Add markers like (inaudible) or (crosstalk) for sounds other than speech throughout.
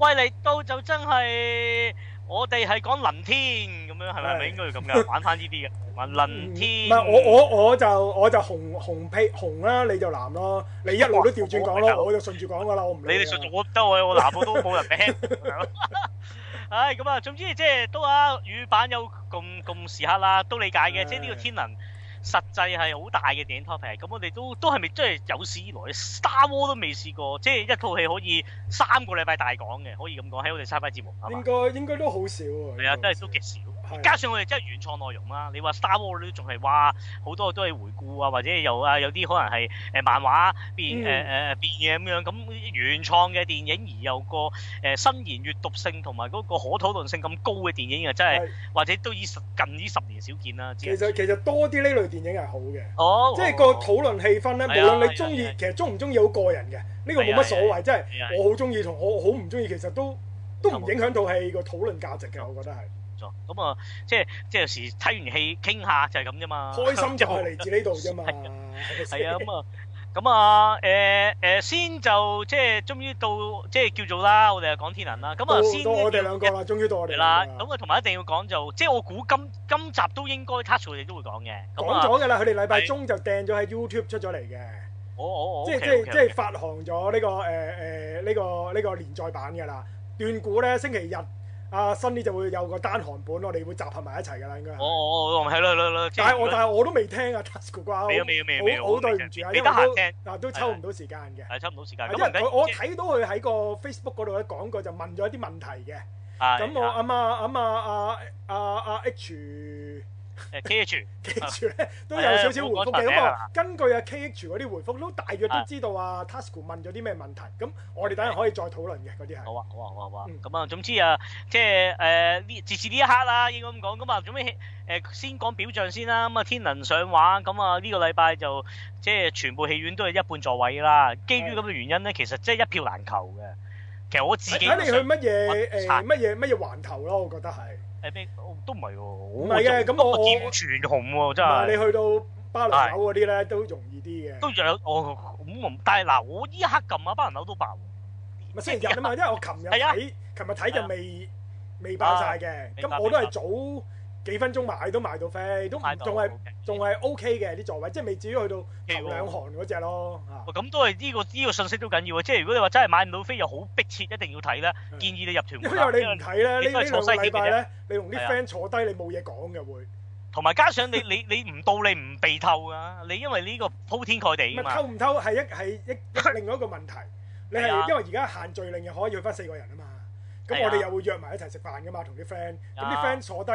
喂嚟到就真係、 (laughs) 嗯，我哋係講林天咁樣係咪？咪應該要咁噶？玩翻呢啲嘅，林林天。唔係我我我就我就紅紅屁紅啦、啊，你就藍咯、啊。你一路都調轉講咯，我就順住講噶啦，我唔理。你哋順住我得我藍波都冇人聽。唉，咁啊，總之即、就、係、是、都啊，語版有共共時刻啦，都理解嘅。即係呢個天能。實際係好大嘅電影 topic，咁我哋都都係未，即係有史以來，Star Wars 都未試過，即係一套戲可以三個禮拜大講嘅，可以咁講，喺我哋三個節目，應該應該都好少，係啊，真係都極少。加上我哋真係原創內容啦，你話 Star Wars 仲係話，好多都係回顧啊，或者又啊有啲可能係誒漫畫變誒誒變嘅咁樣，咁原創嘅電影而有個誒新鮮、閱讀性同埋嗰個可討論性咁高嘅電影啊，真係或者都以近以十年少見啦。其實其實多啲呢類電影係好嘅，哦，即係個討論氣氛咧、啊，無論你中意、啊啊啊、其實中唔中意好個人嘅，呢、這個冇乜所謂。即係、啊啊啊啊啊、我好中意同我好唔中意，其實都都唔影響到戲個討論價值嘅、啊，我覺得係。咁啊、 (music) 嗯嗯，即係即係有時睇完戲傾下就係咁啫嘛，開心就係嚟自呢度啫嘛。係 (laughs) 啊，係啊。咁、嗯、啊，咁、嗯、啊，誒、嗯、誒、嗯，先就即係終於到即係叫做啦，我哋又講天能啦。咁啊，先到我哋兩個啦，終於到我哋啦。咁啊，同埋一定要講就，即係我估今今集都應該 touch 到你都會講嘅。講咗㗎啦，佢哋禮拜中就掟咗喺 YouTube 出咗嚟嘅。哦，我，我，我即係、okay, okay, okay, 即係即係發行咗呢、呢個誒誒呢個呢、呢個連載版㗎啦。斷估咧星期日。啊新啲就會有個單行本，我哋會集合埋一齊㗎啦，應該。哦哦哦，係、嗯嗯、但係我、嗯、但係我都未聽啊 Tasuku 瓜。未啊未對唔住啊，有冇得嗱都抽唔到時間嘅。係抽唔到時間。因為我我睇到佢喺個 Facebook 嗰度咧講過，就問咗一啲問題嘅。啊。咁我啊嘛啊嘛啊啊啊 H。K (laughs) H，記住咧都有少少回覆嘅，哎、根據阿 K H 嗰啲回覆都大約都知道啊。Tasuku 問咗啲咩問題？咁我哋等陣可以再討論嘅嗰啲係。好啊，好啊，好啊，好啊。咁啊，總之啊，即係誒呢，即是呢一刻啦，應該咁講。咁啊，做咩誒先講表象先啦？咁啊，天能上畫，咁啊呢個禮拜就即係全部戲院都係一半座位啦。基於咁嘅原因咧，其實即係一票難求嘅。其實我睇你去乜嘢誒乜嘢乜嘢環頭咯，我覺得係。誒、哎、都唔係喎，唔係嘅。咁我我全紅喎、啊，真係。你去到巴蘭樓嗰啲咧，都容易啲嘅。都入我咁，但係嗱，我依一刻撳啊，巴蘭樓都爆。星期日啊嘛， (laughs) 因為我琴日睇，琴日睇就未未爆晒嘅。咁、啊、我都係早，幾分鐘買都買到飛，都唔仲係仲係 O K 嘅啲座位，即係未至於去到頭兩行嗰隻咯咁、嗯啊、都係呢、呢個呢、呢個信息都緊要啊！即係如果你話真係買唔到飛又好迫切，一定要睇啦、嗯。建議你入團因為你唔睇咧。呢個坐西鐵嘅，你同啲 friend 坐低、嗯，你冇嘢講嘅會。同埋加上你 (laughs) 你你唔到你唔被偷噶，你因為呢個鋪天蓋地㗎嘛。偷唔偷係一係一,一 (laughs) 另外一個問題。你係、嗯、因為而家限聚令又可以去翻四個人啊嘛，咁、嗯嗯嗯、我哋又會約埋一齊食飯㗎嘛，同啲 friend。咁啲 friend 坐低。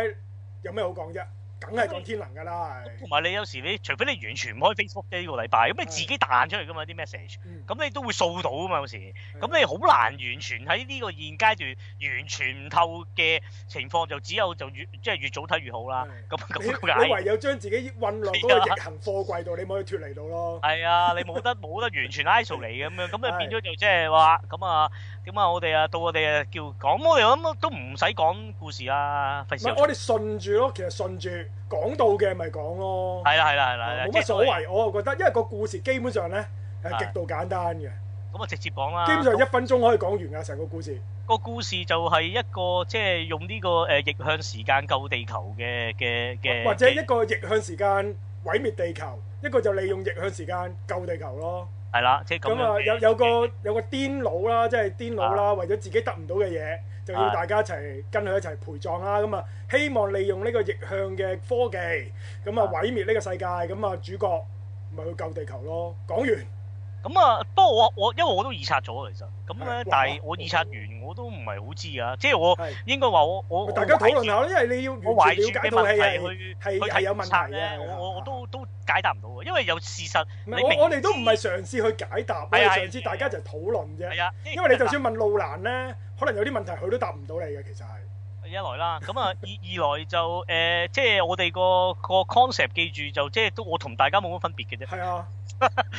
有咩好講啫？梗係講天能噶啦，係。同埋你有時你，除非你完全唔開 Facebook，呢、呢個禮拜，咁你自己彈出嚟噶嘛啲 message，咁你都會掃到噶嘛有時。咁你好難完全喺呢個現階段完全唔透嘅情況，就只有就越即係、即係、越早睇越好啦。咁咁解？以、唯、有將自己運落嗰個逆行貨櫃度，啊、你冇得脫離到咯。係啊，你冇得冇得完全 iso 嚟咁樣，咁你變咗就即係話咁啊。咁啊，我哋啊，到我哋啊叫講，咁我哋咁都唔使講故事啦，費事。唔係我哋順住咯，其實順住講到嘅咪講咯。係啦係啦係啦，冇乜所謂。我就覺得，因為個故事基本上咧係極度簡單嘅，咁啊直接講啦。基本上一分鐘可以講完啊成個故事。個故事就係一個即係用呢個誒逆向時間救地球嘅嘅嘅。或者一個逆向時間毀滅地球，一個就利用逆向時間救地球咯。係、即係嗯嗯、啦，咁啊有有個有個癲佬啦，即係癲佬啦，為咗自己得唔到嘅嘢，就要大家一齊跟佢一齊陪葬啦。咁啊，希望利用呢個逆向嘅科技，咁啊毀滅呢個世界。咁啊主角咪去救地球咯。講完，咁啊，不過我我因為我都預測咗其實，咁咧，但係我預測完我都唔係好知啊，即係我應該話我我大家討論下，因為你要完全瞭解到戲係係係有問題嘅，我我都都。解答唔到喎，因為有事實。唔我哋都唔係嘗試去解答，哎、我哋嘗試大家就討論啫。係、哎、啊、哎，因為你就算問路蘭咧、哎，可能有啲問題佢都答唔到你嘅，其實係。一來啦，咁 (laughs) 啊、嗯、二二來就誒、呃，即係我哋、嗰個 (laughs) 個 concept 記住就即係都我同大家冇乜分別嘅啫。係啊。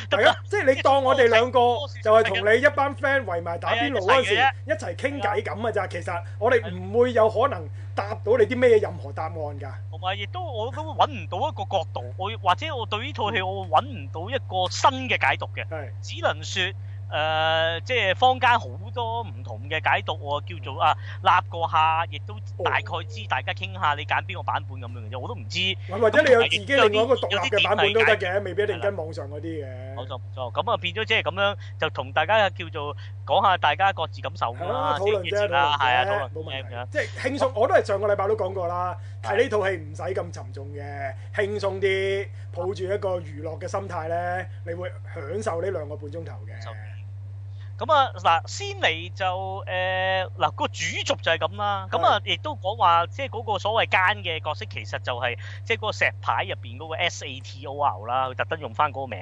係 (laughs) 啊，即係你當我哋兩個就係同你一班 friend 圍埋打邊爐嗰陣時，一齊傾偈咁啊？咋，其實我哋唔會有可能答到你啲咩任何答案噶。同埋亦都我都搵唔到一個角度，我或者我對呢套戲我搵唔到一個新嘅解讀嘅，只能說。誒、呃，即係坊間好多唔同嘅解讀，我叫做啊，立過下，亦都大概知。大家傾下，你揀邊個版本咁樣嘅啫，我都唔知。或者你有自己另外一個獨立嘅版本都得嘅，未必一定跟網上嗰啲嘅。冇錯冇錯，咁啊變咗即係咁樣，就同大家叫做講下，大家各自感受咁樣啊，討論啦，係啊，討論冇問題嘅。即係輕鬆，我都係上個禮拜都講過啦。睇呢套戲唔使咁沉重嘅，輕鬆啲，抱住一個娛樂嘅心態呢，你會享受呢兩個半鐘頭嘅。咁啊，嗱，先嚟就誒，嗱個主軸就係咁啦。咁啊，亦都講話，即係嗰個所謂奸嘅角色，其實就係即係嗰個石牌入邊嗰個 SATOR 啦，佢特登用翻嗰個名，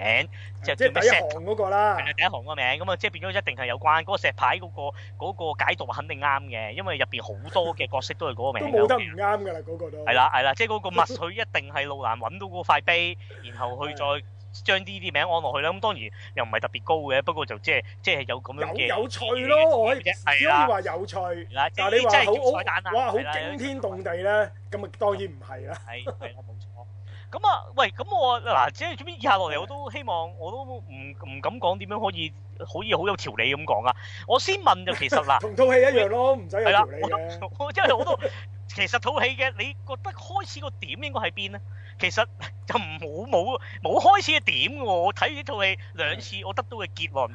即係第一行嗰個啦，係啊，第一行個名，咁啊，即係變咗一定係有關嗰個石牌嗰個嗰個解讀肯定啱嘅，因為入邊好多嘅角色都係嗰個名都冇得唔啱㗎啦，嗰個都係啦係啦，即係嗰個密，佢一定係路難揾到嗰個塊碑，然後佢再。將呢啲名字按落去啦，咁當然又唔係特別高嘅，不過就即係即係有咁樣嘅有，有趣咯，可以，我只要話有趣。嗱你話好，哇好驚天動地咧，咁啊當然唔係啦。係我冇錯。咁啊，喂，咁我嗱即係做咩以下落嚟我都希望我都唔唔敢講點樣可以可以好有條理咁講啊。我先問就其實啦，同套戲一樣咯，唔使有條理嘅。我真係好多。 (laughs) 我 (laughs) 其實套戲嘅，你覺得開始個點應該喺邊咧？其實就冇冇冇開始嘅點喎。我睇呢套戲兩次，我得到嘅結論，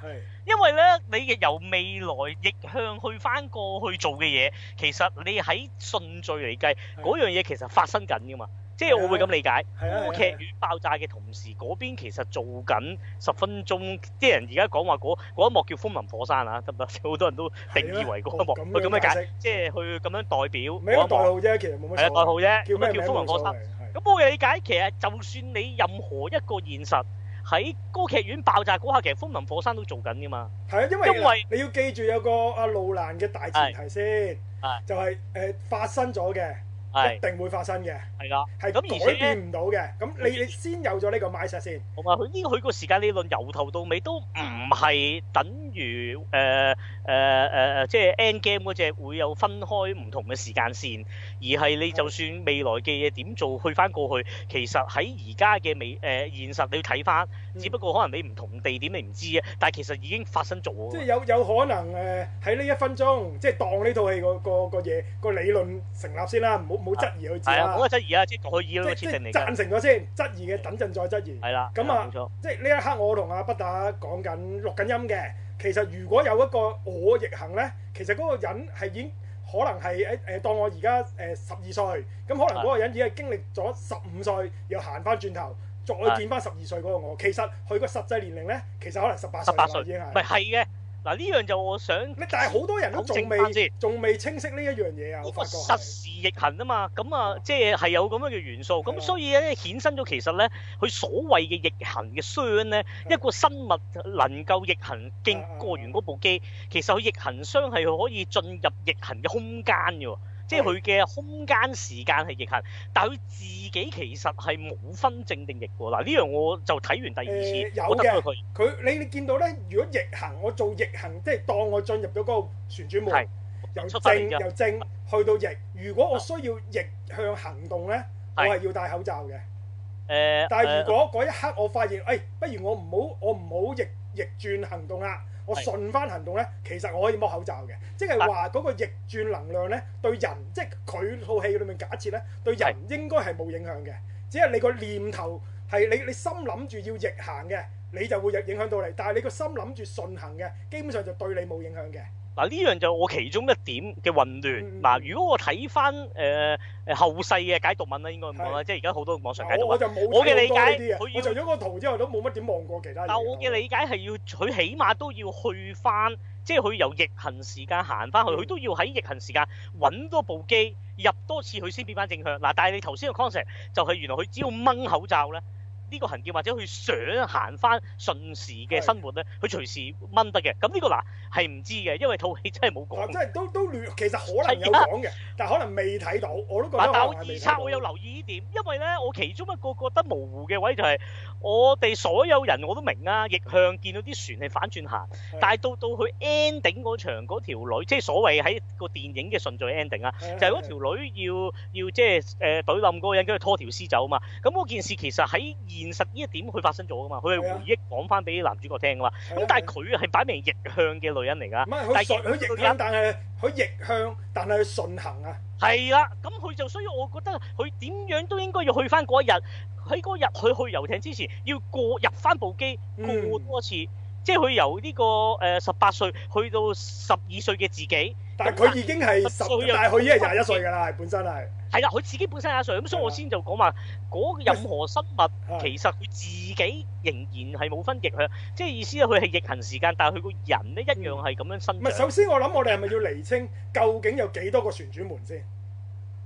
因為咧你嘅由未來逆向去翻過去做嘅嘢，其實你喺順序嚟計，嗰樣嘢其實發生緊噶嘛。即係我會咁理解，歌、啊、劇院爆炸嘅同時，嗰邊、啊啊啊啊、其實做緊十分鐘。啲人而家講話嗰一幕叫《風林火山》啊，得唔得？好多人都定義為嗰一幕，佢咁樣解，即係佢咁樣代表。咩代號啫，其實冇乜所謂。啫，叫咩叫《風林火山》？咁、啊、我理解，解、啊，其實就算你任何一個現實喺歌劇院爆炸嗰下，其實、啊《風林火山》都做緊噶嘛。係啊，因為因為你要記住有個阿路蘭嘅大前提先，是啊是啊、就係、是、誒、呃、發生咗嘅。一定會發生嘅，係㗎，係咁改變唔到嘅。咁你你先有咗呢個買石先。同埋佢呢，佢個時間理論由頭到尾都唔係等於誒誒誒即係 end game 嗰隻會有分開唔同嘅時間線，而係你就算未來嘅嘢點做去翻過去，其實喺而家嘅未誒現實你要睇翻，只不過可能你唔同地點你唔知啫、嗯。但係其實已經發生咗。即係有有可能誒喺呢一分鐘，即係當呢套戲個、嗰個嘢、嗰個理論成立先啦，唔好。冇質疑去先啦，講個質疑啦，即係佢而家嘅設定嚟嘅。贊成咗先，質疑嘅等陣再質疑。係啦，咁啊，即係呢一刻我同阿不打講緊錄緊音嘅。其實如果有一個我逆行咧，其實嗰個人係已經可能係誒當我而家誒十二歲，咁可能嗰個人已經係經歷咗十五歲又行翻轉頭，再見翻十二歲嗰個我。其實佢個實際年齡咧，其實可能十八歲啦已經係。咪係嘅。嗱、啊、呢樣就我想，但係好多人都仲未仲未清晰呢一樣嘢啊！一個實時逆行啊嘛，咁啊即係係有咁樣嘅元素，咁、啊、所以咧衍生咗其實咧，佢所謂嘅逆行嘅箱咧，一個生物能夠逆行經過完嗰部機，啊啊、其實佢逆行箱係可以進入逆行嘅空間嘅。即係佢嘅空間時間係逆行，但係佢自己其實係冇分正定逆喎。嗱，呢樣我就睇完第二次，呃、有嘅，佢你你見到咧，如果逆行，我做逆行，即係當我進入咗嗰個旋轉門，由正由正去到逆。如果我需要逆向行動咧，我係要戴口罩嘅。誒、呃，但係如果嗰一刻我發現，誒、呃哎，不如我唔好我唔好逆逆轉行動啦。我順返行動咧，其實我可以摸口罩嘅，即係話嗰個逆轉能量咧，對人、啊、即係佢套戲裏面假設咧，對人應該係冇影響嘅。只係你個念頭係你你心諗住要逆行嘅，你就會影響到你。但係你個心諗住順行嘅，基本上就對你冇影響嘅。嗱，呢樣就我其中一點嘅混亂。嗱、嗯，如果我睇翻誒誒後世嘅解讀文啦，應該咁講啦，即係而家好多網上解讀文，我嘅理解佢除咗個圖之後都冇乜點望過其他。但我嘅理解係要佢起碼都要去翻，即係佢由逆行時間行翻去，佢、嗯、都要喺逆行時間揾多部機入多次，佢先變翻正向。嗱，但係你頭先嘅 concept 就係原來佢只要掹口罩咧。呢個行徑或者佢想行翻順時嘅生活咧，佢隨時掹得嘅。咁呢個嗱係唔知嘅，因為套戲真係冇講。但係真係都都其實可能有講嘅，但係可能未睇到。我都覺得到，但係二刷我有留意呢點，因為咧我其中一個覺得模糊嘅位就係、是、我哋所有人我都明啊，逆向見到啲船係反轉行。但係到到去 ending 嗰場嗰條女，即係所謂喺個電影嘅順序 ending 啊，就係、是、嗰條女要要即係誒懟冧嗰個人，跟住拖條屍走啊嘛。咁嗰件事其實喺現實呢一點佢發生咗㗎嘛，佢係回憶講翻俾男主角聽㗎嘛。咁、啊啊啊、但係佢係擺明逆向嘅女人嚟㗎，唔係佢順佢逆向，但係佢逆向但係，逆向但係佢順行啊。係啦、啊，咁佢就需要我覺得佢點樣都應該要去翻嗰一日。喺嗰日佢去遊艇之前，要過入翻部機過多一次。嗯即係佢由呢個誒十八歲去到十二歲嘅自己，但係佢已經係十歲，但係佢已經係廿一歲㗎啦，本身係。係啦，佢自己本身廿歲，咁所以我先就講話嗰任何生物其實佢自己仍然係冇分逆向，即係意思佢係逆行時間，的但係佢個人咧一樣係咁樣生長、嗯、首先我諗我哋係咪要釐清究竟有幾多個旋轉門先？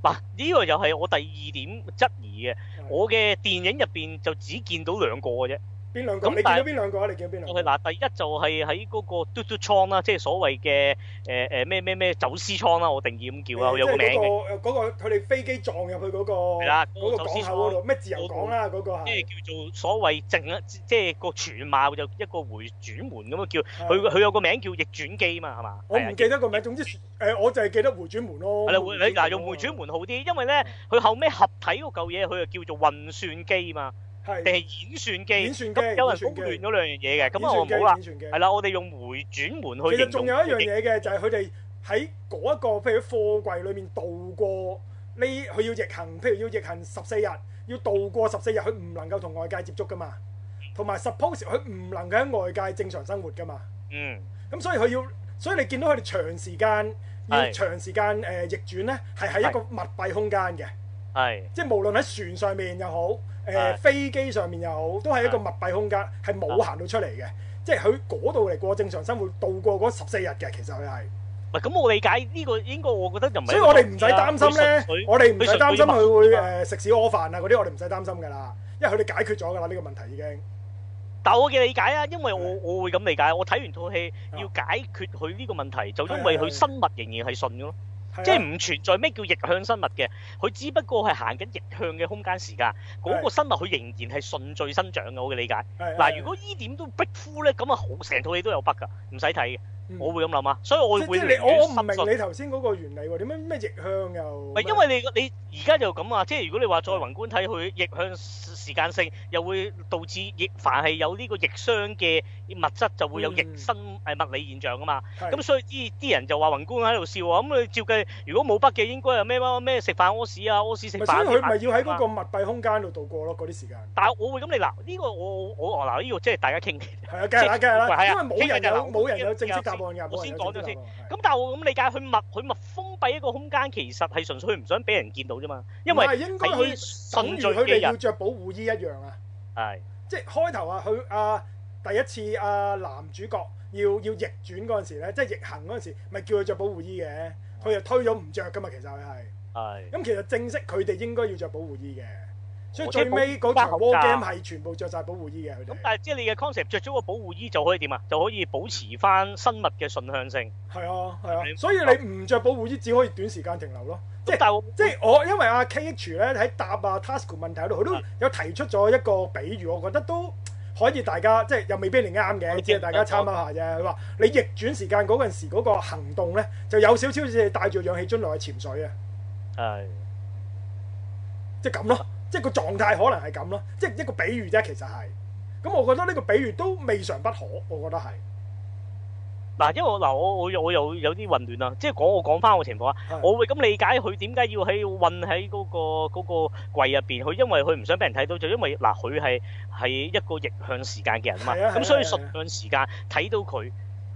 嗱、啊，呢、呢個又係我第二點質疑嘅。我嘅電影入邊就只見到兩個嘅啫。咁你見咗邊兩個啊？你見邊兩個？嗱，第一就係喺嗰個嘟嘟倉啦，即係所謂嘅咩咩咩走私倉啦，我定義咁叫啦，有個名嘅。佢哋、嗰個嗰個、飛機撞入去嗰、嗰個。啦，嗰、嗰個嗰個、走私倉度，咩自由港啦嗰個即、嗰個嗰個嗰個、叫做所謂正，即係個全貌就一個回轉門咁樣叫。佢佢有個名叫逆轉機嘛，係嘛？我唔記得個名，總之、呃、我就係記得回轉門咯。係啦，回嗱用回轉門好啲，因為咧，佢、嗯、後尾合體嗰嚿嘢，佢就叫做運算機嘛。係定係演算機？演算機，咁有人搞亂咗兩樣嘢嘅。咁我唔好話係啦。演算機我哋用回轉門去。其實仲有一樣嘢嘅，就係佢哋喺嗰一個譬如喺貨櫃裏面度過呢？佢要逆行，譬如要逆行十四日，要度過十四日，佢唔能夠同外界接觸噶嘛。同埋 suppose 佢唔能夠喺外界正常生活噶嘛。嗯。咁所以佢要，所以你見到佢哋長時間要長時間誒、呃、逆轉咧，係喺一個密閉空間嘅。係。即係無論喺船上面又好。誒飛機上面又好，都係一個密閉空間，係冇行到出嚟嘅，即係佢嗰度嚟過正常生活，度過嗰十四日嘅，其實佢係。唔係咁，我理解呢個應該，我覺得就唔係。所以我哋唔使擔心咧，我哋唔使擔心佢會誒食屎屙飯啊嗰啲，我哋唔使擔心噶啦，因為佢哋解決咗噶啦呢個問題已經。但係我嘅理解啊，因為我我會咁理解，我睇完套戲要解決佢呢個問題，就因為佢生物仍然係順咗。是啊、即係唔存在咩叫逆向生物嘅，佢只不過係行緊逆向嘅空間時間，嗰、那個生物佢仍然係順序生長嘅，我嘅理解。嗱、啊，如果依點都逼乎咧，咁啊好，成套戲都有 bug 㗎，唔使睇嘅，我會咁諗啊。所以我會會我唔明白你頭先嗰個原理喎，點樣咩逆向又？唔係因為你你而家就咁啊，即係如果你話再宏觀睇佢、嗯、逆向。時間性又會導致亦凡係有呢個逆熵嘅物質就會有逆生誒物理現象㗎嘛。咁、嗯嗯嗯、所以啲啲人就話宏觀喺度笑喎。咁、嗯、你照計，如果冇筆嘅應該又咩咩食飯屙屎啊，屙屎食飯。食飯所以佢咪要喺嗰個密閉空間度度過咯嗰啲時間。但係我會咁你嗱，呢、呢個我我嗱呢、呢個即係大家傾偈。係啊，繼續啦，繼、就是、因為冇人有冇人有正式答案我先講咗先，先。咁但係我咁理解，佢密佢密封閉一個空間，其實係純粹唔想俾人見到啫嘛。因為係佢慎敘嘅人依一樣啊，係即係開頭啊，佢啊第一次啊男主角要要逆轉嗰陣時咧，即係逆行嗰陣時，咪叫佢着保護衣嘅，佢就推咗唔着噶嘛，其實佢係，咁、嗯、其實正式佢哋應該要着保護衣嘅。所以最尾嗰場 war game 係全部着晒保護衣嘅。咁但係即係你嘅 concept 着咗個保護衣就可以點啊？就可以保持翻生物嘅順向性。係啊，係啊。所以你唔着保護衣，只可以短時間停留咯。即係即係我因為阿 KH 咧喺答啊 Tasuku 問題嗰度，佢都有提出咗一個比喻，我覺得都可以大家即係又未必一啱嘅，即係大家參考下啫。佢話你逆轉時間嗰陣時嗰個行動咧，就有少少似帶住氧氣樽落去潛水啊。係。即係咁咯。即係個狀態可能係咁咯，即係一個比喻啫。其實係，咁我覺得呢個比喻都未嘗不可。我覺得係。嗱、那個那個，因為嗱，我我我又有啲混亂啦。即係講我講翻我情況啊，我會咁理解佢點解要喺混喺嗰個嗰個櫃入邊？佢因為佢唔想俾人睇到，就因為嗱，佢係係一個逆向時間嘅人啊嘛。咁所以順向時間睇到佢，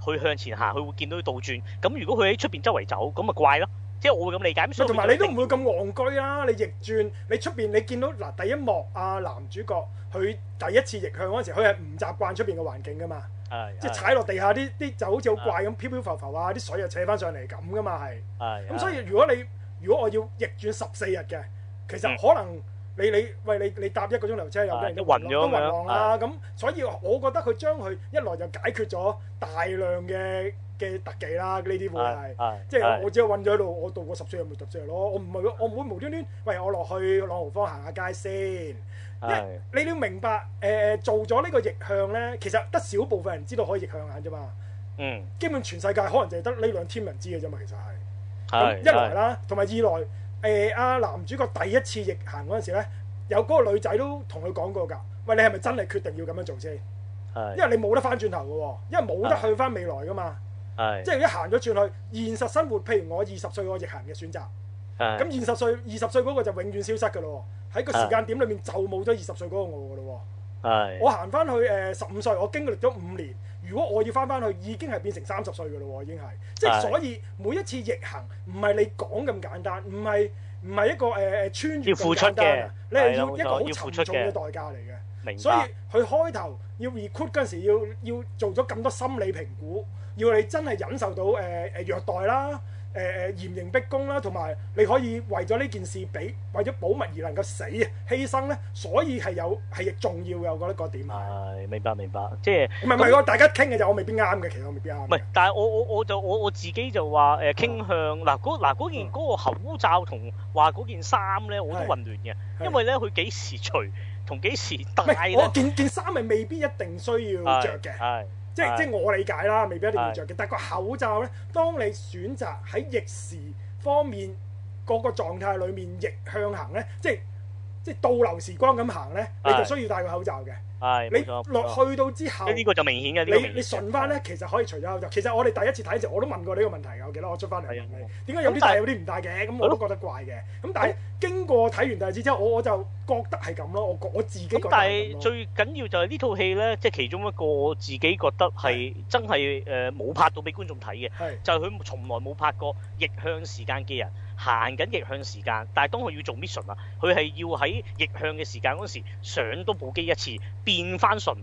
佢向前行，佢會見到佢倒轉。咁如果佢喺出邊周圍走，咁咪怪咯。即係我會咁理解，同埋你都唔會咁戇居啦。你逆轉，你出邊你見到，嗱，第一幕啊，男主角，佢第一次逆向嗰陣時，佢係唔習慣出邊嘅環境噶嘛。係，即係踩落地下啲啲就好似好怪咁，飄飄浮浮啊，啲水又扯翻上嚟咁噶嘛，係。係。咁所以如果你，如果我要逆轉十四日嘅，其實可能你你，喂，你你搭一個鐘頭車又咩都暈咗啦。咁所以我覺得佢將佢一來就解決咗大量嘅。嘅特技啦，呢啲會係、啊啊，即係我只係揾咗喺度。我度過十歲有冇十歲咯？我唔會，我唔會無端端，喂，我落去朗豪坊行下街先、啊。因為你都明白，誒、呃、做咗呢個逆向咧，其實得少部分人知道可以逆向眼啫嘛。嗯，基本全世界可能就係得呢兩千人知嘅啫嘛。其實係，係、啊啊，一來啦，同埋二來，誒、呃、阿、啊、男主角第一次逆行嗰陣時咧，有嗰個女仔都同佢講過㗎。喂，你係咪真係決定要咁樣做先、啊？因為你冇得翻轉頭嘅，因為冇得去翻、啊、未來㗎嘛。即係一行咗轉去現實生活。譬如我二十歲，我逆行嘅選擇，咁二十歲二十歲嗰個就永遠消失㗎咯。喺個時間點裏面就冇咗二十歲嗰個我㗎咯。係，我行翻去誒十五歲，我經歷咗五年。如果我要翻翻去，已經係變成三十歲㗎咯。已經係，即係所以每一次逆行唔係你講咁簡單，唔係唔係一個誒誒、呃、穿越咁簡單嘅，你係要一個好沉重嘅代價嚟嘅。明白。所以佢開頭要 recruit 嗰陣時要，要要做咗咁多心理評估。要你真係忍受到誒誒虐待啦，誒誒嚴刑逼供啦，同埋你可以為咗呢件事俾為咗保密而能夠死啊犧牲咧，所以係有係亦重要嘅，我覺得個點。係，明白明白，即係唔係唔係我大家傾嘅就我未必啱嘅，其實我未必啱。唔係，但係我我我就我我自己就話誒傾向嗱嗰嗱嗰件嗰個口罩同話嗰件衫咧，我都混亂嘅，因為咧佢幾時除同幾時戴？唔係我件件衫係未必一定需要著嘅。係。即、right。即我理解啦，未必一定要着嘅。Right。但個口罩咧，當你選擇喺逆時方面嗰、嗰個狀態裏面逆向行咧，即即倒流時光咁行咧，right。你就需要戴個口罩嘅。係、哎、你落去到之後，呢、嗯呢個就明顯嘅。你、呢個、你順翻咧，其實可以除咗，其實我哋第一次睇時，我都問過呢個問題，我記得我出翻嚟，點解有啲大有啲唔大嘅？咁我都覺得怪嘅。咁但係、嗯、經過睇完第二次之後，我我就覺得係咁咯。我我自己覺得但係最緊要是這就係呢套戲咧，即係其中一個我自己覺得係真係誒冇拍到俾觀眾睇嘅，就係、係、佢從來冇拍過逆向時間嘅人。行緊逆向時間，但係當佢要做 mission 啊，佢係要喺逆向嘅時間嗰時上多部機一次，變翻順。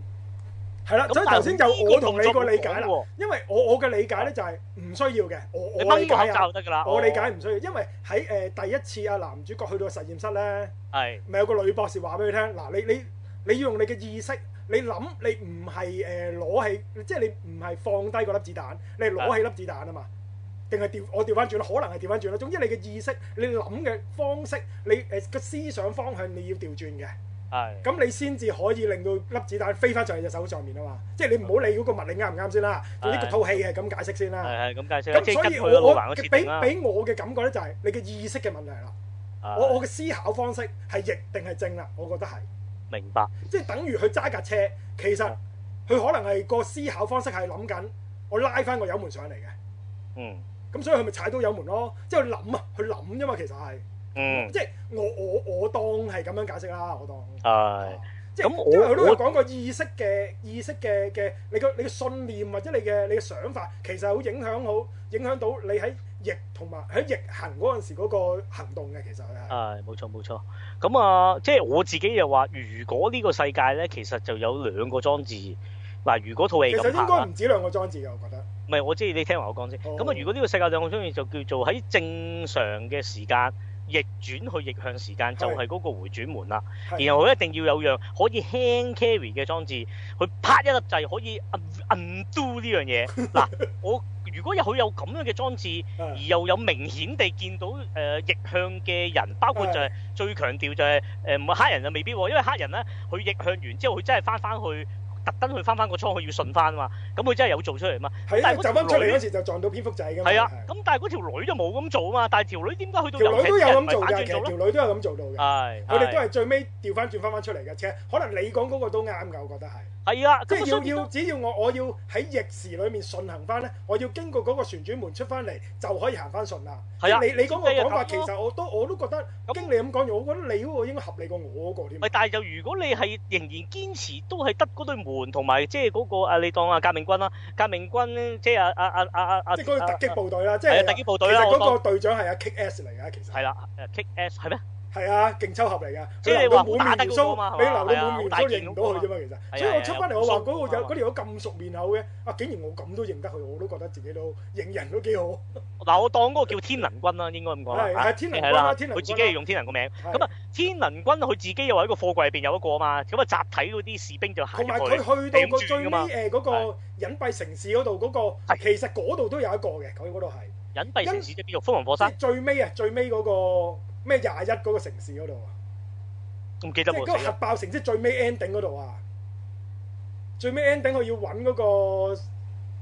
係啦，所以頭先就我同你個理解啦。因為我我嘅理解咧就係唔需要嘅。我掹個口罩得㗎啦，我理解啊，我理解唔需要，哦，因為喺誒第一次啊男主角去到實驗室咧，係咪有個女博士話俾佢聽嗱？你你你要用你嘅意識，你諗你唔係誒攞起，即係你唔係放低個粒子彈，你係攞起粒子彈啊嘛。定係調我調翻轉啦，可能係調翻轉啦。總之你嘅意識、你諗嘅方式、你誒個思想方向，你要調轉嘅。係。咁你先至可以令到粒子彈飛翻上你隻手上面啊嘛。即係你唔好理嗰個物理啱唔啱先啦。用呢個套戲係咁解釋先啦。係係咁解釋。咁所以我我俾俾我嘅感覺咧，就係你嘅意識嘅問題啦。啊。我我嘅思考方式係逆定係正啦，我覺得係。明白。即係等於佢揸架車，其實佢可能係個思考方式係諗緊，我拉翻個油門上嚟嘅。嗯。咁所以佢咪踩到油門咯？即係去諗啊，去諗，因嘛，其實係、嗯，即係我我我當係咁樣解釋啦，我、哎、當。係、啊。咁因為佢都有講過意識嘅意識嘅嘅，你個你嘅信念或者你嘅你嘅想法，其實好影響好影響到你喺逆同埋喺逆行嗰陣時嗰個行動嘅，其實係、哎。冇錯冇錯。咁啊，即係我自己又話，如果呢個世界咧，其實就有兩個裝置嗱、啊，如果套戲咁其實應該唔止兩個裝置嘅，我覺得。唔係，我知你聽話我講先說。咁啊，如果呢個世界上我中意就叫做喺正常嘅時間逆轉去逆向時間，是就係、是、嗰個回轉門啦。然後佢一定要有樣可以 hand carry 嘅裝置，佢拍一粒掣可以 undo 呢樣嘢。嗱、 (laughs) 啊，我如果佢有咁樣嘅裝置，而又有明顯地見到誒、呃、逆向嘅人，包括就係、是、 (laughs) 最強調就係誒唔係黑人就未必，因為黑人咧，佢逆向完之後，佢真係翻翻去。特登去翻翻個倉，佢要順翻啊嘛，咁佢真係有做出嚟嘛？係啊，但係嗰條女出嚟嗰時候就撞到蝙蝠仔㗎嘛。係啊，咁但係嗰條女就冇咁做啊嘛，嘛，但係條女點解去到？條女都有咁做㗎，其實條女都有咁做到嘅。係，我哋都係最尾調翻轉翻翻出嚟嘅，車可能你講嗰個都啱㗎，我覺得係。係啊，即係、就是、要要，要，只要我我要喺逆時裏面順行翻咧，我要經過嗰個旋轉門出翻嚟，就可以行翻順啦。係啊，你你講個講法其實我都我都，我都覺得，經理咁講完，我覺得你嗰個應該合理過我嗰個添、那個。係，但係就如果你係仍然堅持都係得嗰對門。同埋即係嗰個啊，你當啊革命軍啦，革命軍即係啊啊啊啊啊，即係嗰個突擊部隊啦、啊，即係突擊部隊。啦。其實嗰個隊長係阿 Kick S 嚟㗎，其實係啦，Kick S 係咩？KickS, 係啊，勁抽合嚟㗎，你留到滿面鬚，你留到滿面鬚冇認到佢啫嘛，其實。所以我出翻嚟我話嗰個有嗰條友咁熟面口嘅，啊竟然我咁都認得佢，我都覺得自己都認人都幾好。嗱，我當嗰個叫天能軍啦，應該咁講。係天能軍啦，天能軍。佢自己係用天能個名。咁啊，天能軍佢自己又喺個貨櫃入邊有一個啊嘛，咁啊集體嗰啲士兵就。同埋佢去到個最尾誒嗰個隱蔽城市嗰度嗰個，其實嗰度都有一個嘅，佢嗰度係隱蔽城市即叫做瘋狂火山。最尾啊，最尾嗰個。咩廿一嗰個城市嗰度啊？即係嗰個核爆城市最尾 ending 嗰度啊！最尾 ending 我要揾嗰、那個，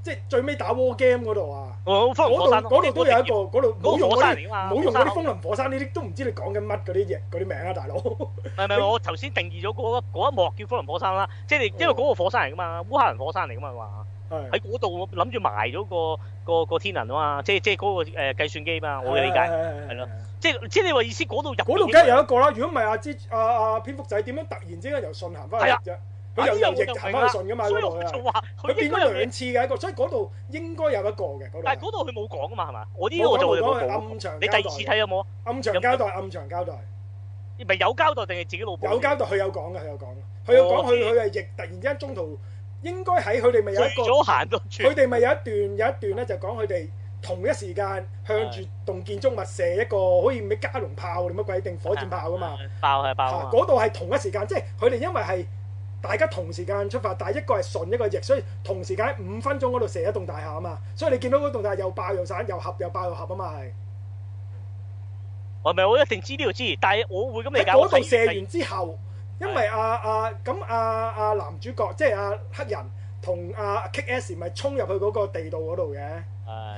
即、就、係、是、最尾打 war game 嗰度啊！嗰度度都有一個，嗰度冇用嗰啲，冇、那個啊、用嗰啲風林火山呢啲，都唔知你講緊乜嗰啲嘢，嗰啲名啊，大佬！唔係唔係，我頭先定義咗嗰一幕叫風林火山啦，即係因為嗰個火山嚟噶嘛、哦，烏克蘭火山嚟噶嘛，話。喺嗰度我諗住埋咗個個個天能啊嘛，即即嗰個誒計算機嘛，我嘅理解係咯，即即你話意思嗰度入嗰度梗有一個啦，如果唔係阿之阿阿蝙蝠仔點樣突然之間由順行翻去嚟啫？佢由逆行翻去順噶嘛嗰度啊，佢變咗兩次嘅一個，所以嗰度應該有一個嘅嗰度。但係嗰度佢冇講噶嘛係嘛？我呢個就冇講。暗場，你第二次睇有冇？暗場交代，暗場交代，唔係有交代定係自己老婆？有交代，佢有講嘅，佢有講，佢有講，佢佢係逆突然之間中途。應該喺佢哋咪有一個，佢哋咪有一段有一段咧，就講佢哋同一時間向住棟建築物射一個，好似咩加農炮定乜鬼定火箭炮㗎嘛？爆係爆，爆，嗰度係同一時間，即係佢哋因為係大家同時間出發，但係一個係順，一個逆，所以同一時間喺五分鐘嗰度射一棟大廈啊嘛。所以你見到嗰棟大廈又爆又散，又合又爆又合啊嘛係。我唔係我一定知呢個知，但係我會咁理解。度射完之後。因為阿阿咁阿阿男主角即係阿、啊、黑人同阿 K S 咪衝入去嗰個地道嗰度嘅，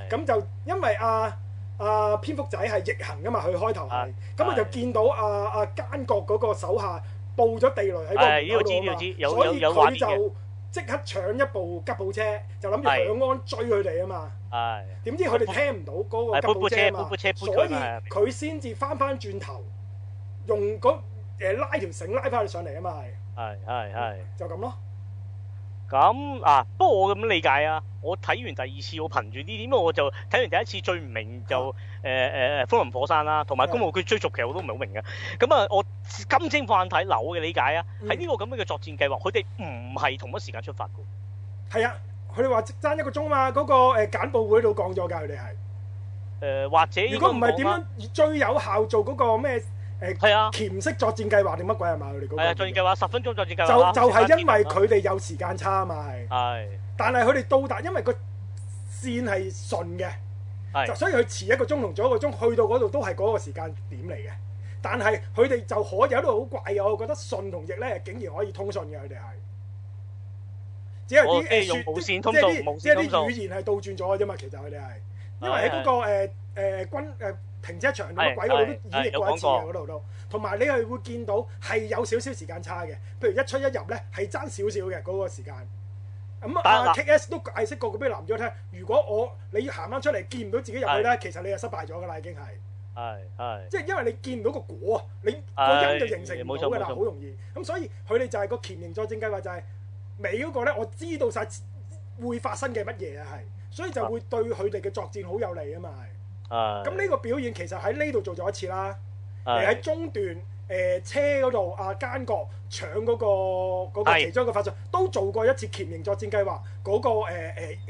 咁就因為阿、啊、阿、啊、蝙蝠仔係逆行噶嘛，佢開頭係，咁啊就見到阿阿奸角嗰個手下佈咗地雷喺度，所以佢就即刻搶一部吉普車，就諗住兩安追佢哋啊嘛，點知佢哋聽唔到嗰個吉普車啊嘛，撲撲車，所以佢先至翻翻轉頭用、嗰個誒拉條繩拉翻佢上嚟啊嘛係，係係係，就咁咯。咁啊，不過我咁理解啊，我睇完第二次我憑住呢點，咁我就睇完第一次最唔明就誒誒誒《風雲火山、啊》啦，同埋《公務員追逐期》我都唔係好明嘅。咁啊，我金睛放眼睇樓嘅理解啊，喺、嗯、呢個咁樣嘅作戰計劃，佢哋唔係同一時間出發噶。係啊，佢哋話爭一個鐘嘛，嗰、嗰個誒簡報會度講咗㗎，佢哋係。誒或者如果唔係點樣最有效做嗰個咩？誒係啊！鉗式作戰計劃定乜鬼係嘛？佢哋嗰個係作戰計劃，十分鐘作戰計劃。就就係因為佢哋有時間差啊嘛係。係。但係佢哋到達，因為個線係順嘅，係，就所以佢遲一個鐘同早一個鐘去到嗰度都係嗰個時間點嚟嘅。但係佢哋就可有一度好怪嘅，我覺得順同逆咧竟然可以通訊嘅，佢哋係。只係啲説即係啲即係啲語言係倒轉咗啫嘛，其實佢哋係。因為喺嗰個誒。誒軍誒停車場乜鬼度都演繹過一次嘅嗰度都，同埋你係會見到係有少少時間差嘅。譬如一出一入咧，係爭少少嘅嗰個時間。咁、嗯、啊，啊，K S 都解釋過個俾男仔聽。如果我你要行翻出嚟見唔到自己入去咧，其實你係失敗咗㗎啦，已經係係係即係因為你見唔到個果啊，你個因就形成唔好㗎啦，好容易咁。所以佢哋就係個潛形作戰計劃就係尾嗰個咧，我知道晒會發生嘅乜嘢啊，係所以就會對佢哋嘅作戰好有利啊嘛。咁、嗯、呢個表演其實喺呢度做咗一次啦。你、嗯、喺中段誒、呃、車嗰度，阿奸角搶嗰、那個那個其中一個法術，都做過一次鉗形作戰計劃嗰、那個誒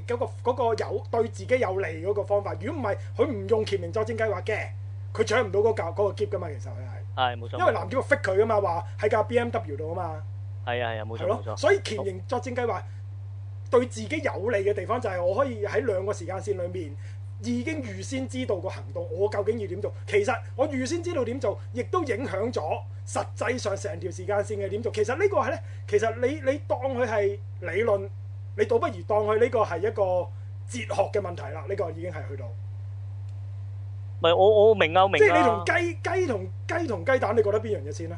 誒嗰有對自己有利嗰個方法。如果唔係，佢唔用鉗形作戰計劃嘅，佢搶唔到嗰架嗰個喼㗎嘛。其實佢係係冇錯，因為男主角 fit 佢啊嘛，話喺架 B M W 度啊嘛。係啊係啊，冇錯冇錯。所以鉗形作戰計劃對自己有利嘅地方就係我可以喺兩個時間線裏面。已經預先知道個行動，我究竟要點做？其實我預先知道點做，亦都影響咗實際上成條時間線嘅點做。其實呢個係咧，其實你你當佢係理論，你倒不如當佢呢個係一個哲學嘅問題啦。呢個已經係去到。咪我我明啊，明啊。即係你同雞雞同雞同雞蛋，你覺得邊樣嘢先啦？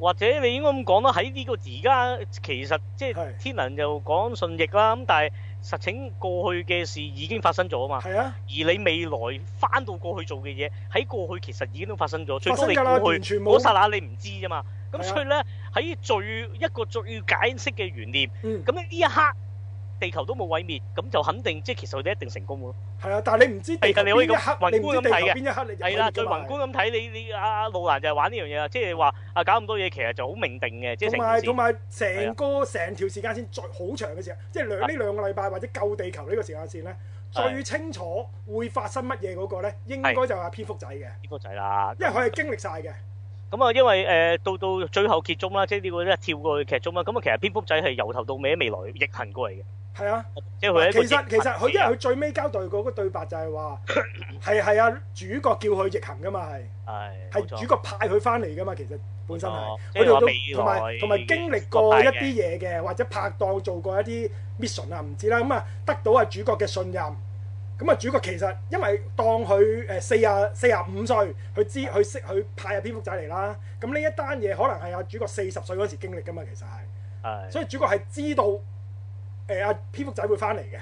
或者你應該咁講啦，喺呢個而家其實即係天能就講順逆啦，咁但係。實情過去嘅事已經發生咗啊嘛，而你未來翻到過去做嘅嘢喺過去其實已經都發生咗，最多你過去嗰剎那你唔知啫嘛。咁所以咧喺、啊、最一個最要解釋嘅懸念，咁、嗯、呢一刻。地球都冇毀滅，咁就肯定即係其實佢哋一定成功咯。係啊，但係你唔知地球邊一刻，宏觀咁睇嘅。係啦，最宏觀咁睇你你阿阿、啊、路蘭就係玩呢樣嘢啦，即係話啊搞咁多嘢其實就好明定嘅，即係同埋成個成條時間線最好長嘅時候，即係兩呢兩個禮拜或者舊地球呢個時間線咧最清楚會發生乜嘢嗰個咧，應該就係蝙蝠仔嘅。蝙蝠仔啦，因為佢係經歷晒嘅。咁啊，因為誒到到最後劇終啦，即係呢個咧跳過去劇中啦。咁啊，其實蝙蝠仔係由頭到尾未來逆行過嚟嘅。係啊，即係佢一其實其實佢因為佢最尾交代嗰個對白就係話係係啊，主角叫佢逆行㗎嘛，係係，係主角派佢返嚟㗎嘛，其實本身係佢哋都同埋同埋經歷過一啲嘢嘅，或者拍檔做過一啲 mission 啊，唔知啦咁啊，得到啊主角嘅信任。咁啊，主角其實因為當佢誒四十四十五歲，佢知佢識佢派阿蝙蝠仔嚟啦。咁呢一單嘢可能係阿主角四十歲嗰時經歷噶嘛，其實係。係。所以主角係知道誒阿蝙蝠仔會翻嚟嘅，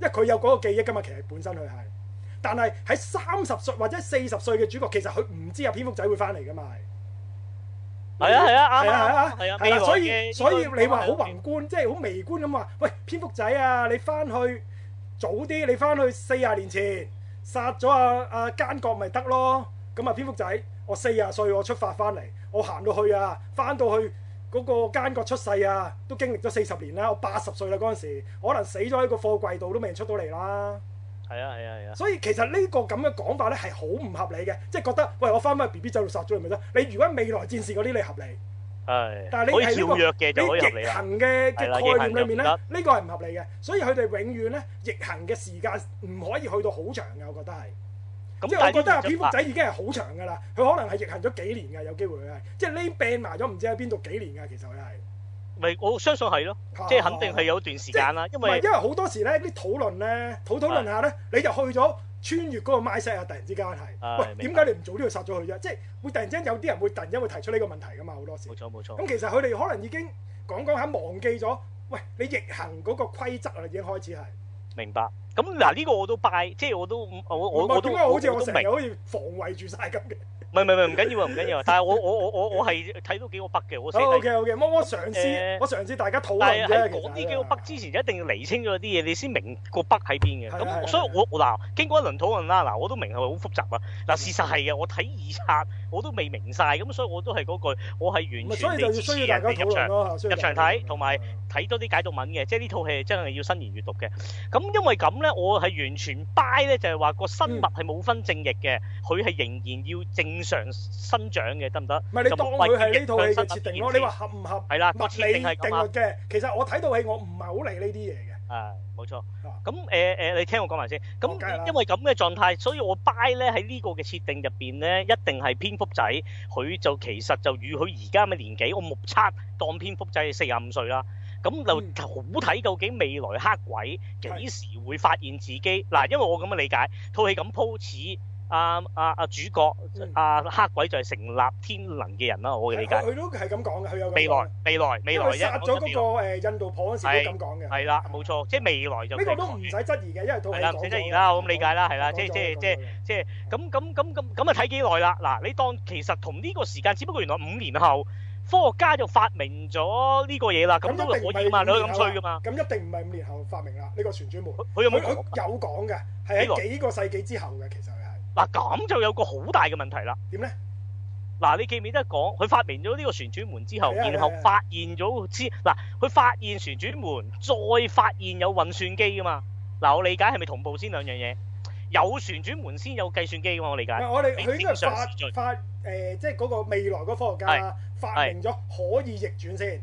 因為佢有嗰個記憶噶嘛。其實本身佢係，但係喺三十歲或者四十歲嘅主角，其實佢唔知阿蝙蝠仔會翻嚟噶嘛。係。係啊係啊係啊係啊係啊，所以所以你話好宏觀，即係好微觀咁話，喂蝙蝠仔啊，你翻去。早啲你翻去四十年前殺咗啊啊奸角，咪得咯。咁啊蝙蝠仔，我四廿歲，我出發翻嚟，我行到去啊，翻到去嗰個奸角出世啊，都經歷咗四十年啦，我八十歲啦，嗰陣時可能死咗喺個貨櫃度都未出到嚟啦。係啊係啊係啊，所以其實呢個咁嘅講法咧係好唔合理嘅，即係覺得喂，我翻返 B B 仔度殺咗你咪得？你如果未來戰士嗰啲你合理？係，但係你係呢個你逆行嘅嘅概念裏面咧，呢個係唔合理嘅。所以佢哋永遠咧，逆行嘅時間唔可以去到好長嘅。我覺得係，即係我覺得蝙蝠仔已經係好長㗎啦。佢可能係逆行咗幾年㗎，有機會佢係。即係你病埋咗唔知喺邊度幾年㗎，其實佢係。咪我相信係咯，即係肯定係有段時間啦。因為因為好多時咧啲討論咧，討討論下咧，你就去咗。穿越嗰個 myset 啊，突然之間係，啊，喂，點解你唔早啲去殺咗佢啫？即係會突然之間有啲人會突然之間會提出呢個問題噶嘛，好多時。冇錯冇錯。咁其實佢哋可能已經講講下忘記咗，喂，你逆行嗰個規則喇，已經開始係。明白。咁嗱呢個我都拜，即係我都我我我都，我我都我好似 (laughs) 我明，成日好似防衞住晒咁嘅？唔係唔係唔緊要啊，唔緊要但係我我我我我係睇到幾個北嘅，我成日 OK, okay 我，我，嘗、呃、我嘗試大家討論但係喺講呢幾個北之前，一定要釐清咗啲嘢，你先明個北喺邊嘅。咁、啊啊、所以我嗱、啊，經過一輪討論啦，嗱我都明係好複雜啊。嗱、嗯、事實係嘅，我睇二刷我都未明晒。咁所以我都係嗰句，我係完全支持大家入場、啊、家入場睇同埋睇多啲解讀文嘅，即係呢套戲真係要辛然閲讀嘅。咁因為咁咧。我係完全 buy 咧，就係話個生物係冇分正逆嘅，佢、嗯、係仍然要正常生長嘅，得唔得？唔係你當佢係呢套嚟設定咯？你話合唔合？係啦，個設定係咁啊。其實我睇戲，我唔係好理呢啲嘢嘅。係，冇錯。咁誒誒，你聽我講埋先。咁因為咁嘅狀態，所以我 buy 咧喺呢個嘅設定入邊咧，一定係蝙蝠仔。佢就其實就與佢而家嘅年紀，我目測當蝙蝠仔四十五歲啦。咁、嗯、就好睇，究竟未來黑鬼幾時會發現自己？嗱，因為我咁嘅理解，套戲咁鋪似、啊啊、主角阿、嗯啊、黑鬼就係成立天能嘅人啦。我嘅理解，佢都係咁講嘅，佢有未來未來未來殺咗嗰個印度婆嗰時都咁講嘅。係啦，冇錯，即係未來就呢個都唔使質疑嘅，因為套戲講咗，係啦，唔使質疑啦，我咁理解啦，係啦，即係即係即係即係咁咁咁咁咁啊，睇幾耐啦？嗱，你當其實同呢個時間，只不過原來五年後。科學家就發明咗呢個嘢啦，咁都可以嘛？你可以咁吹噶嘛？咁一定唔係五年後發明啦，呢、呢個旋轉門。佢有冇佢有講嘅，係喺幾個世紀之後嘅，其實係。嗱、呢個，咁就有個好大嘅問題啦。點咧？嗱，你記唔記得講佢發明咗呢個旋轉門之後，啊、然後發現咗先嗱，佢、啊啊、發現旋轉門，再發現有運算機噶嘛？嗱，我理解係咪同步先兩樣嘢？有旋轉門先有計算機㗎、啊、我理解。我哋佢應該係發發誒、呃，即係嗰個未來嗰科學家發明咗可以逆轉先，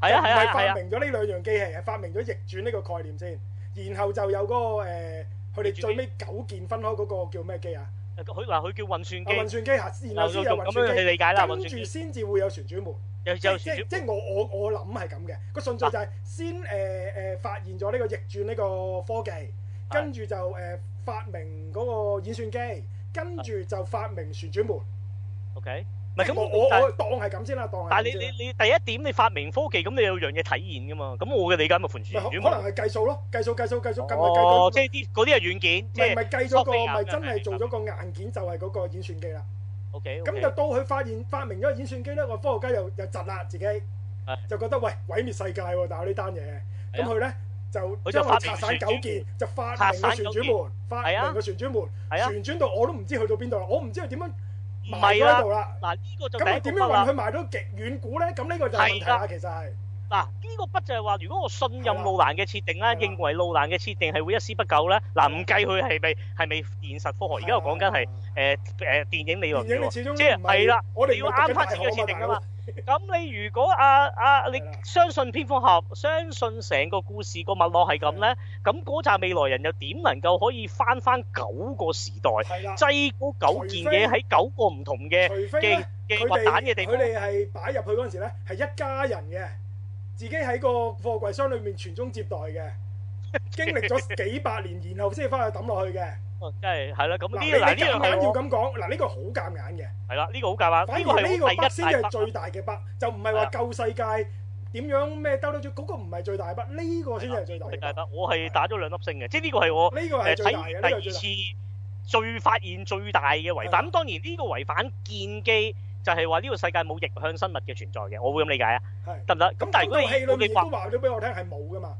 啊，唔係發明咗呢兩樣機器，係、啊啊、發明咗逆轉呢個概念先，然後就有嗰、那個佢哋、呃、最尾九件分開嗰個叫咩機啊？佢話佢叫運算機。運算機嚇，然後先有運算機。咁理解啦，跟住先至會有旋轉門。有有。即即我我我諗係咁嘅個順序就係先誒誒、啊呃、發現咗呢個逆轉呢個科技，跟住就誒。發明嗰個演算機，跟住就發明旋轉門。OK，唔係咁，我我當係咁先啦，當係。但係你你你第一點你發明科技，咁你有樣嘢體現噶嘛？咁我嘅理解咪旋轉門。咪可可能係計數咯，計數計數計數，咁咪計數。哦，即係啲嗰啲係軟件，即係咪計咗個，咪真係做咗個硬件，就係嗰個演算機啦。OK，咁就到佢發現發明咗個演算機咧，個科學家又又窒啦自己，就覺得喂毀滅世界喎！但係呢單嘢，咁佢咧。就將佢拆曬九件，就發明個旋轉門，發明個旋轉門,旋轉門、啊啊，旋轉到我都唔知去到邊度啦！我唔知佢點樣唔咗喺度啦。嗱、啊，呢、這個就係點樣運佢賣到極遠古咧？咁呢個就係其實係嗱，呢、啊這個不就係話，如果我信任路蘭嘅設定啦、啊啊，認為路蘭嘅設定係會一絲不苟咧，嗱唔計佢係咪係咪現實科學？而家、啊、我講緊係誒誒電影理論喎，即係係啦，哋、啊啊、要啱翻嘅設定㗎嘛。咁你如果阿阿你相信蝙蝠俠，相信成個故事個脈絡係咁咧，咁嗰扎未來人又點能夠可以翻翻九個時代，擠嗰九件嘢喺九個唔同嘅嘅嘅核彈嘅地方？佢哋佢哋係擺入去嗰陣時咧係一家人嘅，自己喺個貨櫃箱裏面傳宗接代嘅，經歷咗幾百年，然後先翻去抌落去嘅。即係係啦，咁呢、啊、樣呢樣要咁講，嗱呢、啊，這個好夾硬嘅。係啦、啊，呢、這個好夾硬。呢個係呢、這個筆先係最大嘅筆、啊，就唔係話舊世界點樣咩兜得住。嗰、那個唔係最大嘅筆呢、這個先係最大嘅筆、啊啊。我係打咗兩粒星嘅、啊，即係呢個係我。呢、這個係、呃、第二次最發現最大嘅違反，咁、啊、當然呢個違反建基就係話呢個世界冇逆向生物嘅存在嘅，我會咁理解啊？得唔得？咁、啊、但係如果你佬亦都話咗俾我聽係冇噶嘛？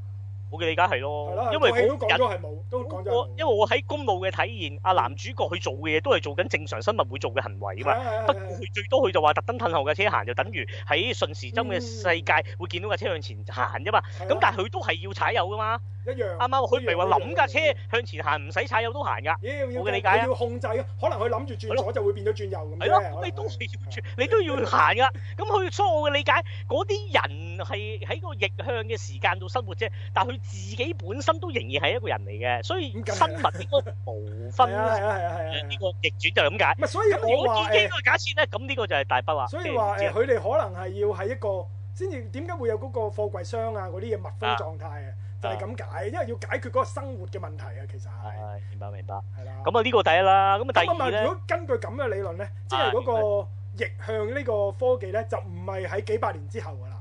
我嘅理解係咯，因為嗰人都都我因為我喺公路嘅體驗，阿男主角去做嘅嘢都係做緊正常生物會做嘅行為啊嘛。不過佢最多佢就話特登褪後嘅車行就等於喺順時針嘅世界會見到架車向前行啫嘛。咁但係佢都係要踩油噶嘛。一樣。啱啱佢唔係話諗架車向前行唔使踩油都行㗎。要要要控制啊！可能佢諗住轉左就會變咗轉右咁樣。係咯，你都係要轉，你都要行㗎。咁佢所以我嘅理解，嗰啲人係喺個逆向嘅時間度生活啫，但係佢。自己本身都仍然係一個人嚟嘅，所以生物應該無分呢個、 (laughs) 啊啊啊啊、逆轉就係咁解。所以我自己個假設咧，咁、欸、呢個就係大筆話。所以話誒，佢哋可能係要喺一個先至點解會有嗰個貨櫃箱啊嗰啲嘅密封狀態啊，就係咁解，因為要解決嗰個生活嘅問題啊，其實係、啊。明白明白。係啦。咁啊呢個第一啦，咁啊第二咧。如果根據咁嘅理論咧，即係嗰個逆向呢個科技咧，就唔係喺幾百年之後㗎啦。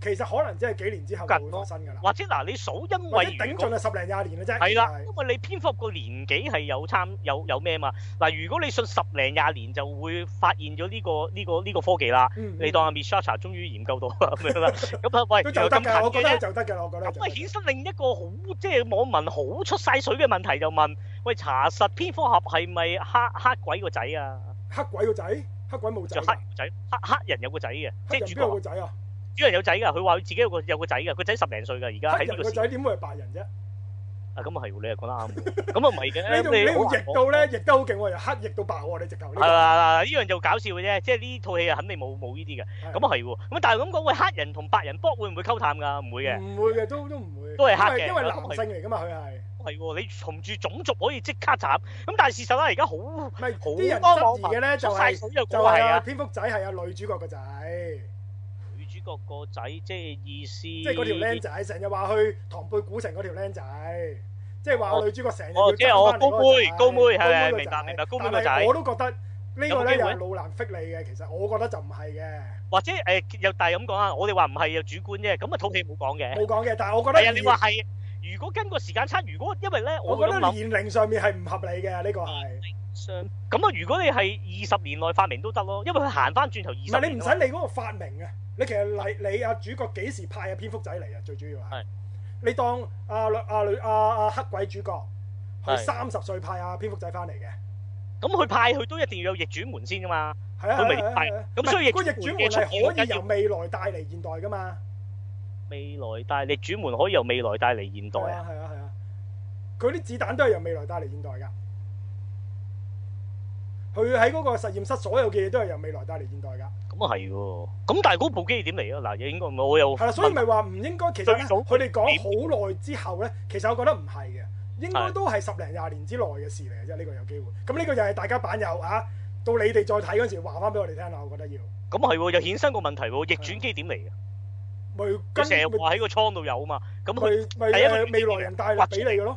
其實可能即係幾年之後會發生㗎啦，或者嗱你數，因為如果頂盡係十零廿年嘅啫，係啦，因為你蝙蝠俠個年紀係有參有有咩嘛？嗱，如果你信十零廿年就會發現咗呢、呢個呢、呢個呢、呢個科技啦、嗯嗯，你當阿 Misha 終於研究到咁 (laughs) 樣啦，咁啊喂，佢做得嘅，我覺得就，就了我覺得嘅啦，咁啊顯示另一個好即係網民好出晒水嘅問題就問：喂，查實蝙、蝙蝠俠係咪黑黑鬼個仔啊？黑鬼個仔，黑鬼冇仔，黑黑人有個仔嘅，即係邊個仔啊？呢人有仔噶，佢話自己有個有個仔噶，個仔十零歲噶，而家喺呢個，仔點會係白人啫？啊，咁啊係喎，你又講得啱，咁啊唔係嘅你你會逆到咧，逆得好勁喎，由黑逆到白喎，你直頭呢、這個。呢樣、這個、就搞笑嘅啫，即係呢套戲啊，肯定冇冇呢啲嘅。咁啊係喎，咁但係咁講會黑人同白人搏會唔會溝淡㗎？唔會嘅，唔會嘅，都都唔會，都係黑嘅，因為都男性嚟噶嘛，佢係係喎，你從住種族可以即刻斬咁，但係事實啦、啊，而家好唔係啲人嘅咧、就是，就係就係蝙蝠仔係啊女主角個仔。個個仔即係意思，即係嗰條僆仔成日話去唐貝古城嗰條僆仔，即係話個女主角成日去跟翻嚟嗰個仔。哦，即係我高妹，高妹係係，明白明白，高妹個仔。我都覺得呢個咧有老男息你嘅，其實我覺得就唔係嘅。或者誒又但係咁講啊，我哋話唔係又主觀啫，咁啊套戲冇講嘅。冇講嘅，但係我覺得係啊，你話係，如果跟個時間差，如果因為咧，我覺得年齡上面係唔合理嘅呢個係。咁啊，如果你係二十年內發明都得咯，因為佢行翻轉頭二十年。但係你唔使理嗰個發明啊。你其實嚟你阿主角幾時派阿蝙蝠仔嚟啊？最主要啊，係你當阿阿女阿阿黑鬼主角，佢三十歲派阿蝙蝠仔翻嚟嘅。咁佢派佢都一定要有逆轉門先㗎嘛？係啊，佢未派。係啊。咁、啊啊、所以逆轉門係可以由未來帶嚟現代㗎嘛？未來帶你轉門可以由未來帶嚟現代啊！係啊係啊！佢啲、啊、子彈都係由未來帶嚟現代㗎。佢喺嗰個實驗室所有嘅嘢都係由未來帶嚟現代㗎。咁啊，係喎，咁但係嗰部機點嚟啊？嗱，應該唔係我有係啦，所以咪話唔應該。其實佢哋講好耐之後咧，其實我覺得唔係嘅，應該都係十零廿年之內嘅事嚟嘅啫。呢個有機會，咁呢個就係大家版友啊，到你哋再睇嗰陣時話翻俾我哋聽啦。我覺得要咁啊係，又衍生個問題喎，逆轉機點嚟嘅？咪佢成日話喺個倉度有啊嘛，咁佢係一個未來人帶嚟俾你嘅咯？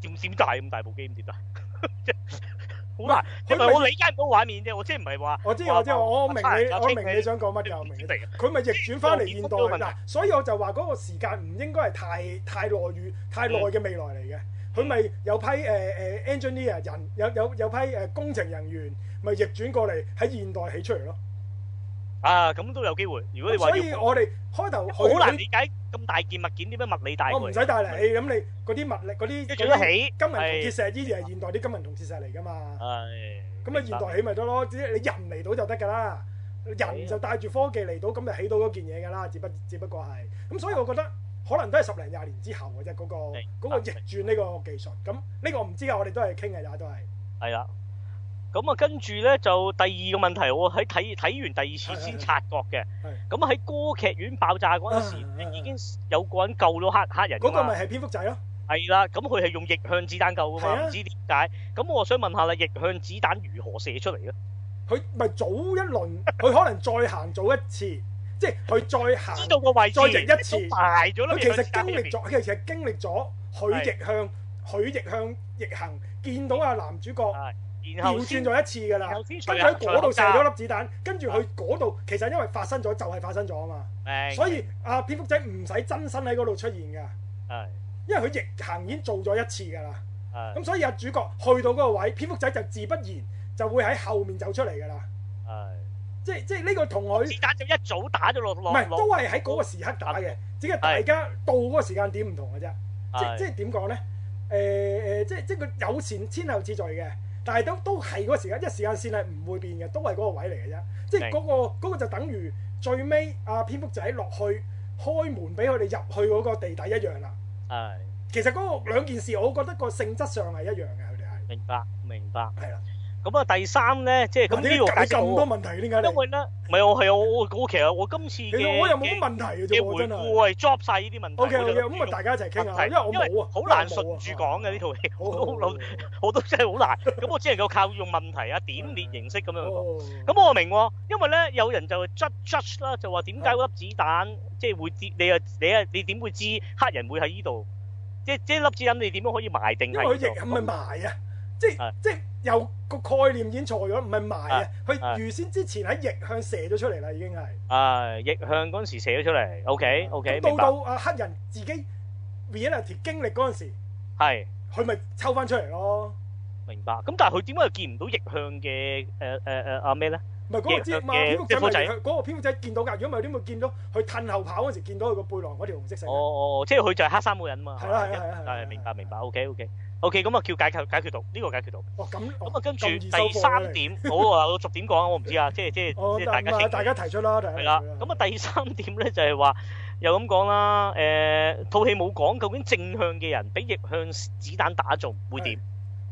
點點帶咁大部機點得？ (laughs) 好難，佢冇我理解唔到畫面啫，我即係唔係話，我知我知，我明你，我明你想講乜嘢，我明。佢咪逆轉翻嚟現代嗱，所以我就話嗰個時間唔應該係太太耐遠、太耐嘅未來嚟嘅。佢、嗯、咪有批誒 engineer 人，有有有批誒工程人員，咪逆轉過嚟喺現代起出嚟咯。啊，咁都有機會。如果你話要，所以我哋開頭好難理解咁大件物件點樣物理帶佢。我唔使帶嚟，咁你嗰啲物力嗰啲，起金銀銅鐵石依然係現代啲金銀銅鐵石嚟㗎嘛。係。咁啊，現代起咪得咯？即係你人嚟到就得㗎啦。人就帶住科技嚟到，咁咪起到嗰件嘢㗎啦。只不只不過係。咁所以我覺得可能都係十零廿年之後嘅啫，嗰個嗰個逆轉呢個技術。咁呢個唔知啊，我哋都係傾嘅，都係。係啦。咁啊，跟住咧就第二個問題，我喺睇睇完第二次先察覺嘅。咁喺歌劇院爆炸嗰陣時的的，已經有個人救咗黑黑人啦。嗰、嗰個咪係蝙蝠仔咯。係啦，咁佢係用逆向子彈救㗎嘛？唔知點解。咁我想問下啦，逆向子彈如何射出嚟咧？佢咪早一輪，佢可能再行早一次， (laughs) 即係佢再行，再逆一次，大咗啦。佢其實經歷咗，佢其實經歷咗，佢逆向，佢逆向逆行，見到阿男主角。調轉咗一次噶啦，跟住喺嗰度射咗粒子彈，跟住佢嗰度其實因為發生咗就係、是、發生咗啊嘛，所以阿、啊、蝙蝠仔唔使真身喺嗰度出現噶，係，因為佢逆行已經做咗一次噶啦，咁、嗯、所以阿、啊、主角去到嗰個位，蝙蝠仔就自不然就會喺後面走出嚟噶啦，係，即係即係呢個同佢子彈就一早打咗落，唔係都係喺嗰個時刻打嘅，只係大家到嗰個時間點唔同嘅啫，即係即係點講咧？誒誒，即係、呃、即係佢有前先後次序嘅。但係都都係嗰個時間，一時間線係唔會變嘅，都係嗰個位嚟嘅啫。即係、那、嗰個嗰個就等於最尾阿、啊、蝙蝠仔落去開門俾佢哋入去嗰個地底一樣啦。係、哎，其實嗰、嗰個兩件事，我覺得個性質上係一樣嘅。佢哋係明白，明白係啦。咁啊，第三咧，即係咁呢度解咁多問題，點解？因為咧，唔係我係我，我其實我今次嘅嘅回顧係 drop 晒呢啲問題。咁、okay, K、okay，嗯、大家一齊傾下，因為我因為好難順住講嘅呢套戲，我都、啊、好多真係、啊啊啊啊、好難。咁我只能夠靠用問題啊點列形式咁樣講。咁我明喎，因為咧有人就 judge judge 啦，就話點解嗰粒子彈即係會知你啊你啊你點會知黑人會喺呢度？即即粒子彈你點樣可以埋定喺度？咁佢翼係咪埋啊？即、啊、即。啊啊啊有個概念已經錯咗，唔係埋啊！佢預先之前喺逆向射咗出嚟啦，已經係。啊，逆向嗰陣時射咗出嚟。OK，OK，明白。到到阿黑人自己 Reality 經歷嗰陣時，係佢咪抽翻出嚟咯？明白。咁但係佢點解又見唔到逆向嘅誒誒誒阿咩咧？唔係嗰個知嘛？蝙蝠仔嗰個蝙蝠仔見到㗎。如果唔係點會見到佢褪後跑嗰陣時見到佢個背囊嗰條紅色線？哦哦，即係佢就係黑衫嗰個人啊嘛。係啊係啊係啊，明白明白。OK，OK。O.K. 咁啊，叫解決解決到，呢個解決到。哇，咁咁啊，跟住第三點，好啊我逐點講，我唔知啊，即係即係即係大家傾，大家提出啦，大家。係啦。咁啊，第三點咧就係話，又咁講啦，誒，套戲冇講，究竟正向嘅人俾逆向子彈打中會點？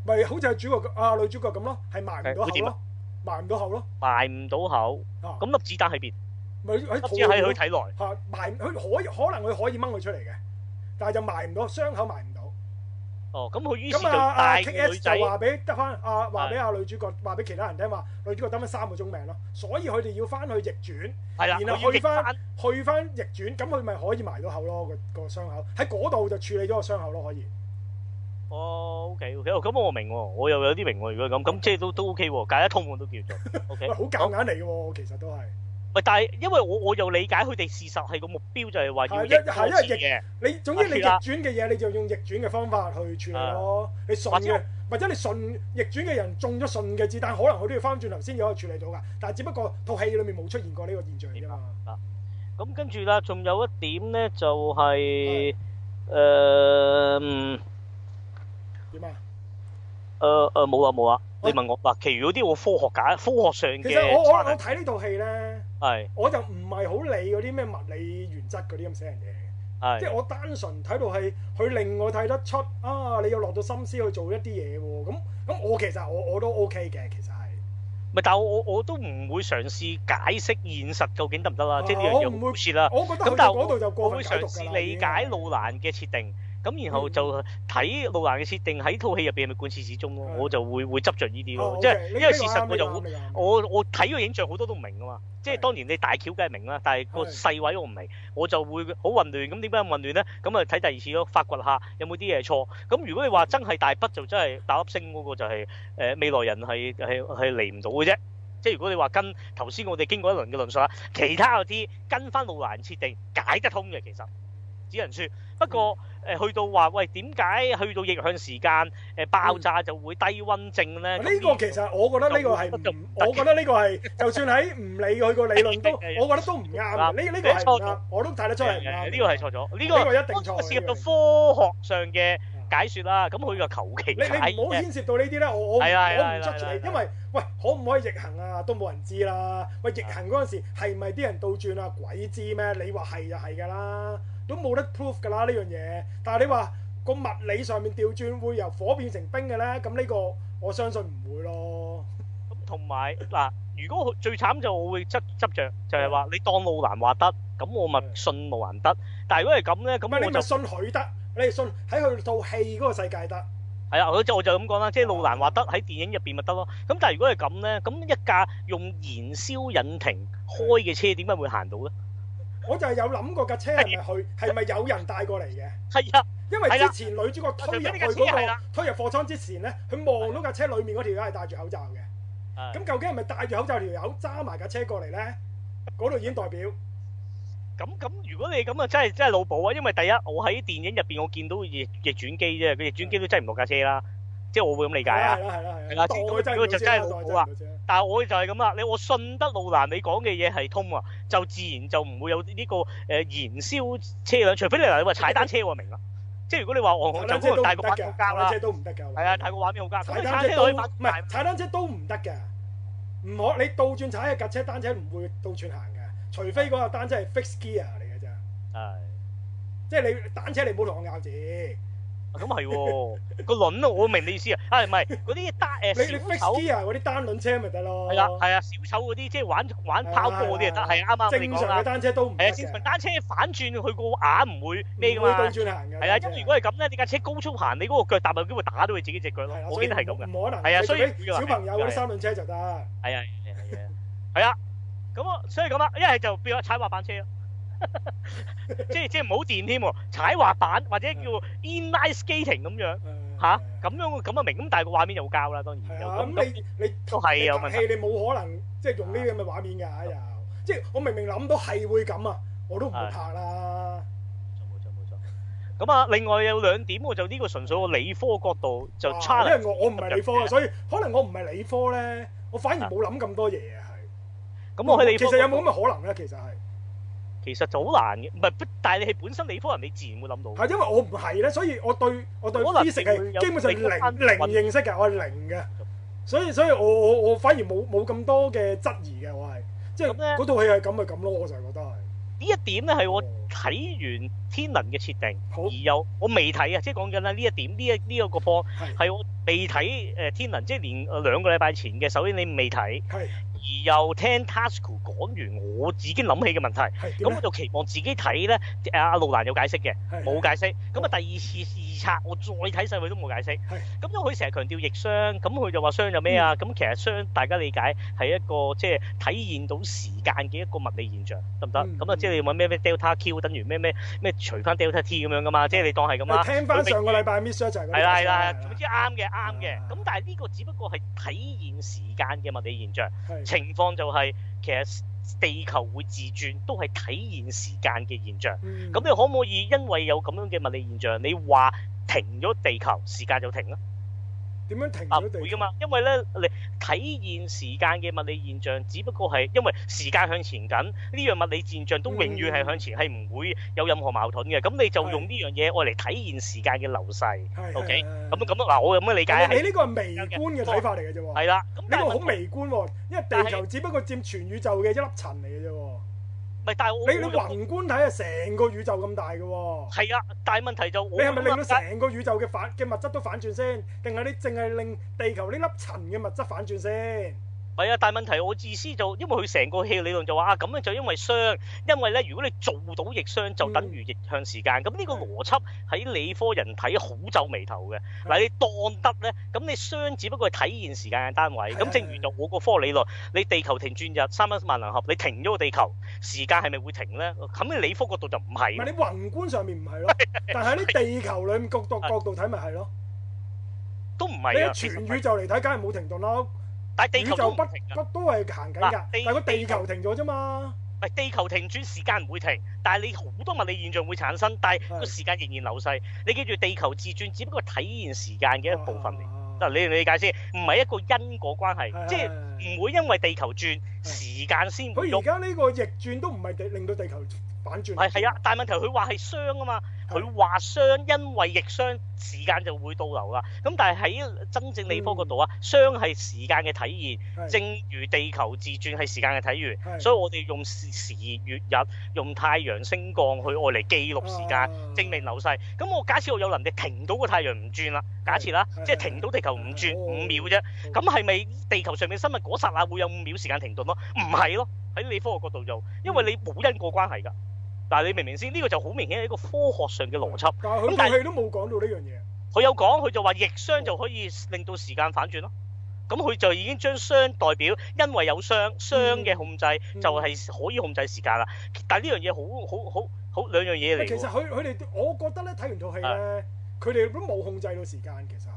咪好似係主角啊女主角咁咯，係埋唔到會點咯，埋唔到口咯。埋唔到口。嚇！咁粒子彈喺邊？咪喺喺佢體內。嚇！埋佢可可能佢可以掹佢出嚟嘅，但係就埋唔到傷口埋唔。哦，咁佢於是就帶女仔就話俾得翻，阿話俾阿女主角話俾其他人聽話，女主角等咗三個鐘命咯，所以佢哋要翻去逆轉，係啦，然後去翻去翻逆轉，咁佢咪可以埋到口咯，個個傷口喺嗰度就處理咗個傷口咯可以。哦，OK OK，咁我明喎，我又有啲明喎。如果咁，咁即係都都 OK 喎，解得通我都叫做 OK，好夾硬嚟嘅喎，其實都係。但係因為我我又理解佢哋事實係個目標就係話要逆的，係因為逆轉嘅嘢，你總之逆轉嘅嘢你就用逆轉嘅方法去處理咯、啊。你順嘅、啊，或者你順逆轉嘅人中咗順嘅子彈，但可能佢都要翻轉頭先有得處理到噶。但係只不過套戲裏面冇出現過呢個現象啫嘛。咁跟住啦，仲、啊、有一點咧，就係誒點啊？誒誒冇啊冇、呃、啊！你問我嗱、啊，其餘嗰啲我科學解科學上嘅。其實我我我睇呢套戲咧。係，我就唔係好理嗰啲咩物理原則嗰啲咁死人嘢，係即係我單純睇到係佢令我睇得出啊，你有落到心思去做一啲嘢喎，咁咁我其實我我都 OK 嘅，其實係。唔係，但係我我我都唔會嘗試解釋現實究竟得唔得啦，即係呢樣嘢。我唔會試啦，我覺得咁，但係我我會嘗試理解路蘭嘅設定。咁然後就睇路環嘅設定喺套戲入邊係咪貫徹始終咯？我就會會執著呢啲咯，即係因為事實我就我我睇個影像好多都唔明噶嘛。即係當，當然你大橋梗係明啦，但係個細位我唔明，我就會好混亂。咁點解咁混亂咧？咁啊睇第二次咯，發掘下有冇啲嘢錯。咁如果你話真係大筆就真係大粒星嗰個就係、是、誒、呃、未來人係係係嚟唔到嘅啫。即係如果你話跟頭先我哋經過一輪嘅論述啦，其他嗰啲跟翻路環設定解得通嘅其實只能説不過。嗯誒去到話，喂點解去到逆向時間誒爆炸就會低溫症咧？呢個、嗯、其實我覺得呢個係我覺得呢個係就算喺唔理佢個理論都，我覺得都唔啱。呢呢個係錯，我都睇得出係呢、哎、個係錯咗、哎哎呢個，呢、呢個一定錯。涉及到科學上嘅解說啦、啊，咁佢個求其你唔好牽涉到呢啲咧。我我我唔出前，因為喂可唔可以逆行啊，都冇人知啦。喂逆行嗰陣時係咪啲人倒轉啊？鬼知咩？你話係就係㗎啦。都冇得 proof 㗎啦呢樣嘢，但係你話個物理上面調轉會由火變成冰嘅咧？咁呢個我相信唔會咯。咁同埋嗱，如果最慘就我會執執着，就係話你當路蘭話得，咁我咪信路蘭得。但係如果係咁咧，咁你就信佢得，你信喺佢套戲嗰個世界得。係啊，我就我就咁講啦，即係路蘭話得喺電影入面咪得咯。咁但係如果係咁咧，咁一架用燃燒引擎開嘅車點解會行到咧？我就係有諗過架車係咪去，係咪有人帶過嚟嘅？係啊，因為之前女主角推入去嗰個推入貨倉之前咧，佢望到架車裏面嗰條友係戴住口罩嘅。誒，咁究竟係咪戴住口罩條友揸埋架車過嚟咧？嗰度已經代表。咁咁，如果你咁啊，真係真係腦補啊！因為第一，我喺電影入邊我見到逆逆轉機啫，佢逆轉機都擠唔落架車啦，即係我會咁理解啦。係啦係啦係啦，當佢真係腦補啊！但係我就係咁啦，我信得你我順德路難，你講嘅嘢係通啊，就自然就唔會有呢、呢個誒、呃、燃燒車輛，除非你嗱你話踩單車我明啦，即係如果你話黃河大過泰國家啦，踩單車都唔得嘅，係啊，大國畫面好加，踩單車都唔係踩單車都唔得嘅，唔可你倒轉踩嘅架車單車唔會倒轉行嘅，除非嗰架單車係 fixed gear 嚟嘅啫，係，即係你單車你唔好同我咬字。咁係喎，個輪我明你意思啊。啊唔係嗰啲單誒小丑嗰啲、啊、單輪車咪得咯？係啊係啊，小丑嗰啲即係玩玩跑過嗰啲啊得。係啊啱啱你講啦。正常嘅單車都唔係啊，正常單車反轉佢個眼唔會咩噶嘛？會倒轉行㗎。係啊，因為如果係咁咧，你架車高速行，你嗰個腳踏有機會打到佢自己隻腳咯。我記得係咁嘅。唔可能。係啊，所以小朋友啲三輪車就得。係啊係啊係啊，啊。咁啊，所以咁啊，一係、啊啊啊啊啊 (laughs) 啊、就變咗踩滑板車。即係即係唔好電添，踩滑板或者叫 inline skating，咁樣吓，咁樣咁就明，咁但係個畫面又膠啦，當然係啊。咁你你有問題，你冇可能即係用呢啲咁嘅畫面噶，又即係我明明諗到係會咁啊，我都唔怕啦。冇錯冇錯冇錯。咁啊，另外有兩點，我就呢個純粹個理科角度就差，因為我我唔係理科，所以可能我唔係理科咧，我反而冇諗咁多嘢啊係。咁我其實有冇咁嘅可能咧？其實係。其實就好難嘅，唔係，但係你係本身理科人，你自然會諗到。係因為我唔係咧，所以我對我對可能係基本上零零認識嘅，我係零嘅，所以所以我我我反而冇冇咁多嘅質疑嘅，我係即係嗰套戲係咁咪咁咯，我就係覺得係呢一點咧係我睇完天能嘅設定，我而有我未睇啊，即係講緊啦呢一點呢一呢一個課係我未睇誒天能，係即係連兩個禮拜前嘅，首先你未睇。而又聽 Tasuku 講完，我自己諗起嘅問題，咁我就期望自己睇咧，阿、啊、路蘭有解釋嘅，冇解釋，咁啊第二次試。測我再睇曬佢都冇解釋，咁因佢成日強調逆熵，咁佢就話熵就咩啊？咁、嗯、其實熵大家理解係一個即係體現到時間嘅一個物理現象，得唔得？咁、嗯、啊，嗯、即係你要搵咩咩 Delta Q 等於咩咩咩除翻 Delta T 咁樣噶嘛？嗯、即係你當係咁啦。聽翻上個禮拜 Miss 就係咁啦，係啦係啦，總之啱嘅啱嘅。咁但係呢個只不過係體現時間嘅物理現象，情況就係其實。地球會自轉都係體現時間嘅現象，嗯、咁你可唔可以因為有咁樣嘅物理現象，你話停咗地球，時間就停了？點樣停啊？唔會噶嘛，因為咧，你體現時間嘅物理現象，只不過係因為時間向前緊，呢樣物理現象都永遠係向前，係、嗯、唔會有任何矛盾嘅。咁你就用呢樣嘢嚟體現時間嘅流逝 OK，咁咁嗱，我咁嘅理解係你呢個係微觀嘅睇法嚟嘅啫喎。係啦，呢、呢個好微觀喎，因為地球只不過佔全宇宙嘅一粒塵嚟嘅啫。咪但係我，你你宏觀睇啊，成個宇宙咁大嘅喎。係啊，但係問題就，你係咪令到成個宇宙嘅反嘅物質都反轉先，定係你淨係令地球呢粒塵嘅物質反轉先？係啊，但係問題我自私就，因為佢成個戲理論就話啊，咁樣就因為熵，因為咧如果你做到逆熵就等於逆向時間，咁呢個邏輯喺理科人睇好皺眉頭嘅。嗱，你當得咧，咁你熵只不過係體現時間嘅單位，咁正如用我個科理論，你地球停轉日三一萬能合，你停咗個地球，時間係咪會停咧？咁你理科角度就唔係。唔係你宏觀上面唔係咯，但係喺啲地球裏面角度角度睇咪係咯，都唔係啊。全宇宙嚟睇，梗係冇停頓啦。但係地球不停啊，都係行緊噶，但係個地球停咗啫嘛。係地球停轉時間唔會停，但係你好多物理現象會產生，但係個時間仍然流逝。你記住地球自轉只不過體現時間嘅一部分嚟。嗱，你理解先，唔係一個因果關係，即係唔會因為地球轉時間先。佢而家呢個逆轉都唔係令到地球。係係啊，但係問題佢話係熵啊嘛，佢話熵因為逆熵時間就會倒流啦。咁但係喺真正理科嗰度啊，熵、嗯、係時間嘅體現，正如地球自轉係時間嘅體現，所以我哋用時月日用太陽升降去外嚟記錄時間，證、啊、明流逝。咁我假設我有能力停到個太陽唔轉啦，假設啦，即係停到地球唔轉五秒啫，咁係咪地球上面嘅生物嗰剎那會有五秒時間停頓咯？唔係咯，喺理科嘅角度就因為你冇因果關係㗎。但係你明唔明先？呢、個就好明顯係一個科學上嘅邏輯，咁但係都冇講到呢樣嘢。佢有講，佢就話逆熵就可以令到時間反轉咯。咁、嗯、佢就已經將熵代表，因為有熵，熵嘅控制就係可以控制時間啦、嗯。但係呢樣嘢好好好好兩樣嘢嚟。其實佢佢哋，我覺得咧睇完套戲咧，佢哋都冇控制到時間其實。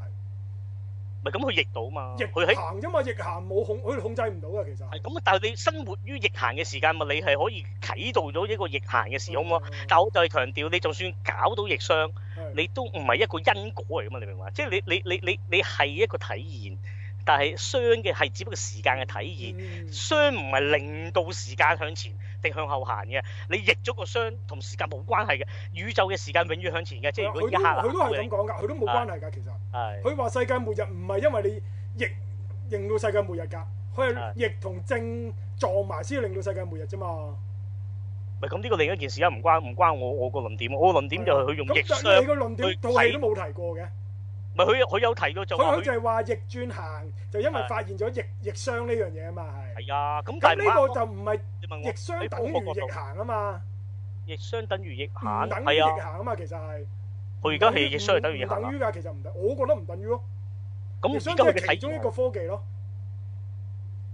咁佢逆到嘛？逆佢行啫嘛，逆行冇控，佢控制唔到㗎。其實係咁，但係你生活於逆行嘅時間嘛，咪你係可以啟動咗一個逆行嘅時空咯。但我就係強調，你就算搞到逆熵，你都唔係一個因果嚟噶嘛？你明唔明？即係你你你你你係一個體驗。但係，熵嘅係只不過時間嘅體現、嗯，熵唔係令到時間向前定向後行嘅。你逆咗個熵，同時間冇關係嘅。宇宙嘅時間永遠向前嘅。即係如果佢一刻，佢都係咁講㗎，佢都冇關係㗎，其實。係。佢話世界末日唔係因為你逆，逆到世界末日㗎。佢係逆同正撞埋先令到世界末日啫嘛。唔係咁，呢個另一件事，間唔關唔關我我個論點。我個論，論點就係佢用逆熵，你個論點，佢提都冇提過嘅。咪佢佢有提到做，佢佢就係話逆轉行就因為發現咗逆、啊、逆商呢樣嘢啊嘛，係。係啊，咁但係呢個就唔係逆商。你問我逆商等於逆行啊嘛？逆商等於逆行啊嘛，係啊。逆行啊嘛，其實係。佢而家係逆商等於逆行。唔等於㗎，其實唔，我覺得唔等於咯。咁而家佢睇其中一個科技咯。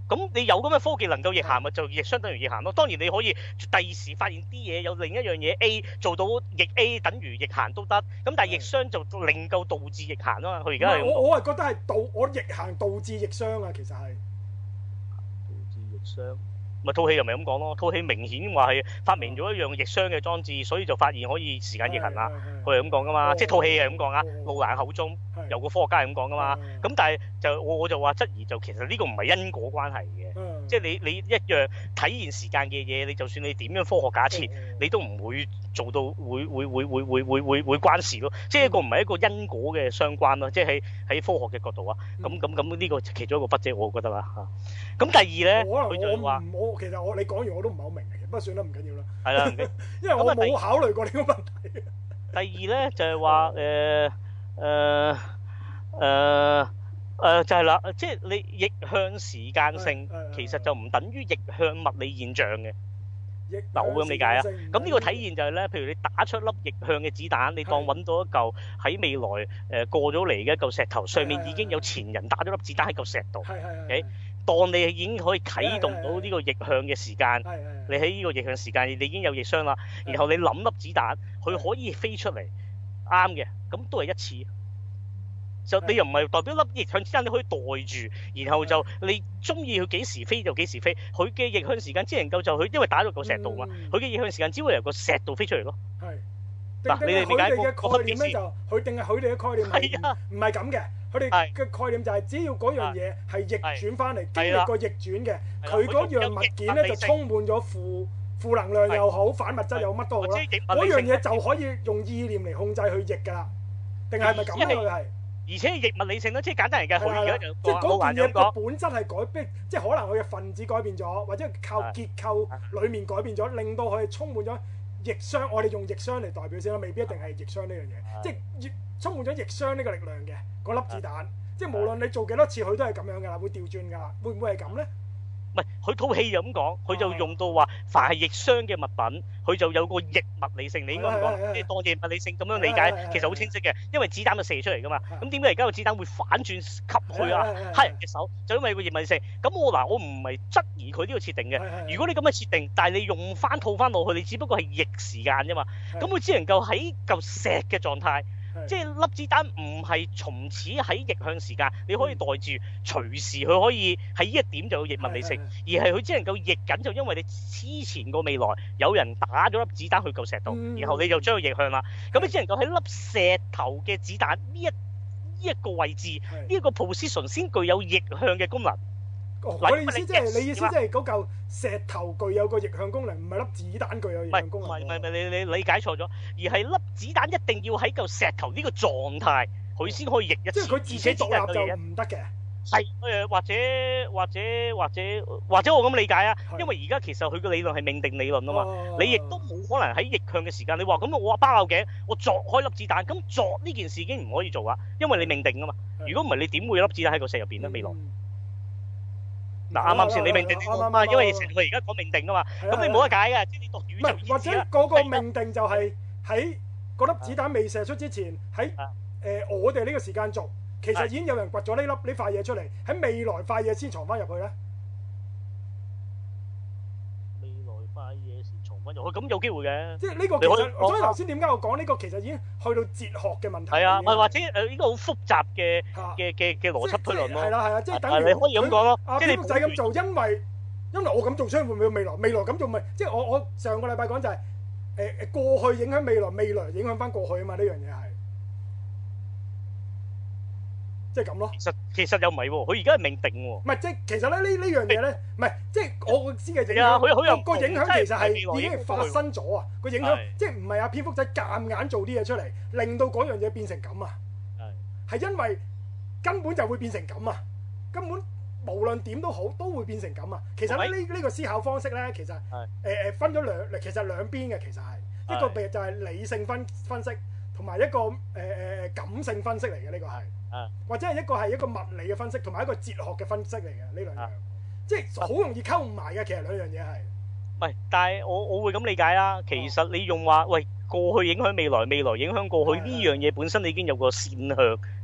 咁你有咁嘅科技能夠逆行，咪就逆相當於逆行咯。當然你可以第二時發現啲嘢有另一樣嘢 A 做到逆 A，等於逆行都得。咁但係逆熵就令夠導致逆行啊。佢而家係我我係覺得係導我逆行導致逆熵啊。其實係導致逆熵。咪套戲又咪咁講咯？套戲明顯話係發明咗一樣逆熵嘅裝置，所以就發現可以時間逆行啦。佢係咁講㗎嘛，即係套戲係咁講啊。露眼口中。有個科學家係咁講噶嘛，咁、嗯、但係就我我就話質疑就其實呢個唔係因果關係嘅，即係你你一樣體現時間嘅嘢，你就算你點樣科學假設，嗯、你都唔會做到會會會會會會會關事咯。即、嗯、係、就是、個唔係一個因果嘅相關咯，即係喺科學嘅角度啊。咁咁咁呢個其中一個筆者我覺得啦嚇。咁第二咧，佢、啊、就話我，我其實我你講完我都唔係好明白，不過算啦，唔緊要啦。係啦， (laughs) 因為我冇考慮過呢個問題。第二咧就係話誒。嗯誒誒誒就係、是、啦，即係你逆向時間性其實就唔等於逆向物理現象嘅逆流咁理解啊？咁呢個體現就係、是、咧，譬如你打出粒逆向嘅子彈，你當揾到一嚿喺未來誒、呃、過咗嚟嘅一嚿石頭，上面已經有前人打咗粒子彈喺嚿石度、okay？當你已經可以啟動到呢個逆向嘅時間，你喺呢個逆向時間你已經有逆熵啦，然後你諗粒子彈，佢可以飛出嚟。啱嘅，咁都係一次。就你又唔係代表粒逆向之間你可以袋住，然後就你中意佢幾時飛就幾時飛。佢嘅逆向時間只能夠就佢因為打咗個石道嘛，佢、嗯、嘅逆向時間只會由個石道飛出嚟咯。係、嗯。嗱，你哋佢解？概念咧就，佢定係佢哋嘅概念係啊，唔係咁嘅。佢哋嘅概念就係、啊啊、只要嗰樣嘢係逆轉翻嚟、啊啊、經歷過逆轉嘅，佢嗰、啊啊、樣物件咧就充滿咗負。負能量又好，的反物質又好，乜都好啦，嗰樣嘢就可以用意念嚟控制去逆㗎啦，定係咪咁咧？佢係而且逆物理性都即係簡單嚟講，即係嗰件嘢嘅本質係改變，那個、即係可能佢嘅分子改變咗，或者靠結構裡面改變咗，令到佢充滿咗逆熵。的我哋用逆熵嚟代表先啦，未必一定係逆熵呢樣嘢，的即係充滿咗逆熵呢個力量嘅嗰粒子彈。的即係無論你做幾多次，佢都係咁樣㗎啦，會調轉㗎啦，會唔會係咁咧？唔係佢套戲就咁講，佢就用到話，凡係逆相嘅物品，佢就有個逆物理性，你應該唔講，即係當逆物理性咁樣理解，其實好清晰嘅，因為子彈就射出嚟噶嘛。咁點解而家個子彈會反轉吸去啊黑人嘅手？就因為個逆物理性。咁我嗱，我唔係質疑佢呢個設定嘅。如果你咁嘅設定，但係你用翻套翻落去，你只不過係逆時間啫嘛。咁佢只能夠喺嚿石嘅狀態。即係粒子彈唔係從此喺逆向時間，你可以待住隨時佢可以喺呢一點就有逆物理性、嗯，而係佢只能夠逆緊就因為你之前個未來有人打咗粒子彈去嚿石度、嗯，然後你就將佢逆向啦。咁、嗯、你只能夠喺粒石頭嘅子彈呢一呢一個位置，呢、嗯、一、這個 position 先具有逆向嘅功能。哦、我意思即、就、係、是、你意思即係嗰嚿石頭具有個逆向功能，唔係粒子彈具有個逆向功能。唔係唔係唔係，你你,你理解錯咗，而係粒子彈一定要喺嚿石頭呢個狀態，佢、嗯、先可以逆一次。即係佢獨立就唔得嘅。係誒，或者或者或者或者我咁理解啊，因為而家其實佢個理論係命定理論啊嘛。啊你亦都冇可能喺逆向嘅時間、啊，你話咁我我包拗頸，我鑿開粒子彈，咁鑿呢件事已經唔可以做啊，因為你命定啊嘛。如果唔係，你點會粒子彈喺個石入邊咧？未來？嗱，啱啱先你命定，啱啱，因為成佢而家講命定啊嘛，咁你冇得解嘅，即係你讀宇宙意義啦。唔係，或者嗰個命定就係喺嗰粒子彈未射出之前，喺誒我哋呢個時間做，其實已經有人掘咗呢粒呢塊嘢出嚟，喺未來塊嘢先藏返入去咧。我咁有機會嘅，即係呢個其實，所以頭先點解我講呢個其實已經去到哲學嘅問題，係啊，唔係或者誒呢個好複雜嘅嘅嘅嘅邏輯推論，係啦係啦，即係等於你可以咁講咯，即係你個仔咁做因為因為我咁做將會唔會未來未來咁做唔係，即係我我上個禮拜講就係誒誒過去影響未來，未來影響返過去啊嘛呢樣嘢係。即係咁咯。其實、哦哦、其實又唔係喎，佢而家係命定喎。唔、欸、係即係其實咧呢呢樣嘢咧，唔係即係我先係。啊，佢佢又個影響其實係已經發生咗啊。個影響即係唔係阿蝙蝠仔夾硬、硬做啲嘢出嚟，令到嗰樣嘢變成咁啊。係係因為根本就會變成咁啊。根本無論點都好，都會變成咁啊。其實咧呢呢個思考方式咧，其實誒誒、呃、分咗兩其實兩邊嘅其實係一個就係理性分分析，同埋一個誒誒誒感性分析嚟嘅呢個係。或者係一個係一個物理嘅分析，同埋一個哲學嘅分析嚟嘅呢兩樣，啊、即係好容易溝唔埋嘅。其實兩樣嘢係。喂，但係我我會咁理解啦。其實你用話喂過去影響未來，未來影響過去呢樣嘢本身，你已經有個線向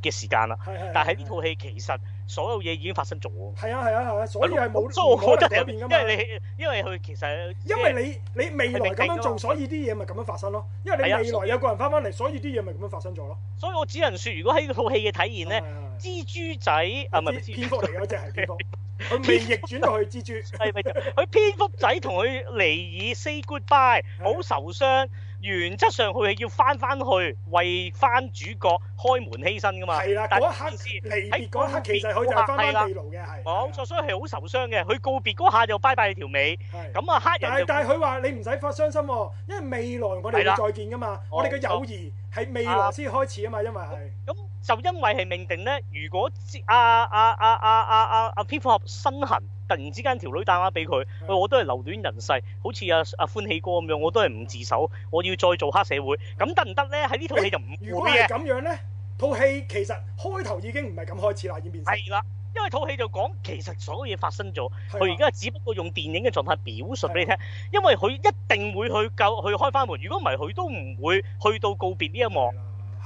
嘅時間啦。但係呢套戲其實所有嘢已經發生咗。係啊係啊係啊，所以係冇錯，我覺得，因為你因為佢其實因為你你未來咁樣做，所以啲嘢咪咁樣發生咯。因為你未來有個人翻翻嚟，所以啲嘢咪咁樣發生咗咯。所以我只能説，如果喺套戲嘅體現咧，蜘蛛仔啊，咪？蝙蝠嚟嗰隻係邊個？ (laughs) 佢未逆轉落去蜘蛛，係咪？佢蝙蝠仔同佢離異 (laughs) say goodbye，冇受傷。原則上佢係要翻翻去為翻主角開門犧牲噶嘛，係啦。嗰一刻喺嗰一刻其實佢就翻翻去嘅，係冇錯。所以係好受傷嘅。佢告別嗰下就拜拜你條尾，咁啊黑人。但係但係佢話你唔使發傷心，因為未來我哋會再見噶嘛。我哋嘅友誼係未來先開始啊嘛，因為係。咁就因為係命定咧，如果阿阿阿阿阿阿蝙蝠俠身痕。突然之間條女打電話俾佢，喂，我都係留戀人世，好似阿阿歡喜哥咁樣，我都係唔自首，我要再做黑社會，咁得唔得咧？喺呢套戲就唔會。如果咁樣咧，套戲其實開頭已經唔係咁開始啦，已經變成係啦，因為套戲就講其實所有嘢發生咗，佢而家只不過用電影嘅狀態表述俾你聽，因為佢一定會去救去開返門，如果唔係佢都唔會去到告別呢一幕。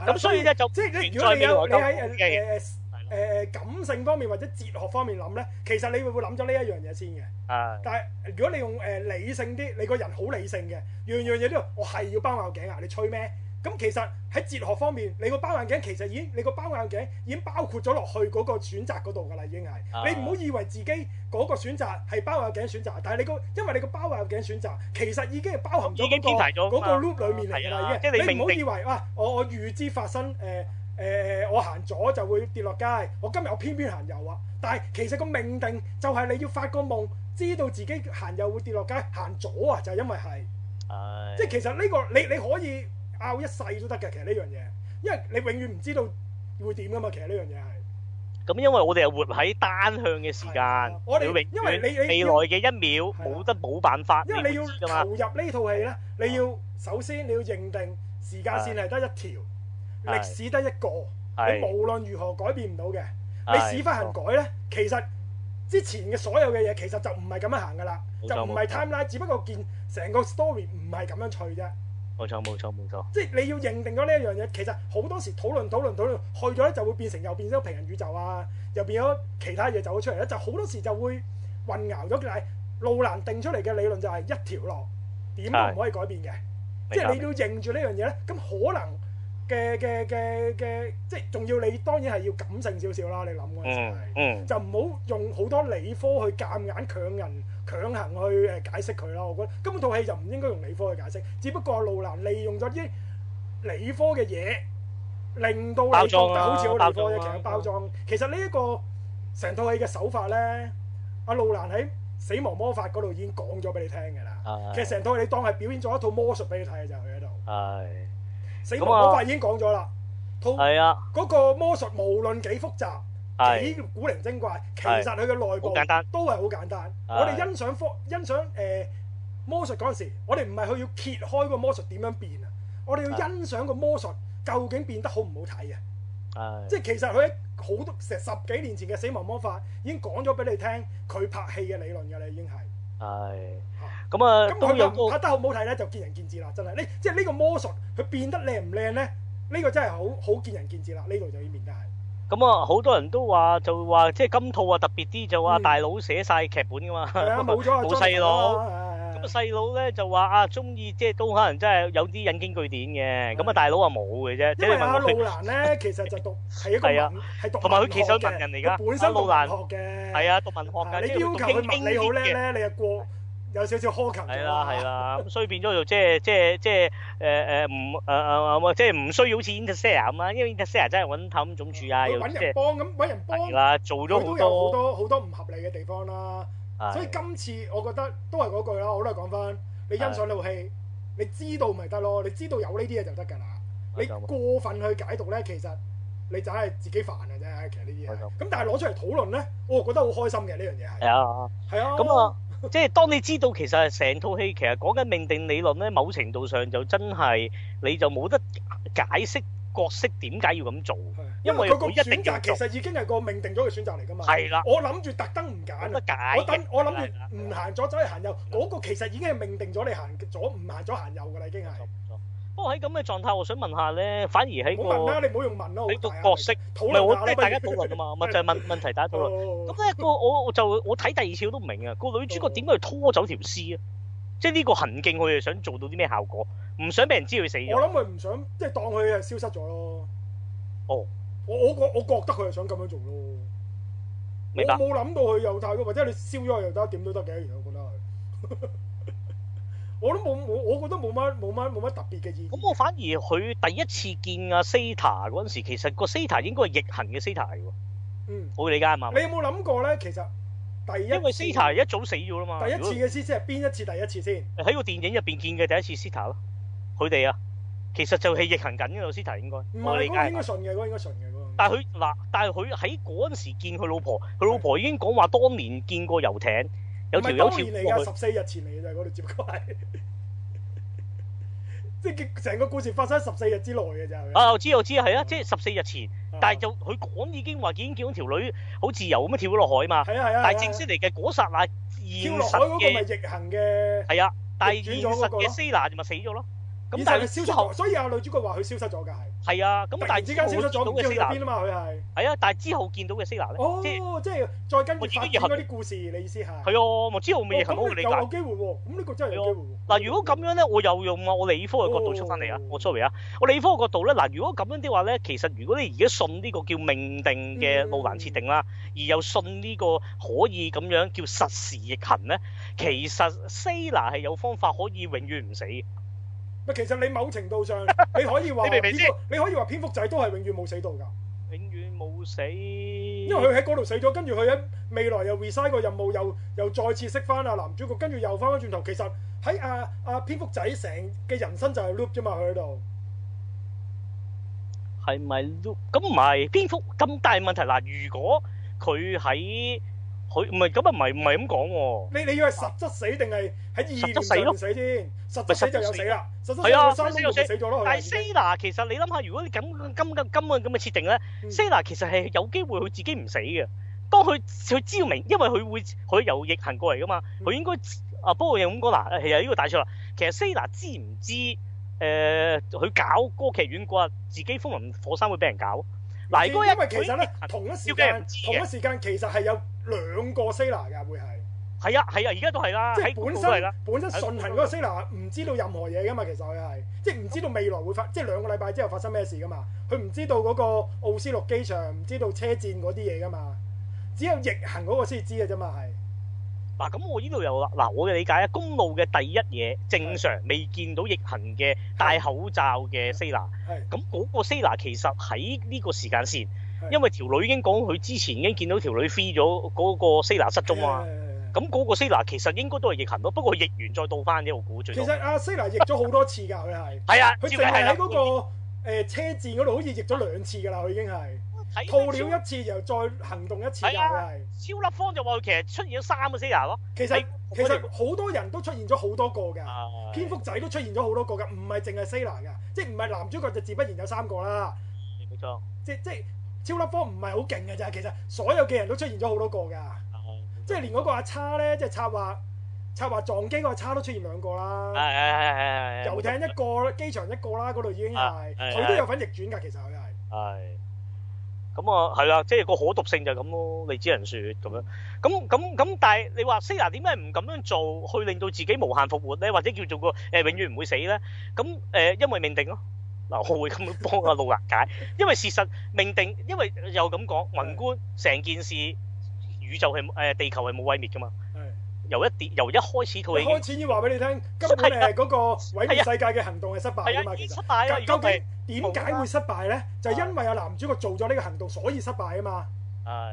咁所以咧就存在未來嘅。誒、呃、感性方面或者哲學方面諗咧，其實你會唔會諗咗呢一樣嘢先嘅、啊？但係如果你用誒、呃、理性啲，你個人好理性嘅，樣樣嘢都我係、哦、要包拗頸啊！你吹咩？咁其實喺哲學方面，你個包拗頸其實已經你個包拗頸已經包括咗落去嗰個選擇嗰度㗎啦，已經係、啊、你唔好以為自己嗰個選擇係包拗頸選擇，但係你個因為你個包拗頸選擇其實已經係包含咗嗰、那個那個 loop 裡面嚟㗎啦，已、啊、經、就是。你唔好以為哇、啊，我我預知發生誒。呃誒、欸、我行左就會跌落街。我今日我偏偏行右啊！但係其實個命定就係你要發個夢，知道自己行右會跌落街，行左啊，就係因為係。係。即係其實呢個你你可以拗一世都得嘅，其實呢樣嘢，因為你永遠唔知道會點啊嘛。其實呢樣嘢係。咁因為我哋係活喺單向嘅時間，我哋永遠因為你你未來嘅一秒冇得冇辦法。因為你要投入呢套戲咧，你要首先你要認定時間線係得一條。的歷史得一個，你無論如何改變唔到嘅。你屎忽行改呢？其實之前嘅所有嘅嘢，其實就唔係咁樣行噶啦，就唔係 timeline，只不過見成個 story 唔係咁樣敘啫。冇錯冇錯冇錯。即係你要認定咗呢一樣嘢，其實好多時討論討論討論去咗呢，就會變成又變咗平行宇宙啊，又變咗其他嘢就會出嚟咧，就好多時就會混淆咗。但係路難定出嚟嘅理論就係一條路，點都唔可以改變嘅。即係你要認住呢樣嘢呢，咁可能。嘅嘅嘅嘅，即係仲要你當然係要感性少少啦。你諗嗰陣時就唔好用好多理科去夾硬強人強行去誒解釋佢啦。我覺得今套戲就唔應該用理科去解釋，只不過路蘭利用咗啲理科嘅嘢，令到你覺得好似好理科嘅劇嘅包裝。其實呢一個成套戲嘅手法咧，阿路蘭喺死亡魔法嗰度已經講咗俾你聽㗎啦。其實成套戲你當係表演咗一套魔術俾你睇嘅，就係佢喺度。係。死亡魔法已經講咗啦，套嗰、啊、個魔術無論幾複雜、幾、啊、古靈精怪，啊、其實佢嘅內部都係好簡、啊、簡單。我哋欣賞科欣賞誒、呃、魔術嗰陣時，我哋唔係去要揭開嗰個魔術點樣變啊，我哋要欣賞個魔術究竟變得好唔好睇嘅、啊。即係其實佢喺好多成十幾年前嘅死亡魔法已經講咗俾你聽，佢拍戲嘅理論㗎啦，已經係。係，咁、嗯、啊，咁佢又拍得好唔好睇咧？就見仁見智啦，真係。你即係呢個魔術，佢變得靚唔靚咧？呢、這個真係好好見仁見智啦。呢度就要面對。咁、嗯、啊，好多人都話就話，即係今套啊特別啲，就話大佬寫晒劇本噶嘛，冇咗冇細佬。 (laughs) 是細佬咧就話啊，中意即係都可能真係有啲引經據典嘅，咁啊大佬啊冇嘅啫。因為我路蘭咧，其實就讀係一個文，係讀文學嘅，本身路蘭學嘅。係啊，讀文學㗎。你要求佢文理好咧，咧你又過有少少苛刻。係啦係啦，所以變咗就即係即係即係誒誒唔誒誒，即係唔需要好似 Interstellar 咁啦，因為 Interstellar 真係揾頭咁種住啊，又即係幫咁揾人幫。係啦，做咗好多。佢都有好多好多唔合理嘅地方啦。所以今次我覺得都係嗰句啦，我都係講翻你欣賞呢套戲，你知道咪得咯？你知道有呢啲嘢就得噶啦。你過分去解讀咧，其實你就係自己煩嘅啫。其實呢啲嘢咁，但係攞出嚟討論咧，我又覺得好開心嘅呢樣嘢係。係啊，係啊。咁啊， (laughs) 即係當你知道其實成套戲其實講緊命定理論咧，某程度上就真係你就冇得解釋角色點解要咁做。因為佢個選擇其實已經係個命定咗嘅選擇嚟噶嘛。係啦。我諗住特登唔揀啊。得解。我等我諗住唔行左走，去行右。嗰個其實已經係命定咗你行左，唔行左行右噶啦，已經係。哦。不過喺咁嘅狀態，我想問下咧，反而喺我。唔好問啦，你唔好用問咯。你個角色。討論下啦。唔係我即係大家討論啊嘛。咪就係問問題，大家討論。咁咧個我就我睇第二次我都唔明啊。個女主角點解要拖走條屍啊？即係呢個行徑，佢哋想做到啲咩效果？唔想俾人知佢死咗。我諗佢唔想即係當佢係消失咗咯。哦。我我覺我覺得佢係想咁樣做咯。明白，我冇諗到佢又大度，或者你燒咗又得，點都得嘅。其實我覺得 (laughs) 我都冇冇，我覺得冇乜冇乜冇乜特別嘅意見。咁我反而佢第一次見阿 Cita 嗰陣時，其實個 Cita 應該係逆行嘅 Cita 好理解嘛？你有冇諗過咧？其實第一，因為 Cita 一早死咗啦嘛。第一次嘅 Cita 邊一次第一次先？喺個電影入邊見嘅第一次 Cita 咯，佢哋啊，其實就係逆行緊嘅 Cita 應該。唔、嗯、係理解應該順嘅，應該順嘅。但係佢嗱，但係佢喺嗰陣時見佢老婆，佢老婆已經講話當年見過遊艇有條友跳落去。唔係當年嚟啊，十四日前嚟嘅咋嗰度接觸，即係成個故事發生喺十四日之內嘅咋。啊，我知我知，係啊，即係十四日前，嗯、但係就佢講已經話已經見到條女好自由咁樣跳咗落海嘛。係啊係啊。但係正式嚟嘅嗰剎那，現實嘅。跳落海嗰個咪逆行嘅。係啊，但係現實嘅屍啦就咪死咗咯。咁但係佢消失，了消失了是後，所以啊女主角話佢消失咗㗎，係係啊。咁但係之間消失咗，你見到嘅 Cena 啊嘛？佢係係啊，但係之後見到嘅 Cena 咧，哦，即係再跟翻而家啲故事，你意思係係、哦哦、啊？之後未逆行，我理解有機會喎。咁呢個真係有機會喎。嗱，如果咁樣咧，我又用我理科嘅角度出翻嚟啊。我 sorry 啊，我理科嘅角度咧，嗱，如果咁樣啲話咧，其實如果你而家信呢個叫命定嘅路難設定啦，嗯、而又信呢個可以咁樣叫實時逆行咧，其實 Cena 係有方法可以永遠唔死咪其實你某程度上你可以話，你可以話蝙蝠仔都係永遠冇死到㗎，永遠冇死，因為佢喺嗰度死咗，跟住佢喺未來又 resign 個任務，又又再次識翻啊男主角，跟住又翻返轉頭。其實喺啊啊蝙蝠仔成嘅人生就係 loop 啫嘛，佢喺度係咪 loop？咁唔係蝙蝠咁大問題嗱。如果佢喺佢唔係咁啊，唔係唔係咁講喎。你你要係實質死定係喺二月上面死先，實質死就有死啦，實質死，實質死個死咗咯。但係 Cena 其實你諗下，如果你咁金金咁嘅設定咧，Cena、嗯、其實係有機會佢自己唔死嘅。當佢佢知明，因為佢會佢由逆行過嚟噶嘛，佢應該、嗯、啊，不過咁講，嗱，其實呢個大錯啦。其實 Cena 知唔知誒佢、呃、搞歌劇院嗰自己風雲火山會俾人搞？嗱，嗰因為其實咧，同一時間同一時間其實係有兩個 Cena 會係，係啊係啊而家都係啦，即係本身本身順行個 Cena 唔知道任何嘢噶嘛，其實又係，即唔知道未來會發、嗯、即係兩個禮拜之後發生咩事噶嘛，佢唔知道嗰個奧斯陸機場唔知道車站嗰啲嘢噶嘛，只有逆行嗰個先知嘅啫嘛係。嗱、啊，咁我呢度又啦，嗱、啊，我嘅理解公路嘅第一嘢，正常未見到逆行嘅戴口罩嘅西拿係。咁嗰個西拿其實喺呢個時間線，因為條女已經講佢之前已經見到條女飛咗嗰個西拿失蹤啊。係。咁嗰個西拿其實應該都係逆行咯，不過逆完再倒翻呢個估最多其實阿西拿逆咗好多次㗎，佢 (laughs) 係。係啊。佢淨係喺嗰個車站嗰度，好似逆咗兩次㗎啦，佢已經係。套了一次然後再行動一次又係、哎，超粒方就話佢其實出現咗三個 Cena 咯。哎，其實其實好多人都出現咗好多個嘅。蝙，哎、蝠仔都出現咗好多個噶唔係淨係 Cena 噶即係唔係男主角就自不然有三個啦，冇，嗯，錯，即係即係超粒方唔係好勁嘅咋，其實所有嘅人都出現咗好多個噶、哎，即係連嗰個阿叉咧，即係策劃策劃撞機嗰個叉都出現兩個啦，係、哎、遊艇一個啦，機、哎、場一個啦，嗰度已經係，佢，哎、都有份逆轉噶，其實佢係。哎咁、嗯、啊，係啦，即係個可讀性就係咁咯，你只能說咁樣。咁咁咁，但係你話 Cina 點解唔咁樣做，去令到自己無限復活咧，或者叫做個永遠唔會死咧？咁、嗯嗯、因為命定咯。嗱，我會咁樣幫阿路華解，因為事實命定，因為又咁講，宏觀成件事宇宙係地球係冇毀滅噶嘛。由一跌由一開始套戲，一開始已經話俾你聽，根本你係嗰個毀滅世界嘅行動係失敗啊嘛、啊。其實、啊、究竟點解會失敗咧？就係、因為有男主角做咗呢個行動，所以失敗啊嘛。係、啊，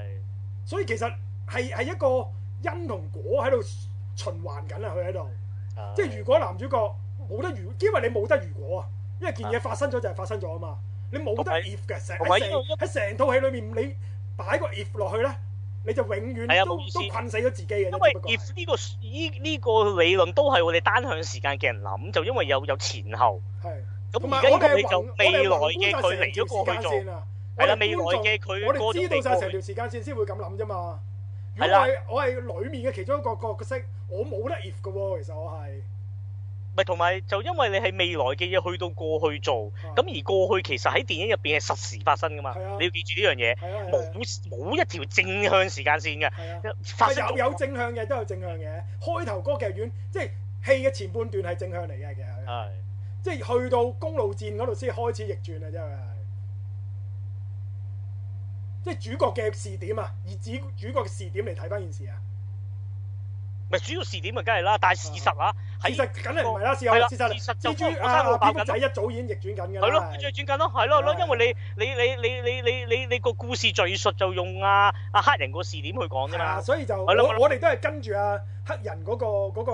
所以其實係係一個因同果喺度循環緊啊。佢喺度，即係如果男主角冇得如，因為你冇得如果啊，因為件嘢發生咗就係發生咗啊嘛。你冇得 if 嘅，成喺成套戲裏面你擺個 if 落去咧。你就永遠都都困死咗自己啊！因為 if 呢個依呢個理論都係我哋單向時間嘅人諗，就因為有有前後。係，咁而家佢就未來嘅佢嚟咗過去做。係啦，未來嘅佢過咗嚟。我哋知道曬成條時間線先會咁諗啫嘛。係啦，我係裡面嘅其中一個角色，我冇得 if 嘅喎。其實我係。同埋就因為你係未來嘅嘢去到過去做，咁、啊、而過去其實喺電影入邊係實時發生噶嘛、啊。你要記住呢樣嘢，冇、啊、冇、啊啊、一條正向時間線嘅、啊啊。有有正向嘅，都有正向嘅。開頭歌劇院即係戲嘅前半段係正向嚟嘅，其實係即係去到公路戰嗰度先開始逆轉啊！真、就、係、是，即、就、係、是、主角嘅視點啊，以主主角嘅視點嚟睇翻件事啊。咪主要視點咪梗係啦，但係事實啊，係就梗係唔係啦，事實係啦，事實就、啊、我睇蝙蝠仔一早已經逆轉緊㗎啦，係咯，佢最轉緊咯，係咯，咯，因為你你你你你你你你個故事敍述就用阿、啊、阿黑人個視點去講㗎嘛，所以就我我哋都係跟住阿、啊、黑人嗰、嗰個嗰睇、嗰個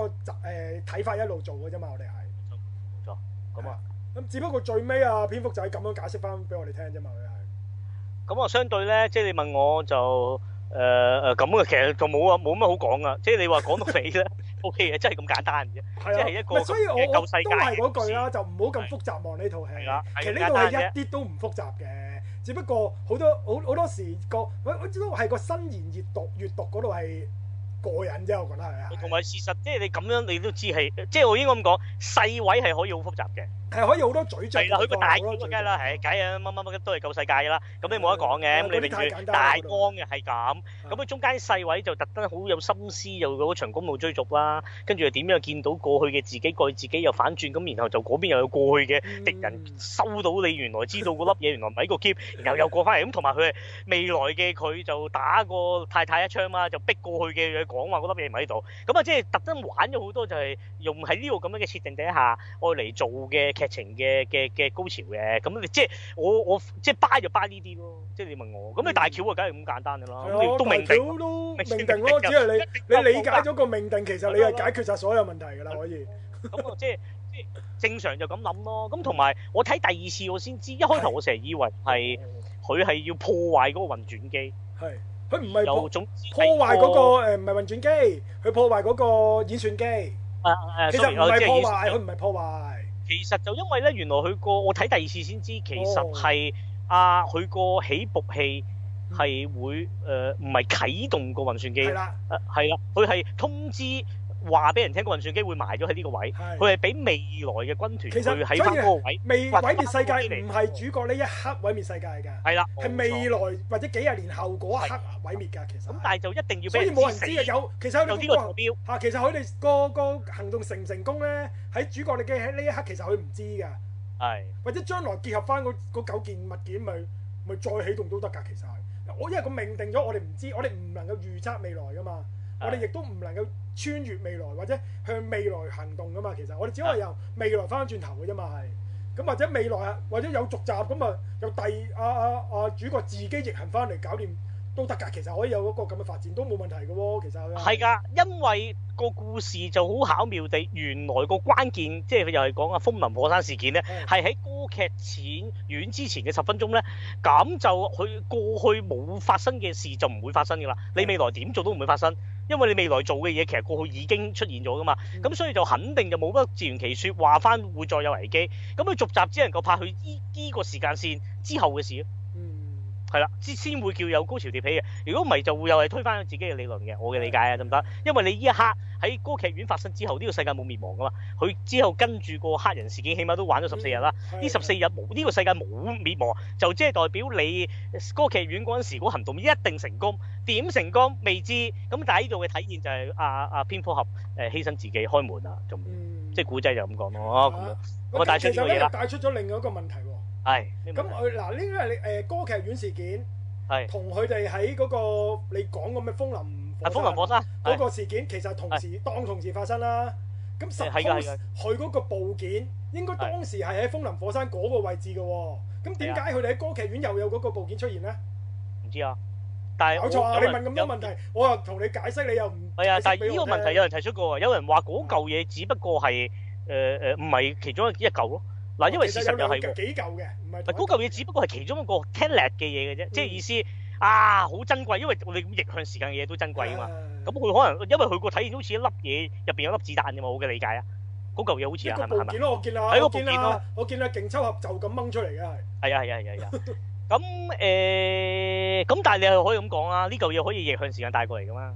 呃、法一路做㗎啫嘛，我哋係冇錯冇錯，咁啊，咁只不過最尾啊，蝙蝠仔咁樣解釋翻俾我哋聽啫嘛，佢係咁啊，相對咧，即係你問我就。誒誒咁啊，其實就冇啊，冇乜好講啊。即係你話講到尾咧，O K，真係咁簡單啫，即係一個嘅救世界嘅故事。所以我都係嗰句啦，就唔好咁複雜望呢套戲。其實呢套戲一啲都唔複雜嘅，只不過好多好好多時個都係個新言熱讀，閱讀嗰度係過癮啫，我覺得係啊。同埋事實，即係你咁樣你都知係，即係我應該咁講，細位係可以好複雜嘅。係可以好多舉證，係啦，佢個大，梗係啦，係，梗啊，乜乜乜都係救世界啦，咁你冇得講嘅，咁你明唔明？大綱嘅係咁，咁佢中間細位就特登好有心思，又有長公路追逐啦，跟住又點樣見到過去嘅自己，過去自己又反轉，咁然後就嗰邊又有過去嘅敵人收到你原來知道嗰粒嘢，原來唔係個 key，然後又過翻嚟，咁同埋佢係未來嘅佢就打過太太一槍嘛，就逼過去嘅講話嗰粒嘢唔喺度，咁啊即係特登玩咗好多，就係用喺呢個咁樣嘅設定底下愛嚟做嘅。劇情嘅嘅嘅高潮嘅咁，即係我我即係 buy 就 buy 呢啲咯。即係你問我，咁、嗯、你大橋啊，梗係咁簡單啦。咁你都明定命定，定咯，只係你你理解咗個命定，定，其實你係解決晒所有問題㗎啦、嗯。可以咁啊，即係即係正常就咁諗咯。咁同埋我睇第二次我，我先知一開頭我成日以為係佢係要破壞嗰個運轉機，佢唔係破壞嗰個唔係運轉機，佢破壞嗰個演算機。啊啊、其實唔、啊、係破壞，佢唔係破壞。啊其實就因為呢，原來佢個我睇第二次先知，其實係、哦、啊，佢個起搏器係會誒，唔、呃、係啟動個運算機，係啦，係啦、啊，佢係通知。話俾人聽個運算機會埋咗喺呢個位，佢係俾未來嘅軍團去喺翻個位未，毀滅世界。唔係主角呢一刻毀滅世界㗎。係、哦、啦，係未來或者幾廿年後嗰一刻毀滅㗎。其實咁，但係就一定要俾。所以冇人知嘅有，其實你講過嚇，其實佢哋個個行動成唔成功咧，喺主角力嘅喺呢一刻，其實佢唔知㗎。係或者將來結合翻個九件物件，咪咪再起動都得㗎。其實我因為佢命定咗，我哋唔知，我哋唔能夠預測未來㗎嘛。 (noise) 我哋亦都唔能夠穿越未來或者向未來行動噶嘛，其實我哋只可以由未來翻轉頭嘅啫嘛係，咁或者未來啊，或者有續集咁啊，由第啊啊啊主角自己逆行翻嚟搞掂。都得㗎，其實可以有嗰個咁嘅發展都冇問題嘅喎。哦，其實係。係㗎，因為個故事就好巧妙地，原來個關鍵即係佢又係講啊，風林火山事件咧，係、嗯、喺歌劇淺院之前嘅十分鐘咧，咁就佢過去冇發生嘅事就唔會發生㗎啦。你未來點做都唔會發生。嗯，因為你未來做嘅嘢其實過去已經出現咗㗎嘛。咁、嗯、所以就肯定就冇乜自圓其説，話翻會再有危機。咁佢續集只能夠拍去依依個時間線之後嘅事。係啦，先先會叫有高潮迭起嘅。如果唔係，就會又係推翻自己嘅理論嘅。我嘅理解啊，得唔得？因為你呢一刻喺歌劇院發生之後，呢、呢個世界冇滅亡噶嘛。佢之後跟住個黑人事件，起碼都玩咗十四日啦。呢十四日冇呢個世界冇滅亡，就即係代表你歌劇院嗰陣時嗰個行動一定成功，點成功未知。咁但係呢度嘅體現就係阿阿蝙蝠俠誒犧牲自己開門啦，嗯、即就即係古仔就咁講咯。咁我帶出咗，其實一樣帶出咗另外一個問題喎。係，咁佢嗱呢個誒歌劇院事件，係同佢哋喺嗰個你講咁嘅風林火山，係風林火山嗰個事件，其實同時當同時發生啦。咁實係佢嗰個部件應該當時係喺風林火山嗰個位置嘅，咁點解佢哋喺歌劇院又有嗰個部件出現咧？唔知啊，但係我錯啊！你問咁多問題，我又同你解釋，你又唔係啊？但係呢個問題有人提出過，有人話嗰嚿嘢只不過係誒誒唔係其中一嚿咯。嗱，因為事實又、就、係、是、幾舊嘅，唔係嗰嚿嘢，只不過係其中一個 Canary 嘅嘢嘅啫。嗯、即係意思啊，好珍貴，因為我哋逆向時間嘅嘢都珍貴啊嘛。咁、啊、佢可能因為佢個體驗好似一粒嘢入邊有粒子彈㗎嘛。我嘅理解啊，嗰嚿嘢好似啊，係咪係咪喺我見喺個部件咯，我見阿勁抽盒就咁掹出嚟嘅，係係啊係啊係啊係啊，咁誒咁，但係你係可以咁講啊？呢嚿嘢可以逆向時間帶過嚟㗎嘛？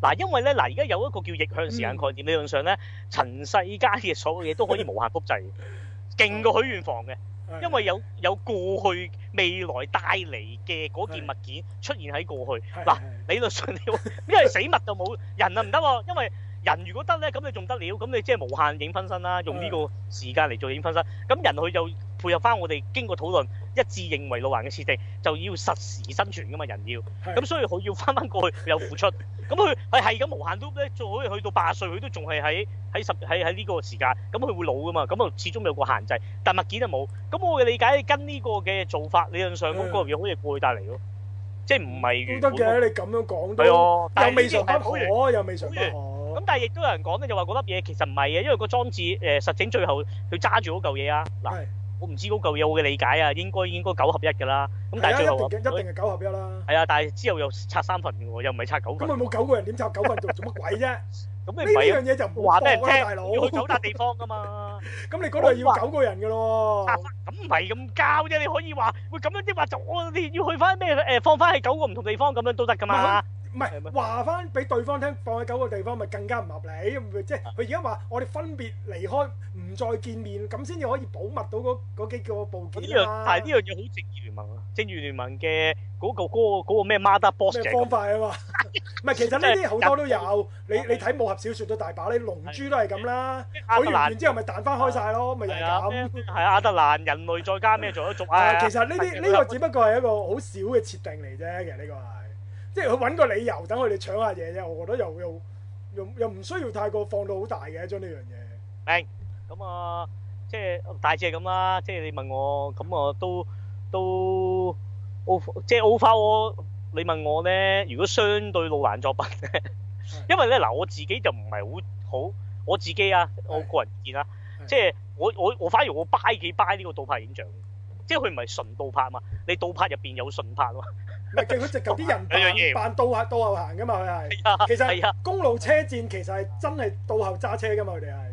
嗱，因為咧嗱，而家有一個叫逆向時間概念，理論上咧，塵世間嘅所有嘢都可以無限複製。嗯 (laughs) 勁過許願房嘅，因為有有過去未來帶嚟嘅嗰件物件出現喺過去。嗱，你論信？理論上你因為死物就冇 (laughs) 人啊唔得，因為人如果得咧，咁你仲得了，咁你即係無限影分身啦，用呢個時間嚟做影分身，咁人佢就。配合翻，我哋經過討論一致認為，老人嘅設定就要實時生存噶嘛，人要咁，所以佢要翻翻過去有付出咁佢係係咁無限都 loop 咧，仲可以去到八十歲，佢都仲係喺喺十喺喺呢個時間咁，佢會老噶嘛，咁啊始終有個限制，但物件就冇咁。我嘅理解跟呢個嘅做法理論上嗰個嘢好似過去帶嚟咯、哎，即係唔係完。都得嘅，你咁樣講都、啊、又未上級好又未上級好咁，但係亦都有人講咧，就話嗰粒嘢其實唔係嘅，因為個裝置誒、呃、實整最後佢揸住嗰嚿嘢啊嗱。我唔知嗰嚿嘢，我嘅理解啊，應該應該九合一嘅啦。咁但係最後一定一定係九合一啦。係啊，但係之後又拆三份嘅喎，又唔係拆九。咁佢冇九個人點拆九份做做乜鬼啫？咁唔係一樣嘢就話俾人聽，大佬，要去九笪地方㗎嘛？咁你嗰度要九個人嘅咯喎。咁唔係咁教啫，你可以話喂，咁樣啲話就我，你要去翻咩誒放翻喺九個唔同地方咁樣都得㗎嘛。唔係話翻俾對方聽，放喺九個地方咪更加唔合理？唔即係佢而家話我哋分別離開，唔再見面，咁先至可以保密到嗰嗰幾個部件，但係呢樣嘢好正義聯盟啊！正義聯盟嘅嗰個嗰個嗰個咩 Mother Box 嘅方法啊嘛！唔 (laughs) 係 (laughs) 其實呢啲好多都有， (laughs) 你你睇武俠小説都大把，你龍珠都係咁啦。阿完，完之後咪彈翻開晒咯，咪又係咁。係啊，亞特蘭人類再加咩做得足啊！其實呢啲呢個只不過係一個好少嘅設定嚟啫，其實呢個。即係佢揾個理由等佢哋搶下嘢啫，我覺得又又又又唔需要太過放到好大嘅將呢樣嘢。明咁啊，即係大致係咁啦。即係你問我，咁我，我都都即係、就是、over。你問我咧，如果相對老蘭作品咧，因為咧嗱，我自己就唔係好好，我自己啊，我個人見啦，即係我我我反而我掰幾掰呢個倒拍影像，即係佢唔係純倒拍嘛，你倒拍入邊有順拍嘛。唔係佢直頭啲人扮扮倒客，倒後行噶嘛佢係， (laughs) 其實公路車戰其實係真係倒後揸車噶嘛佢哋係，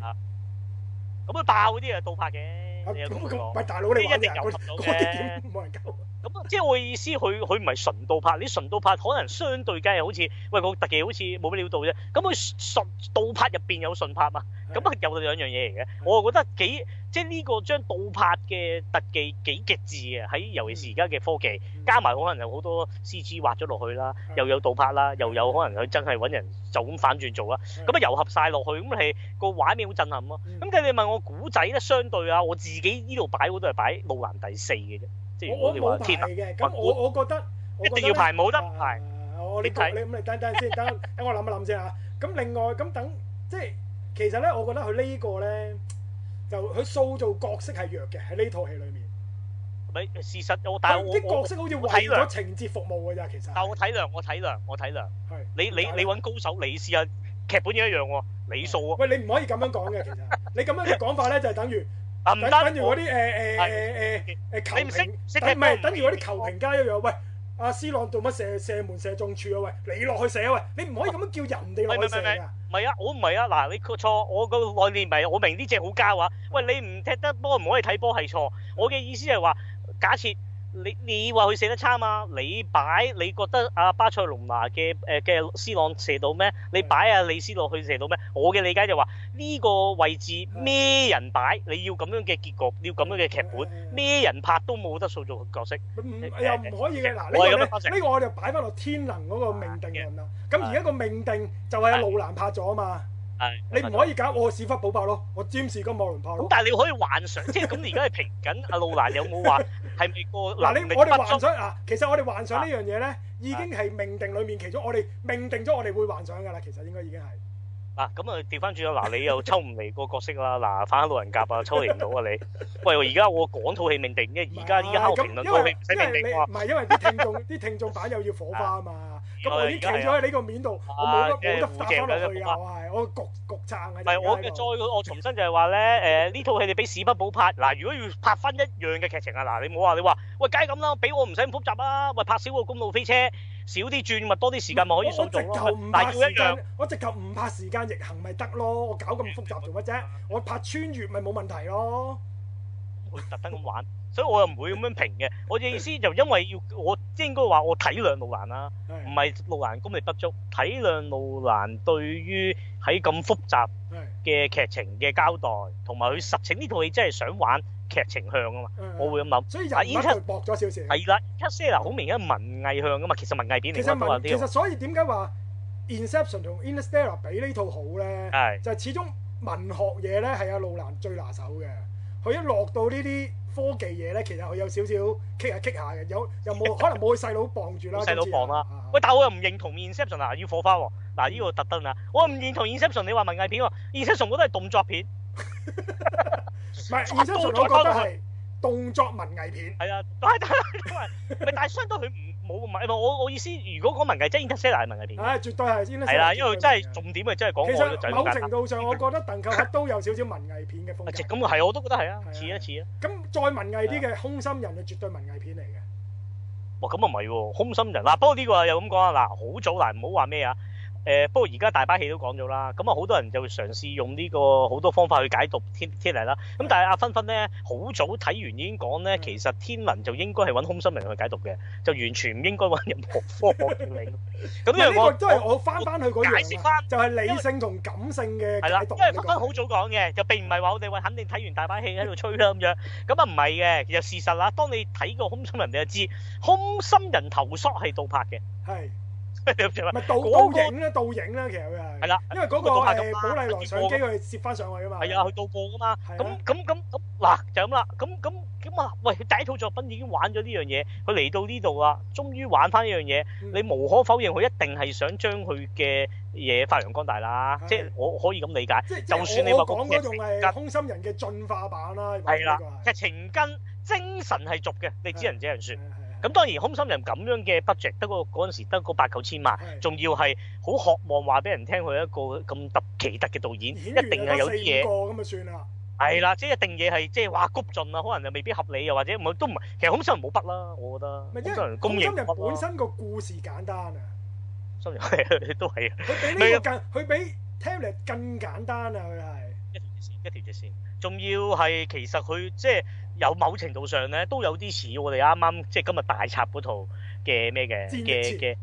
咁佢、 (laughs) 啊、爆啲啊倒拍嘅，咁咁唔係大佬嚟嘅，一定又及到嘅，咁、 (laughs) 嗯、即係我意思，佢佢唔係純倒拍，你純倒拍可能相對梗係好似，喂，佢特技好似冇乜料到啫，咁佢純倒拍入邊有純拍嘛？咁啊，有兩樣嘢嚟嘅，我就覺得幾即係呢個將倒拍嘅特技幾極致嘅，喺尤其是而家嘅科技，嗯、加埋可能有好多 C G 畫咗落去啦，又有倒拍啦，又有可能佢真係揾人就咁反轉做啦，咁啊糅合晒落去，咁係個畫面好震撼咯。咁梗係你問我古仔咧，相對啊，我自己呢度擺都係擺《路蘭第四》嘅啫，即係我哋話天啊，咁我我，我覺得一定要排冇得。排我你你咁你等等，等先，等等我諗一諗先嚇。咁 (laughs) 另外咁等即係。其實咧，我覺得佢呢個咧，就佢塑造角色係弱嘅喺呢套戲裏面。咪事實，但係啲角色好似為咗情節服務㗎咋，其實。但我體諒，我體諒，我體諒。係。你我你你揾高手，你試下劇本一樣喎、哦，你數啊、哦。喂，你唔可以咁樣講嘅，其實你咁樣嘅講法咧，就係等於等等於嗰啲誒誒誒誒誒球評，你唔識，唔係等於啲球評家一樣喂。喂喂喂喂喂阿、啊、C 朗做乜射射門射中柱啊？喂，你落去射，去射啊、這個、啊！喂，你唔可以咁樣叫人哋落去射啊！唔係啊，我唔係啊，嗱，你錯，我個概念唔係，我明呢隻好膠啊。喂，你唔踢得波，唔可以睇波係錯。我嘅意思係話，假設。你你話佢射得差嘛？你擺你覺得阿巴塞隆拿嘅誒嘅斯朗射到咩？你擺阿、啊、里斯洛去射到咩？我嘅理解就話呢、這個位置咩人擺，你要咁樣嘅結局，你要咁樣嘅劇本，咩、嗯嗯嗯嗯嗯、人拍都冇得塑造角色。嗯嗯嗯嗯、又唔可以嘅嗱，呢、嗯、個拍。呢、這個我哋擺翻落天能嗰個命定嘅人啦。咁而家個命定就係阿路蘭拍咗啊嘛。係、啊啊啊、你唔可以搞我屎忽保白咯，我占士金馬倫拍。咁、啊啊、但係你可以幻想， (laughs) 即係咁而家係評緊阿路蘭有冇話。係未過嗱，你我哋幻想啊，其實我哋幻想呢樣嘢咧，已經係命定裡面其中，我哋命定咗我哋會幻想噶啦，其實應該已經係。嗱，咁啊調翻轉啊，嗱你又抽唔嚟個角色啦，嗱翻路人甲，啊，抽嚟唔到啊你。喂，而家我講套戲命定嘅，而家依家我評論套戲命定唔係因為啲、啊、聽眾啲 (laughs) 聽眾版又要火花啊嘛。我已經停咗喺呢個面度，我冇得冇得發翻落我焗焗撐啊！唔係我再我重新就係話咧誒呢套戲你俾史匹堡拍嗱，如果要拍翻一樣嘅劇情啊嗱，你唔好話你話喂，梗係咁啦，俾我唔使咁複雜啊！喂，拍少個公路飛車，少啲轉咪多啲時間咪可以所做啊！我直頭唔拍時我直頭唔拍時間，拍時間，拍時間逆行咪得咯！我搞咁複雜做乜啫？ (laughs) 我拍穿越咪冇問題咯！特登咁玩。 (laughs) 所以我又唔會咁樣評嘅。我嘅意思就因為要我應該話我體諒路蘭啦，唔係路蘭功力不足，體諒路蘭對於喺咁複雜嘅劇情嘅交代，同埋佢實情呢套戲真係想玩劇情向啊嘛。我會咁諗。所以就係因為佢薄咗少少。係啦，《Inception》好明顯文藝向啊嘛。其實文藝片嚟緊啊啲。其實所以點解話《Inception》同《Interstellar》比呢套好咧？係就係始終文學嘢咧係阿路蘭最拿手嘅。佢一落到呢啲。科技嘢咧，其實佢有少少棘下棘下嘅，有有冇可能冇佢細佬傍住啦？細佬傍啦。喂， (laughs) 但係我又唔認同 Inception 啊，要火花喎。嗱、啊，呢、這個特登啊，我唔認同 Inception 你話文藝片喎 Inception 嗰都係動作片。唔係 Inception 嗰都係動作文藝片。係 (laughs) 啊，但係但係，咪但係相當佢唔。 (laughs) 冇我，我意思，如果講文藝，真 Inception 係文藝片。係絕對係 Inception。係啦，因為真係重點嘅，真係講愛與罪，其實某程度上， (laughs) 我覺得《鄧寇克》都有少少文藝片嘅風格。咁啊係，我都覺得係啊，似一似啊。咁、啊啊啊、再文藝啲嘅《空心人》係絕對文藝片嚟嘅。哇！咁啊唔係喎，《空心人》嗱，不過呢個又咁講啊，嗱，好早嗱，唔好話咩啊。誒、呃、不過而家大把戲都講咗啦，咁啊好多人就會嘗試用呢個好多方法去解讀天、天能啦。咁但係阿、啊、芬芬咧好早睇完已經講咧，其實天文就應該係揾空心人去解讀嘅，就完全唔應該揾任何科學嘅嘢。咁因為我、這個、都係我翻翻去嗰樣解釋翻，就係、是、理性同感性嘅解讀。因為，因為芬芬好早講嘅，就並唔係話我哋話肯定睇完大把戲喺度吹啦咁樣。咁啊唔係嘅，其實事實啦，當你睇個空心人你就知道，空心人投索係倒拍嘅。係。咪 (laughs) 盜、那個、影咧、啊，盜影咧、啊，其實佢係。係啦，因為嗰、那個係、啊呃、寶麗來相機佢接翻上去噶嘛。係啊，佢盜播啊嘛。咁咁咁咁，嗱就咁啦。咁咁咁啊，喂，第一套作品已經玩咗呢樣嘢，佢嚟到呢度啊，終於玩翻呢樣嘢。你無可否認，佢一定係想將佢嘅嘢發揚光大啦。即係、就是、我可以咁理解。即係就算你話，我講嗰種係空心人嘅進化版啦、啊。係啦、這個，其實情根精神係俗嘅，你只能這樣説。咁當然，空心人咁樣嘅 budget 得個嗰陣時得個八九千萬，仲要係好渴望話俾人聽，佢一個咁特奇特嘅導演，演一定係有啲嘢。四個咁就算啦。係啦，即係一定嘢係即係話谷盡啊，可能又未必合理，又或者冇都唔係。其實空心人冇筆啦，我覺得。空心人公認。本身個故事簡單啊。心人佢都係、啊。佢比呢個更，佢比 Tenet 更簡單啊！佢係。一條直線，仲要係其實佢即係有某程度上咧都有啲似我哋啱啱即係今日大拆嗰套嘅咩嘅嘅嘅，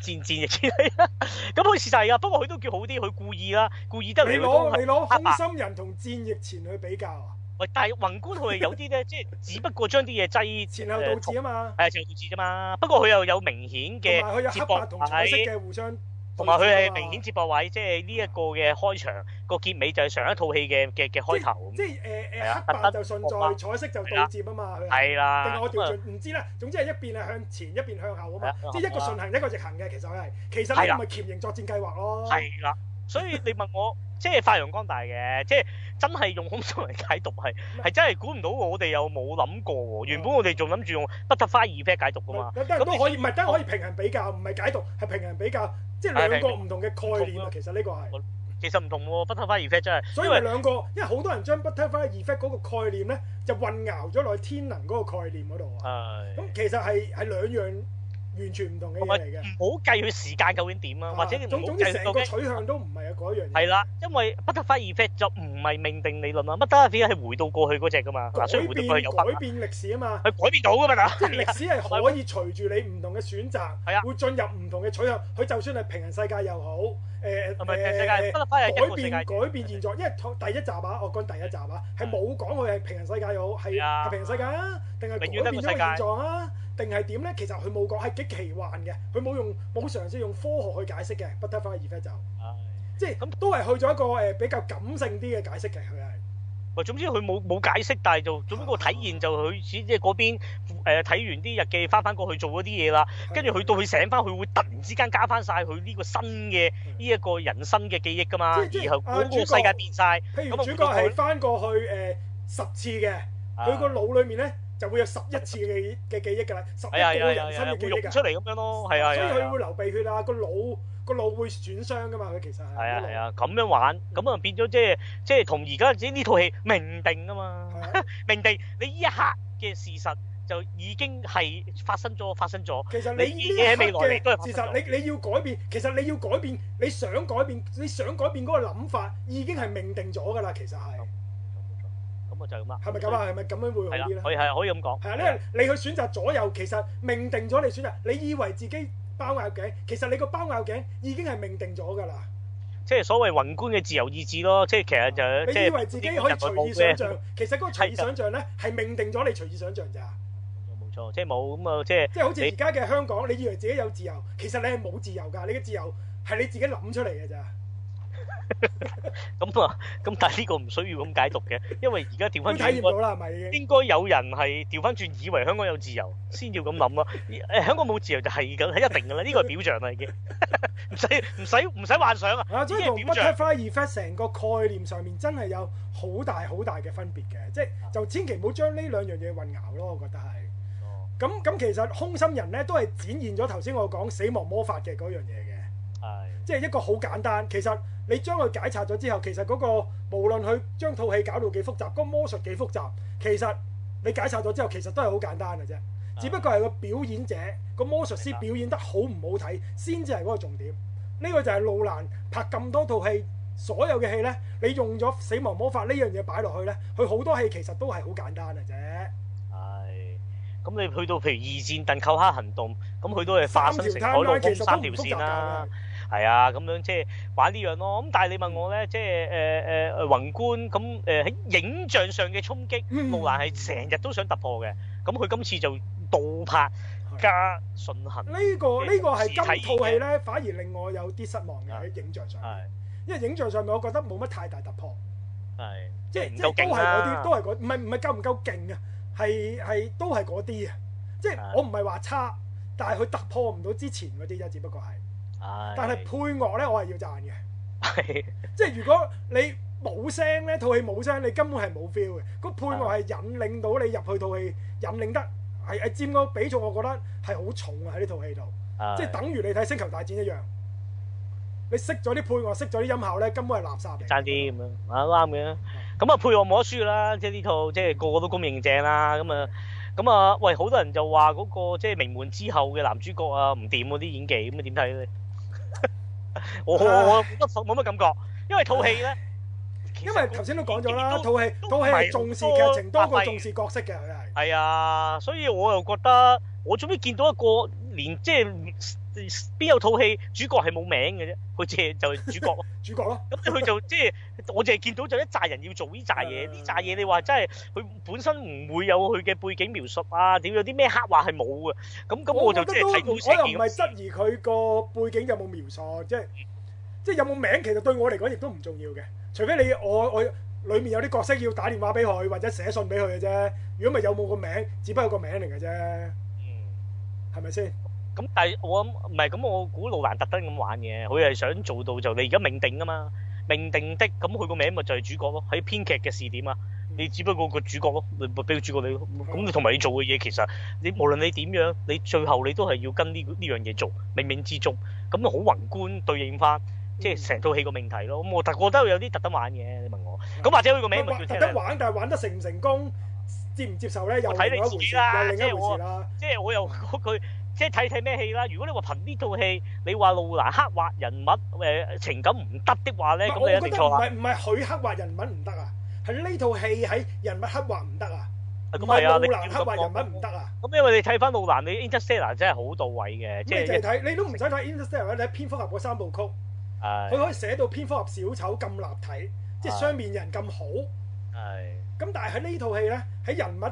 戰役戰翼咁佢似係噶，不過佢都叫好啲，佢故意啦，故意得嚟嘅都係黑白。你攞你攞《紅心人》同《顫役前》役前去比較啊？喂，但係宏觀佢有啲咧，即 (laughs) 係只不過將啲嘢擠前後倒置啊嘛，係前後倒置啫嘛。不過佢又有明顯嘅，接有同彩嘅互相。同埋佢係明顯接駁位，即係呢一個嘅開場、就是、個結尾就係上一套戲嘅嘅嘅開頭。即係、呃、黑白就順在，彩色就對接啊嘛。係啦。定係我調轉，唔知咧。總之係一邊係向前，一邊向後啊嘛。即係一個順行，一個逆行嘅，其實係。其實咧、就是，咪鉗形作戰計劃咯。係啦。 (laughs) 所以你問我，即係發揚光大嘅，即係真係用空縮嚟解讀是，係係真係估唔到我哋有冇諗過喎。原本我哋仲諗住用 butterfly effect 解讀噶嘛，咁、嗯、都、嗯、可以，唔係真係可以平衡比較，唔、哦、係解讀，係平衡比較，即係兩個唔同嘅概念啊。其實呢個係，其實唔同喎，butterfly effect 真係。所以為兩個，因為好多人將 butterfly effect 嗰個概念咧，就混淆咗落去天能嗰個概念嗰度啊。咁、哎、其實係係兩樣。完全唔同嘅嘢嚟嘅，唔好計佢時間究竟點啊，或者唔好計佢究竟取向都唔係嗰一樣嘢。係啦，因為《Butterfly Effect》就唔係命定理論啦，乜都係變係回到過去嗰隻噶嘛。嗱，所以回到過去又改變歷史啊嘛。佢改變到噶嘛？歷史係可以隨住你唔同嘅選擇，會進入唔同嘅取向。佢就算係平行世界又好，誒誒誒，改變改變現狀，因為第一集啊，我講第一集啊，係冇講佢係平行世界又好，係係平行世界啊，定係改變咗個現狀啊。定係點咧？其實佢冇講，係極奇幻嘅，佢冇用冇嘗試用科學去解釋嘅。Butterfly Effect 就，即係、嗯、都係去咗一個誒、呃、比較感性啲嘅解釋嘅。佢係，喂，總之佢冇冇解釋，但係就總之個體驗就佢、啊、即係嗰邊睇、呃、完啲日記，翻翻過去做嗰啲嘢啦。跟住佢到佢醒翻，佢會突然之間加翻晒佢呢個新嘅呢一個人生嘅記憶㗎嘛。然後個世界變晒。譬如主角係翻過去誒、呃、十次嘅，佢、啊、個腦裏面咧，就會有十一次嘅嘅記憶㗎啦，十一次人生嘅記憶出嚟咁樣咯，係啊，所以佢會流鼻血啊，個腦個腦會損傷㗎嘛，佢其實係啊係啊，咁樣玩，咁、嗯、啊變咗即係即係同而家呢套戲命定㗎嘛，命定你呢一刻嘅事實就已經係發生咗，發生咗。其實你依一刻嘅事實，你實你，你要改變，其實你要改變，你想改變，你想改變嗰個諗法已經係命定咗㗎啦，其實係。是就係、是、咁啊，係咪咁啊？係咪咁樣會好啲咧？可以係可以咁講。係啊，因你去選擇左右，其實命定咗你選擇。你以為自己包拗頸，其實你個包拗頸已經係命定咗㗎啦。即、就、係、是、所謂宏觀嘅自由意志咯，即係其實就係、是、你以為自己可以隨意想象，其實嗰個隨意想象咧係命定咗你隨意想象咋。冇錯，冇、就、錯、是，即係冇咁啊，即係。即係好似而家嘅香港你，你以為自己有自由，其實你係冇自由㗎。你嘅自由係你自己諗出嚟㗎咋。咁啊，咁但係呢個唔需要咁解讀嘅，因為而家調翻轉睇唔到啦，應該有人係調翻轉以為香港有自由，先要咁諗咯。誒，香港冇自由就係咁，係一定噶啦，呢個係表象啦，已經唔使唔使唔使幻想啊。啊，呢同 multiplier effect 成個概念上面真係有好大好大嘅分別嘅，即係就千祈唔好將呢兩樣嘢混淆咯。我覺得係。哦。咁咁，其實空心人咧都係展現咗頭先我講死亡魔法嘅嗰樣嘢嘅。即係一個好簡單。其實你將佢解拆咗之後，其實嗰個無論佢將套戲搞到幾複雜，嗰個魔術幾複雜，其實你解拆咗之後，其實都係好簡單嘅啫。只不過係個表演者個魔術師表演得好唔好睇，先至係嗰個重點。呢個就係路蘭拍咁多套戲，所有嘅戲咧，你用咗死亡魔法呢樣嘢擺落去咧，佢好多戲其實都係好簡單嘅啫。係咁，你去到譬如二戰鄧寇克行動，咁佢都係化身成海陸空三條線啦。係啊，咁樣即係玩呢樣咯。咁但係你問我咧，即係誒誒誒宏觀咁誒喺影像上嘅衝擊，嗯、諾蘭係成日都想突破嘅。咁佢今次就倒拍加順行。是這個這個、是呢個呢個係今套戲咧，反而令我有啲失望嘅喺影像上，因為影像上咪我覺得冇乜太大突破。係即係即係都係嗰啲，都係嗰啲唔係唔係夠唔夠勁啊？係係都係嗰啲啊！即係、啊、我唔係話差，但係佢突破唔到之前嗰啲啫，只不過係。但係配樂咧，我係要讚嘅， (laughs) 即係如果你冇聲咧，套戲冇聲，你根本係冇 feel 嘅。個配樂係引領到你入去套戲，引領得係係佔個比重，我覺得係好重啊！喺呢套戲度， (laughs) 即係等於你睇星球大戰一樣，你識咗啲配樂，識咗啲音效咧，根本係垃圾嘅。差啲咁樣啊，都啱嘅。咁、嗯、啊，配樂冇得輸啦，即係呢套即係個個都公認正啦。咁啊，咁啊，喂，好多人就話嗰、那個即係名門之後嘅男主角啊，唔掂嗰啲演技，咁你點睇咧？我冇乜感覺，因為套戲咧，因為頭先都講咗啦，套戲套戲係重視劇情多過重視角色嘅，佢係係啊，所以我又覺得我終於見到一個連即係。就是邊有套戲主角係冇名嘅啫，佢就係主角咯，主角咯。咁佢就即係我淨係見到就一紮人要做呢扎嘢，呢扎嘢你話真係佢本身唔會有佢嘅背景描述啊，點有啲咩黑話係冇嘅。咁咁我就即係睇書寫嘢。我又唔係質疑佢個背景有冇描述，即係即係有冇名。其實對我嚟講亦都唔重要嘅，除非你我我裏面有啲角色要打電話俾佢或者寫信俾佢嘅啫。如果唔係有冇個名，只不過個名嚟嘅啫，嗯，係咪先？咁但係我唔係咁，我估路蘭特登咁玩嘅，佢係想做到就你而家命定㗎嘛，命定的，咁佢個名咪就係主角咯，喺編劇嘅視點啊，你只不過個主角咯，咪俾個主角你。咁同埋你做嘅嘢其實你無論你點樣，你最後你都係要跟呢呢樣嘢做，冥冥之中，咁咪好宏觀對應翻，即係成套戲個命題咯。咁我特覺得有啲特登玩嘅，你問我。咁或者佢個名咪叫特登玩，但係玩得成唔成功，接唔接受咧，又睇你自己啦，又另一回事啦。即係我又講佢。即係睇睇咩戲啦。如果你話憑呢套戲，你話路蘭刻畫人物、呃，誒情感唔得的話咧，咁你一定錯。唔係唔係，佢刻畫人物唔得啊，係呢套戲喺人物刻畫唔得啊。咁係啊，路蘭刻畫人物唔得啊。咁、啊、因為你睇翻路蘭，你 Interstellar 真係好到位嘅。即係你睇，你都唔使睇 Interstellar，你睇蝙蝠俠嗰三部曲。係、哎。佢可以寫到蝙蝠俠小丑咁立體，哎、即係雙面人咁好。係、哎。咁但係喺呢套戲咧，喺人物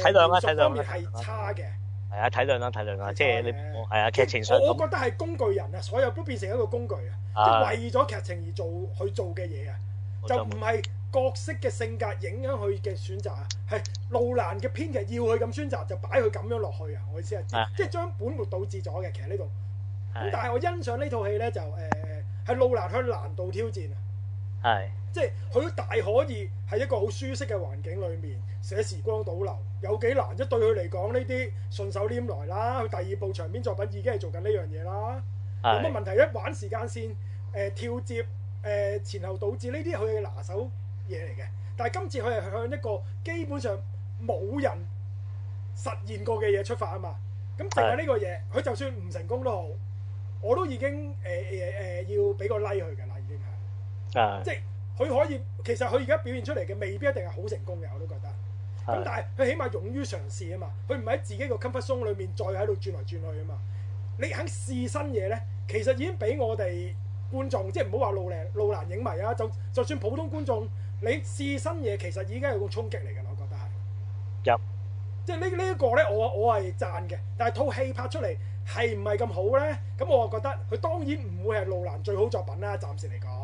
誒藝術方面係差嘅。係啊，體諒啦、啊，體諒啦、啊啊，即係你係啊劇情上，我覺得係工具人啊，所有都變成一個工具啊，啊就是、為咗劇情而做去做嘅嘢啊，啊，就唔係角色嘅性格影響佢嘅選擇啊，係路蘭嘅編劇要佢咁選擇，就擺佢咁樣落去啊，我意思係，即、啊、係、就是、將本末倒置咗嘅，其實呢度，咁、啊、但係我欣賞呢套戲咧就誒係路蘭向難度挑戰啊，係、啊。即係佢大可以喺一個好舒適嘅環境裏面寫時光倒流有幾難？即係對佢嚟講呢啲順手拈來啦。佢第二部長篇作品已經係做緊呢樣嘢啦，冇乜問題。一玩時間線，誒、呃、跳接，誒、呃、前後倒置呢啲佢嘅拿手嘢嚟嘅。但係今次佢係向一個基本上冇人實現過嘅嘢出發啊嘛。咁淨係呢個嘢，佢就算唔成功都好，我都已經誒誒誒要俾個 like 佢嘅啦，已經係即係。佢可以，其實佢而家表現出嚟嘅未必一定係好成功嘅，我都覺得。咁但係佢起碼勇於嘗試啊嘛，佢唔喺自己個 comfort zone 裏面再喺度轉嚟轉去啊嘛。你肯試新嘢咧，其實已經俾我哋觀眾，即係唔好話路蘭路蘭影迷啊，就就算普通觀眾，你試新嘢其實已經係個衝擊嚟嘅喇，我覺得係。入、嗯。即係呢呢一個咧，我我係讚嘅。但係套戲拍出嚟係唔係咁好咧？咁我就覺得佢當然唔會係路蘭最好作品啦，暫時嚟講。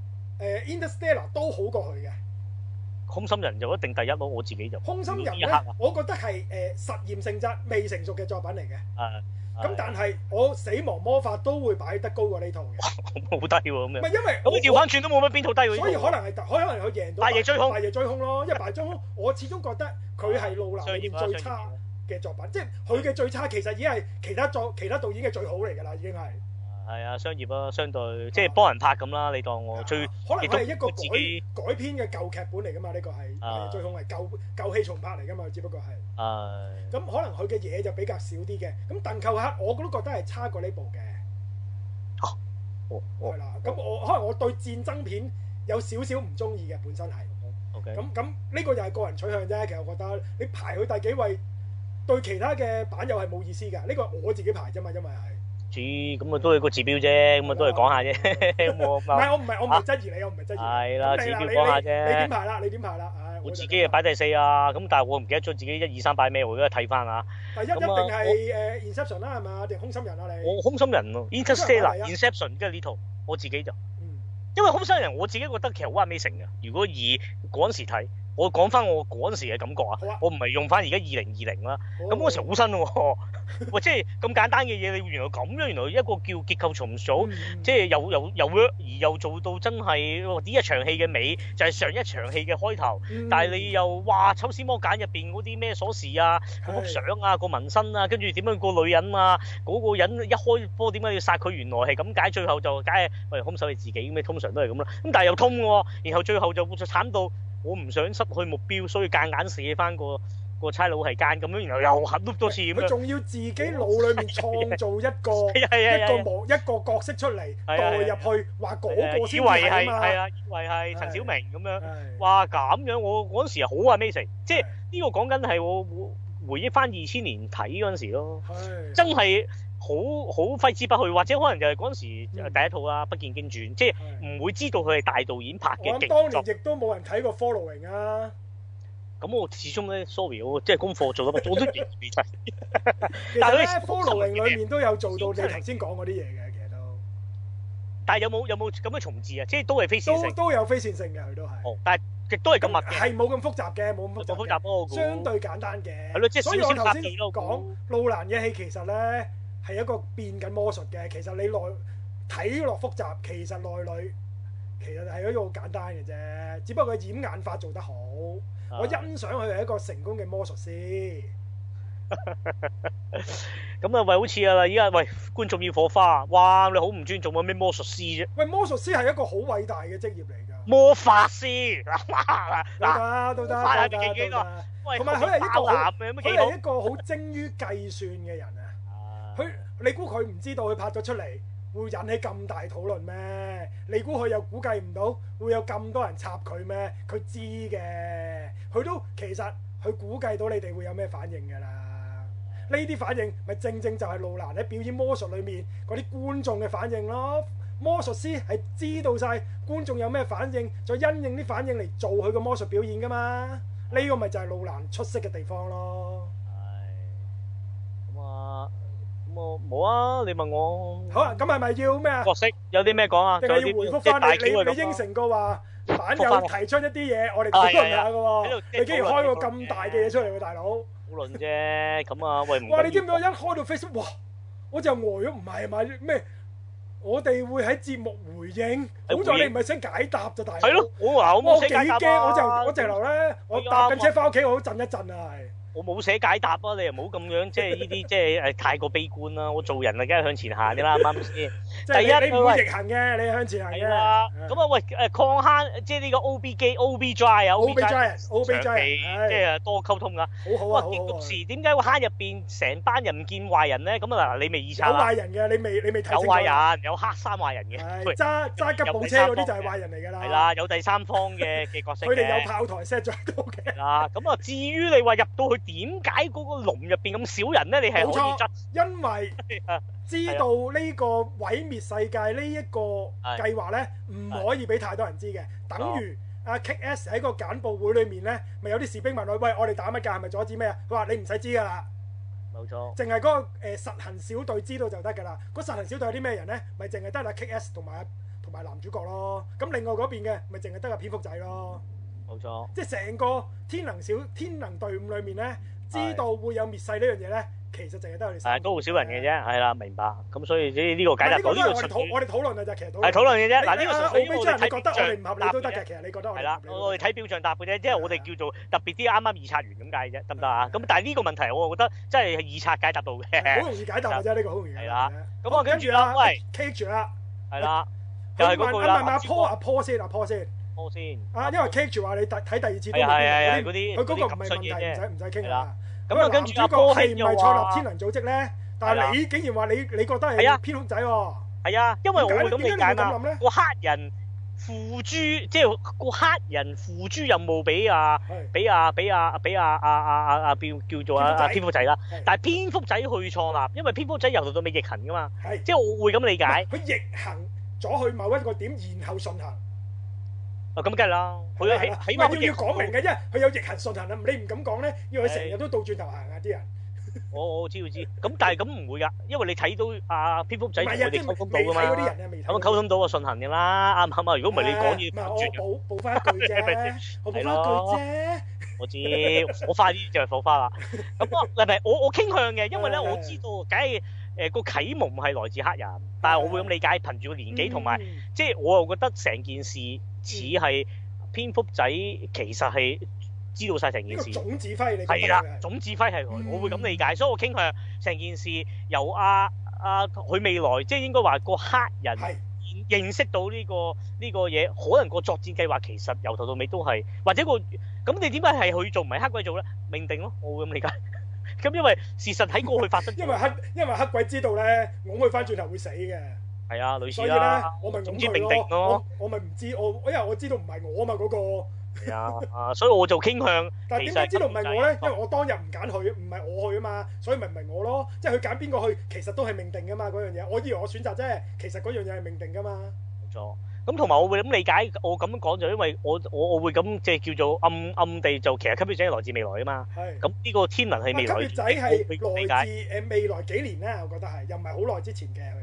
誒、uh,《Interstellar》都好過佢嘅，空心人就一定第一咯。我自己就，空心人呢，我覺得係誒、uh, 實驗性質、未成熟嘅作品嚟嘅。咁、uh, uh, 但係我死亡魔法都會擺得高過呢套嘅，好 (laughs) 低喎咁樣。唔係因為我調翻轉都冇乜邊套低喎、啊這個。所以可能係，可能佢贏到。白夜追兇，白夜追兇咯。因為白夜追兇，我始終覺得佢係路蘭裏面最差嘅作品。啊啊、即係佢嘅最差，其實已經係其他作、其他導演嘅最好嚟㗎啦。已經係。係啊，商業咯、啊，相對即係幫人拍咁啦、啊。你當我最可能佢係一個改改編嘅舊劇本嚟噶嘛。呢、呢個係、啊、最終係舊舊戲重拍嚟噶嘛。只不過係誒。咁、啊、可能佢嘅嘢就比較少啲嘅。咁鄧寇克我都覺得係差過呢部嘅、啊。哦，係、哦、啦。咁我可能我對戰爭片有少少唔中意嘅，本身係。O K 咁咁呢個又係個人取向啫。其實我覺得你排佢第幾位，對其他嘅版友係冇意思㗎。呢、呢個我自己排啫嘛，因為係。咁、嗯嗯嗯嗯嗯、 (laughs) 啊，都係個指標啫，咁啊，都係講下啫。唔係我唔係我唔係質疑你，我唔係質疑你。係啦，指標講下啫。你點排啦？你點排啦？我自己啊擺第四啊，咁但係我唔記得咗自己，擺、啊嗯、自己 1, 2, 擺看一二三擺咩我而家睇翻吓。第 1, 一定係誒，inception 啦係嘛，定空心人啊你？我空心人 inception 嗱，inception 即係呢套，我自己就、嗯，因為空心人我自己覺得其實好 amazing 嘅，如果以嗰陣時睇。我講翻我嗰陣時嘅感覺啊！我唔係用翻而家二零二零啦，咁嗰、啊、時好新喎！喂， (laughs) 即係咁簡單嘅嘢，你原來咁樣，原來一個叫結構重組即係、嗯就是、又又又 work，而又做到真係呢一場戲嘅尾就係、是、上一場戲嘅開頭。嗯、但係你又話抽絲剝繭入面嗰啲咩鎖匙啊、幅相啊、個紋身啊，跟住點樣個女人啊、嗰、那個人一開波點解要殺佢？原來係咁解，最後就解係喂兇手係自己咁通常都係咁啦。咁但係又通喎，然後最後就慘到～我唔想失去目標，所以夾硬寫翻個個差佬係間咁樣，然後又合多多次咁樣。佢仲要自己腦裏面創造一個一個模一個角色出嚟代入去係係、啊，話嗰個先係嘛？啊，以為係、啊、陳小明咁樣，樣。哇，咁樣我嗰時好啊 Amazing 即係呢個講緊係我回憶翻二千年睇嗰陣時咯，真係。好好揮之不去，或者可能就係嗰陣時第一套啊，嗯、不見經傳，即係唔會知道佢係大導演拍嘅。我諗當年亦都冇人睇過《Following》啊。咁、嗯、我始終咧，sorry，我即係功課做咗， (laughs) 我都未睇。但係咧， (laughs) 《Following》裏面都有做到你頭先講嗰啲嘢嘅，其實都。但係有冇有冇咁嘅重置啊？即係都係非線性都。都有非線性嘅，佢都係、哦。但係亦都係咁密嘅。係冇咁複雜嘅，冇咁複雜，的就複雜的，相對簡單嘅。係咯，即係所以我頭先講路蘭嘅戲其實咧。係一個變緊魔術嘅，其實你內睇落複雜，其實內裏其實係一個好簡單嘅啫。只不過佢掩眼法做得好，我欣賞佢係一個成功嘅魔術師。咁啊，喂，好似啊，依家喂觀眾要火花，哇，你好唔尊重啊？咩魔術師啫？喂，魔術師係一個好偉大嘅職業嚟噶。魔法師，嗱，都得，都得，係啊，幾幾個喂，同埋佢係一個好佢係一個好精於計算嘅人。你估佢唔知道佢拍咗出嚟會引起咁大討論咩？你估佢又估計唔到會有咁多人插佢咩？佢知嘅，佢都其實佢估計到你哋會有咩反應噶啦。呢啲反應咪正正就係路蘭喺表演魔術裏面嗰啲觀眾嘅反應咯。魔術師係知道晒觀眾有咩反應，再因應啲反應嚟做佢個魔術表演噶嘛。呢個咪就係路蘭出色嘅地方咯。係咁啊！冇啊，你問我好啊，咁係咪要咩啊？角色有啲咩講啊？又要回覆翻你，你應承過話版友提出一啲嘢，我哋討論下噶喎。你竟然開個咁大嘅嘢出嚟，大佬冇論啫，咁啊喂！哇，你知唔知我一開到 Facebook，哇，我就呆咗，唔係唔係咩？我哋會喺節目回應。好在你唔係想解答啫，大佬。係咯，我話我幾驚，我就我滯留咧，我搭緊車翻屋企，我都震一震啊，係。我冇寫解答啊，你又唔好咁樣，即係呢啲即係太過悲觀啦、啊。我做人啊，梗係向前行啲啦，啱唔啱先？第一你唔會逆行嘅，你向前行嘅啊！咁、嗯、啊，喂、呃，誒擴坑，即係呢個 OB 機、OB dry 啊、OB dry，長期即係多溝通噶、啊嗯。好好啊！好好。結局時點解個坑入邊成班人唔見壞人咧？咁啊，嗱，你未預測有壞人嘅，你未你未睇有壞人，有黑衫壞人嘅。揸揸吉普車嗰啲就係壞人嚟㗎啦。係啦，有第三方嘅嘅角色佢哋 (laughs) 有炮台 set 咗喺度嗱，咁啊，至於你話入到去點解嗰個籠入邊咁少人咧？你係冇錯，因為知道呢個毀滅世界呢一個計劃呢，唔可以俾太多人知嘅。等於阿 K.S 喺個簡報會裏面呢，咪有啲士兵問佢：喂，我哋打乜㗎？係咪阻止咩啊？佢話：你唔使知㗎啦。冇錯。淨係嗰個誒實行小隊知道就得㗎啦。嗰實行小隊有啲咩人呢？咪淨係得阿 K.S 同埋同埋男主角咯。咁另外嗰邊嘅咪淨係得個蝙蝠仔咯。冇錯。即係成個天能小天能隊伍裏面呢。是的知道會有滅世呢樣嘢咧，其實淨係得你係高好少人嘅啫。係啦，明白。咁所以呢呢個解答到呢個，我哋我哋討論嘅啫，其實係討論嘅啫。嗱，呢個純粹我哋合理表象答嘅，其實你覺得係啦，我哋睇表象答嘅啫，即係我哋叫做特別啲啱啱二刷完咁解啫，得唔得啊？咁但係呢個問題我覺得即係二刷解答到嘅，好容易解答嘅啫，呢、呢個好容易嘅。係啦，咁、這個啊、跟住我住啦，喂，跟住啦，係啦，又係嗰句啦先，先、啊。啊啊先啊，因為 Cage 話你第睇第二次都唔得嘅，佢嗰啲佢嗰個唔係問題唔使唔使傾啦。咁啊，啊，啊,、嗯、啊，跟住個戲又話創立天能組織咧、啊。但係你竟然話你你覺得係蝙蝠仔喎、哦？係啊，因為我會咁理解啦。個、啊、黑人付諸即係個黑人付諸任務俾啊，俾啊，俾啊，俾啊，啊，啊，啊，阿、啊、叫、啊啊啊啊啊、叫做阿蝙蝠仔啦。但係蝙蝠仔去創立，因為蝙蝠仔由到到尾逆行噶嘛。即係我會咁理解。佢逆行咗去某一個點，然後順行。啊咁梗係啦，佢起起碼都，要要講明嘅啫，佢有逆行順行啊！你唔敢講咧，因為佢成日都倒轉頭行啊！啲人，我我知我知，咁但係咁唔會噶，因為你睇到啊 Facebook 仔同我哋溝通到噶嘛，咁溝通到啊順行㗎啦，啱唔啱啊？如果唔係你講嘢反轉嘅，我補補翻一句啫，係咯，我知我快啲就係火花啦，咁啊，係咪我我傾向嘅？因為咧我知道，梗係。誒個啟蒙係來自黑人，但係我會咁理解，啊、憑住個年紀同埋、嗯，即係我又覺得成件事似係、嗯、蝙蝠仔其實係知道晒成件事、呢個總總啊啊。總指揮，係係啦，總指揮係佢，我會咁理解，所以我傾向成件事由阿啊佢、啊、未來，即係應該話個黑人認識到呢、呢個呢、呢個嘢，可能個作戰計劃其實由頭到尾都係，或者、嗰個咁你點解係去做唔係黑鬼做咧？命定咯，我會咁理解。咁因為事實喺過去發生， (laughs) 因為黑因為黑鬼知道咧，我去翻轉頭會死嘅。係啊，類似啦。所以咧，我咪總之命定咯、啊。我咪唔知我，因為我知道唔係我啊嘛嗰、嗰個。係啊，所以我做傾向。 (laughs) 但係點解知道唔係我咧？因為我當日唔揀佢，唔係我去啊嘛，所以咪唔係我咯。即係佢揀邊個去，其實都係命定噶嘛嗰樣嘢。我以為我選擇啫，其實嗰樣嘢係命定噶嘛。冇錯。咁同埋我會咁理解，我咁樣講就因為我我我會咁即係叫做暗暗地做其實吸血鬼係來自未來啊嘛。咁呢個天能係未來。吸血鬼係來自誒未來幾年啦，我覺得係又唔係好耐之前嘅佢。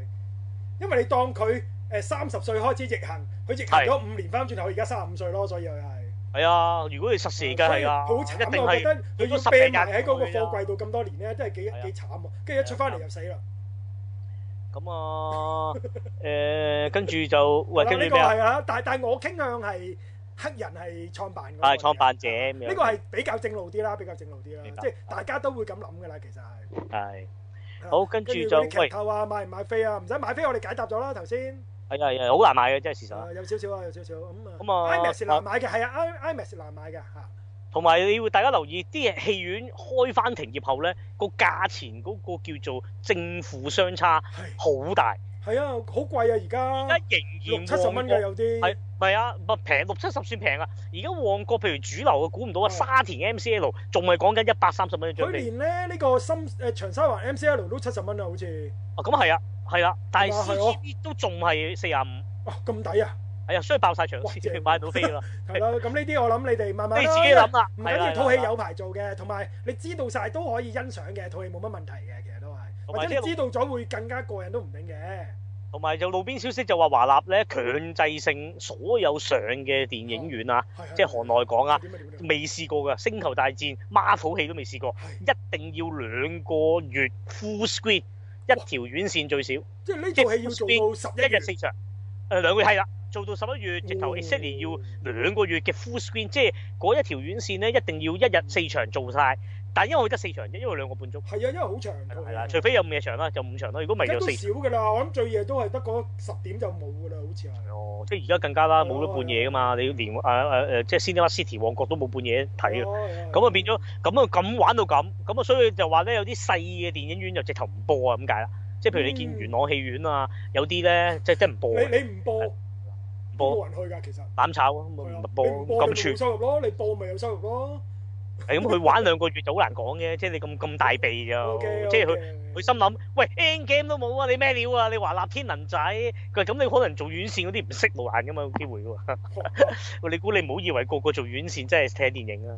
因為你當佢誒三十歲開始逆行，佢逆行咗五年翻轉頭，而家三十五歲咯，所以佢係。係啊，如果係實時㗎，係啊，好慘啊！我覺得佢要被埋喺嗰個貨櫃度咁多年咧，都係幾幾慘啊！跟住一出翻嚟又死啦。咁啊，誒，跟住就喂，跟住咩啊？呢個係啊，但係但係我傾向係黑人係創辦嘅。係創辦者。呢個係比較正路啲啦，比較正路啲啦，即係大家都會咁諗㗎啦，其實係。係。好，跟住就。你劇透啊？買唔買飛啊？唔使買飛，我哋解答咗啦，頭先。係啊係啊，好難買嘅，真係事實。有少少啊，有少少咁啊。咁啊，IMAX 難買嘅，係啊，Im IMAX 難買嘅吓。同埋你會大家要留意啲戲院開翻停業後咧個價錢嗰個叫做正負相差好大。係啊，好貴啊而家。而家仍然七十蚊嘅有啲。係咪啊？唔平六七十算平啊！而家旺角譬如主流嘅估唔到啊，沙田 MCL 仲係講緊一百三十蚊一張票。佢連咧呢、這個深誒、呃、長沙灣 MCL 都七十蚊啊，好似、啊。啊咁啊係啊係啦，但係 C T 都仲係四廿五。哦咁抵啊！哎呀，衰爆晒場，直接擺到飛咗啦！咯，咁呢啲我諗你哋慢慢。你自己諗啦，唔係要。套戲有排做嘅，同埋你知道晒都可以欣賞嘅套戲冇乜問題嘅，其實都係。或者知道咗會更加過人都唔定嘅。同埋就路邊消息就話華立咧強制性所有上嘅電影院啊，即係韓內港啊，未試過嘅《星球大戰》媽 a r 戲都未試過，一定要兩個月 Full Screen 一條院線最少。即係呢套戲要做到十一日四場。誒兩個月係啦，做到十一月直頭 i s l 要兩個月嘅 full screen，哦、即係嗰一條院線咧一定要一日四場做晒、嗯。但係因為得四場，因為兩個半鐘。係啊，因為好長。係啦，除非有午夜場啦，就五場啦，如果唔係就四。少㗎啦，我諗最夜都係得嗰十點就冇㗎啦，好似係。哦，即係而家更加啦，冇咗半夜㗎嘛。你連誒誒誒，即係 Cinema City 旺角都冇半夜睇啦。咁啊變咗，咁啊咁玩到咁，咁啊所以就話咧，有啲細嘅電影院就直頭唔播啊，咁解啦。即係譬如你見元朗戲院啊，有啲咧即係即係唔播，播，你唔播，播冇人去㗎其實。攬炒啊，咪播，咁冇收入咯，你播咪有收入咯。係 (laughs) 咁，佢玩兩個月就好難講嘅，即係你咁咁大鼻㗎，okay, okay, 即係佢佢心諗，喂，end game 都冇啊，你咩料啊？你華納天能仔，佢話咁你可能做院線嗰啲唔識路行㗎嘛，有機會㗎喎、啊。 (laughs) (laughs) (laughs) (laughs) 你估你唔好以為，以為個個做院線真係睇電影啊。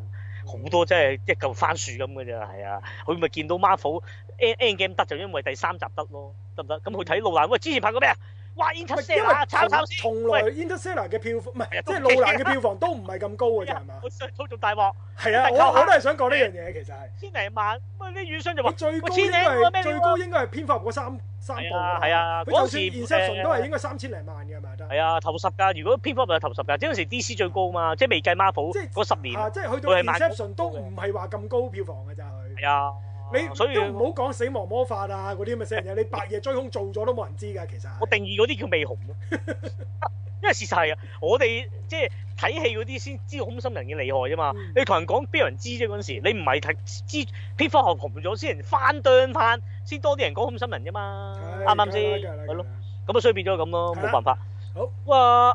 好多真係一嚿番薯咁嘅啫，係啊，佢咪見到 Marvel Endgame 得就因為第三集得咯，得唔得？咁佢睇路難，喂，之前拍過咩啊？哇！Interstellar 從，炒先從來 Interstellar 嘅票房唔係即係《路蘭》嘅票房都唔係咁高嘅，咋係嘛？佢做大鑊。係啊，我我都係想講呢樣嘢，其實係千零萬。唔係啲院商就話，最高最高應該係蝙蝠俠三三部嘅。係啊，佢、啊啊、就算 Inception 都係應該三千零萬嘅嘛係啊，頭十㗎、啊。如果蝙蝠俠頭十㗎，即係嗰時 DC 最高嘛，即係未計 Marvel 即嗰十年啊，即係去到 Interstellar 都唔係話咁高票房嘅咋佢。係啊。你所以唔好講死亡魔法啊嗰啲咁嘅死人嘢， (laughs) 你白夜追兇做咗都冇人知噶，其實。 (laughs) 我定義嗰啲叫未紅 (laughs) 因為事實係啊，我哋即係睇戲嗰啲先知道空心人嘅厲害啫嘛。嗯、你同人講邊有人知啫嗰陣時，你唔係睇知蝙蝠俠紅咗先，先翻釣翻，先多啲人講空心人啫嘛。啱唔啱先？係咯，咁啊衰以變咗咁咯，冇辦法。好哇，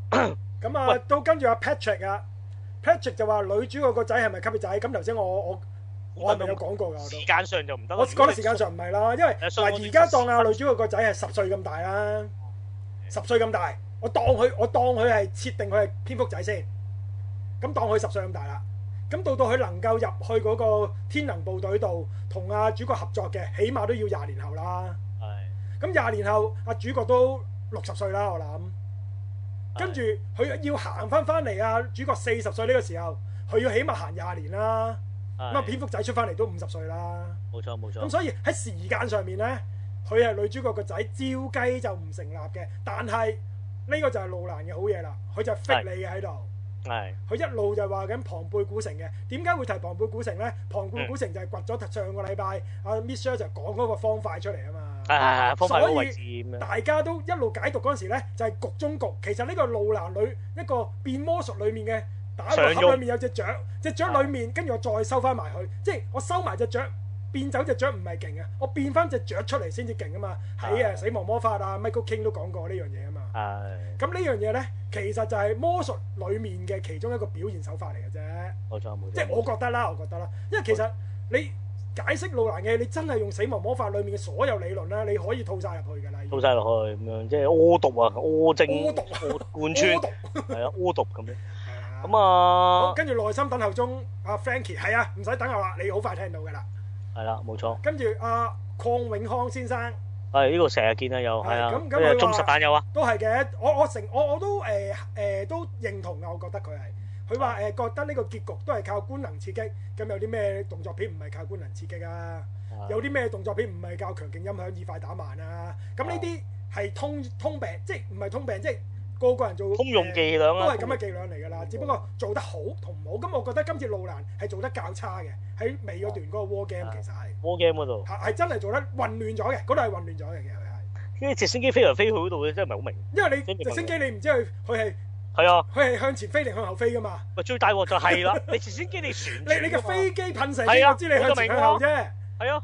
咁啊， (coughs) 啊 (coughs) 到跟住阿 Patrick 啊，Patrick 就話女主個個仔係咪級別仔？咁頭先我我。我我係咪有講過嘅？時間上就唔得。我講到時間上唔係啦，因為嗱，而家當阿女主角個仔係十歲咁大啦，十歲咁大，我當佢，我當佢係設定佢係蝙蝠仔先。咁當佢十歲咁大啦，咁到到佢能夠入去嗰個天能部隊度同阿主角合作嘅，起碼都要廿年後啦。係。咁廿年後，阿主角都六十歲啦，我諗。跟住佢要行翻翻嚟啊！主角四十歲呢個時候，佢要起碼行廿年啦。咁蝙蝠仔出翻嚟都五十歲啦，冇錯冇錯。咁所以喺時間上面咧，佢係女主角個仔，招雞就唔成立嘅。但係呢、這個就係路蘭嘅好嘢啦，佢就係 fit 你嘅喺度。係，佢一路就話緊龐貝古城嘅。點解會提龐貝古城咧？龐貝古城就係掘咗上個禮拜，阿、嗯、Misha 就講嗰個方塊出嚟啊嘛。係係係，方塊嘅位置。所以大家都一路解讀嗰陣時咧，就係、是、局中局。其實呢個路蘭裏一個變魔術裡面嘅。打喺個盒裏面有隻雀。隻雀裏面跟住我再收翻埋去，即係我收埋隻雀變走隻雀唔係勁啊！我變翻隻雀出嚟先至勁啊嘛！喺啊死亡魔法啊，Michael King 都講過呢樣嘢啊嘛。係。咁呢樣嘢咧，其實就係魔術裏面嘅其中一個表現手法嚟嘅啫。冇錯冇錯。即係我覺得啦，我覺得啦，因為其實你解釋路蘭嘅，你真係用死亡魔法裏面嘅所有理論咧，你可以套晒入去㗎啦。套晒落去咁樣，即係惡毒啊，惡精，惡貫穿，係啊，惡毒咁樣。咁啊，跟住耐心等候中，阿 Frankie 係啊，唔使等候啦，你好快聽到㗎喇，係啦，冇錯。跟住阿鄺永康先生，係呢個成日見啊，有，係啊，咁咁啊，中實彈有啊，都係嘅，我我成我我都誒誒都認同啊，我覺得佢係，佢話誒覺得呢個結局都係靠官能刺激，咁有啲咩動作片唔係靠官能刺激啊？有啲咩動作片唔係靠強勁音響以快打慢啊？咁呢啲係通通病，即係唔係通病，即係。個個人做通用伎倆啦，都係咁嘅伎倆嚟噶啦。只不過做得好同唔好咁，我覺得今次路蘭係做得較差嘅，喺尾嗰段嗰個 war game 其實 war game 嗰度係真係做得混亂咗嘅，嗰度係混亂咗嘅。其實係跟住直升機飛嚟飛去嗰度咧，真係唔係好明。因為你直升機你唔知佢佢係係啊，佢係向前飛定向後飛噶嘛？喂，最大鑊就係啦，你直升機你旋轉，你你嘅飛機噴射，我知你向向後啫，係啊。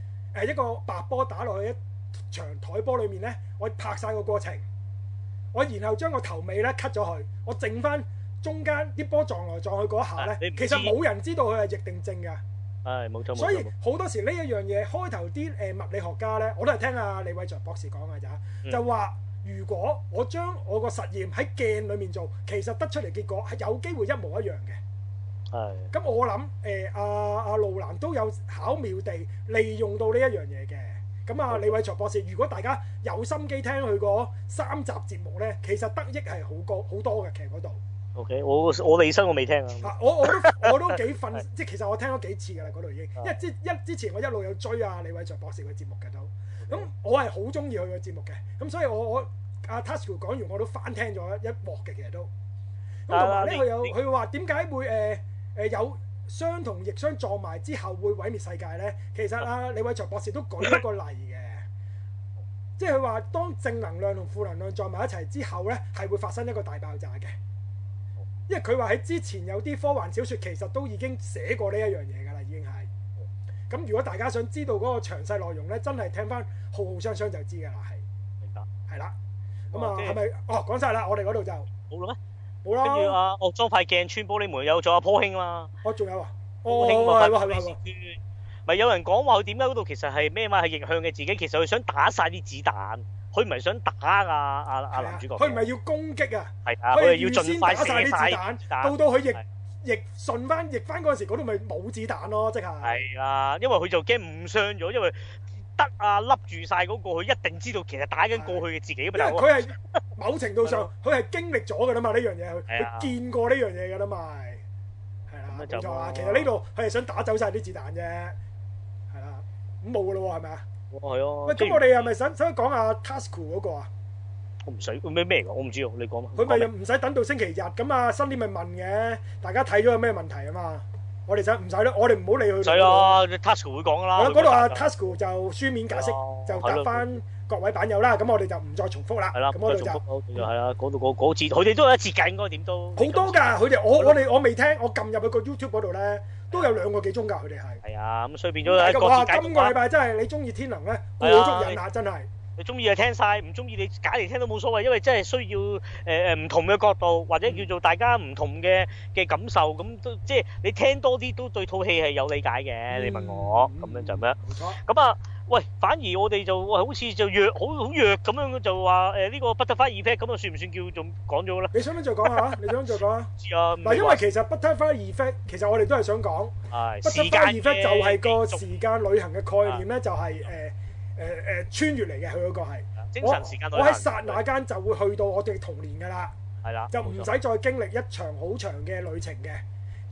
誒一個白波打落去一長台波裏面咧，我拍曬個過程，我然後將個頭尾咧 cut 咗佢，我剩翻中間啲波撞來撞去嗰一下咧，其實冇人知道佢係逆定正㗎。係冇錯，冇錯。所以好多時呢一樣嘢，開頭啲誒物理學家咧，我都係聽阿李偉才博士講嘅咋，就話如果我將我個實驗喺鏡裏面做，其實得出嚟結果係有機會一模一樣嘅。係，咁我諗，誒，阿阿路蘭都有巧妙地利用到呢一樣嘢嘅。咁啊，李偉才博士，如果大家有心機聽佢個三集節目咧，其實得益係好高好多嘅。其實嗰度，O K，我我李生我未聽啊，我我都我都幾瞓，即係其實我聽咗幾次噶啦，嗰度已經，因為即一之前我一路有追阿李偉才博士嘅節目嘅都，咁我係好中意佢嘅節目嘅，咁所以我我阿 Tasuku 講完我都翻聽咗一幕嘅，其實都，咁同埋咧佢有佢話點解會誒？有相同逆相撞埋之後會毀滅世界呢？其實啊李偉才博士都舉一個例嘅，即係佢話當正能量同負能量撞埋一齊之後呢，係會發生一個大爆炸嘅，因為佢話喺之前有啲科幻小説其實都已經寫過呢一樣嘢㗎啦，已經係。咁如果大家想知道嗰個詳細內容呢，真係聽翻《浩浩雙雙》就知㗎啦，係。明白。係啦。咁啊，係咪？哦，講晒啦，我哋嗰度就。好啦。好啦，跟住啊，岳莊塊鏡穿玻璃門，有咗、啊啊哦、有阿坡兄嘛？哦，仲有啊，坡兄咪派玻璃磚，咪有人講話佢點解嗰度其實係咩嘛？係逆向嘅自己，其實佢想打晒啲子彈，佢唔係想打啊阿男主角，佢唔係要攻擊啊，係啊，佢係要盡快射晒子彈，到到佢逆逆順翻逆翻嗰陣時，嗰度咪冇子彈咯，即係。係啊，因為佢就驚誤傷咗，因為。得啊，凹住晒、那、嗰個，佢一定知道其實打緊過去嘅自己，因為佢係某程度上佢係 (laughs) 經歷咗噶啦嘛呢樣嘢，佢見過呢樣嘢噶啦嘛係啦，冇錯啊。其實呢度佢係想打走晒啲子彈啫，係啦，咁冇噶咯喎，係咪啊？係、哦、咯。喂，咁我哋係咪想、哦、是是想講下 Tasuku 嗰、那個啊？我唔使咩咩嚟噶，我唔知啊，你講。佢咪又唔使等到星期日，咁啊新啲咪問嘅，大家睇咗有咩問題啊嘛？我哋就唔使咯，我哋唔好理佢。使咯，Tasuku 會講噶啦。我諗嗰度阿 Tasuku 就書面解釋，就答翻各位版友啦。咁我哋就唔再重複啦。係啦。咁我哋就係啦。嗰度嗰嗰次，佢哋都有一次噶，應該點都好多噶。佢哋我我哋我未聽，我撳入去個 YouTube 嗰度咧，都有兩個幾鐘噶。佢哋係。係啊，咁所以變咗各自解釋。今個禮拜真係你中意天能咧，過足癮啊！真係。你中意就聽曬，唔中意你揀嚟聽都冇所謂，因為真係需要誒誒唔同嘅角度，或者叫做大家唔同嘅嘅感受，咁都即係你聽多啲都對套戲係有理解嘅。你問我咁樣就咩？冇錯。咁啊，喂，反而我哋就喂好似就弱好好弱咁樣就話誒呢個 butterfly effect 咁啊，算唔算叫做講咗啦？你想唔想再講下？你想唔想再講啊？唔知啊。嗱，因為其實 butterfly effect 其實我哋都係想講。係。butterfly effect 就係個時間旅行嘅概念咧，就係誒。誒誒，穿越嚟嘅佢嗰個係精神時間，我我喺剎那間就會去到我哋童年噶啦，係啦，就唔使再經歷一場好長嘅旅程嘅。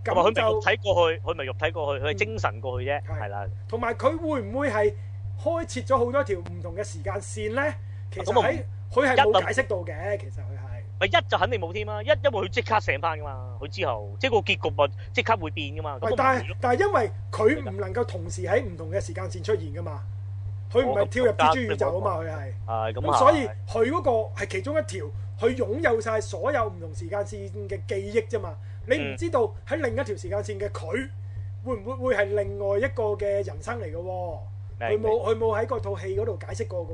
咁佢就肉體過去，佢咪肉體過去，佢係精神過去啫，係啦。同埋佢會唔會係開設咗好多條唔同嘅時間線咧？其實佢佢係冇解釋到嘅，其實佢係咪一就肯定冇添啊？一因為佢即刻醒翻噶嘛，佢之後即個結局咪即刻會變噶嘛。喂，但係但係因為佢唔能夠同時喺唔同嘅時間線出現噶嘛。佢唔係跳入蜘蛛宇宙啊嘛，佢係。係咁啊。咁所以佢嗰個係其中一條，佢擁有晒所有唔同時間線嘅記憶啫嘛。你唔知道喺另一條時間線嘅佢，會唔會會係另外一個嘅人生嚟嘅喎？佢冇佢冇喺嗰套戲嗰度解釋過嘅喎。誒，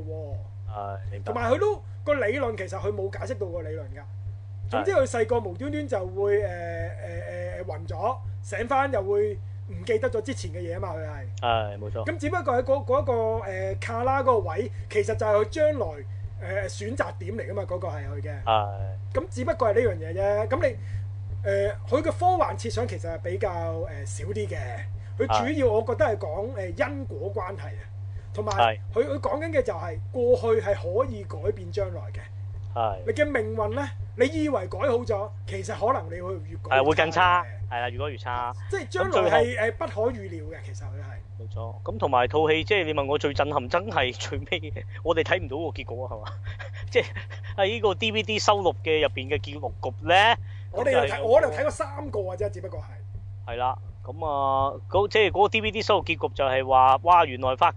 明白。同埋佢都個理論其實佢冇解釋到個理論㗎。總之佢細個無端端就會誒誒誒暈咗，醒返又會，唔記得咗之前嘅嘢啊嘛，佢係。係，冇錯。咁只不過喺嗰嗰一個誒卡拉嗰個位，其實就係佢將來誒選擇點嚟㗎嘛，嗰個係佢嘅。係。咁只不過係呢樣嘢啫。咁你誒佢嘅科幻設想其實係比較誒少啲嘅。佢主要我覺得係講誒因果關係啊。係。同埋佢佢講緊嘅就係過去係可以改變將來嘅。係。你嘅命運咧，你以為改好咗，其實可能你會越改係會更差。係啦，如果越差。即係將來係誒，不可預料嘅，其實佢係。冇錯，咁同埋套戲，即係你問我最震撼，真係最咩嘅，我哋睇唔到個結果啊，係嘛？即係喺呢個 DVD 收錄嘅入邊嘅結局咧，我哋又睇，我哋睇過三個嘅啫，只不過係。係啦，咁啊，即係嗰個 DVD 收錄結局就係話，哇，原來發覺。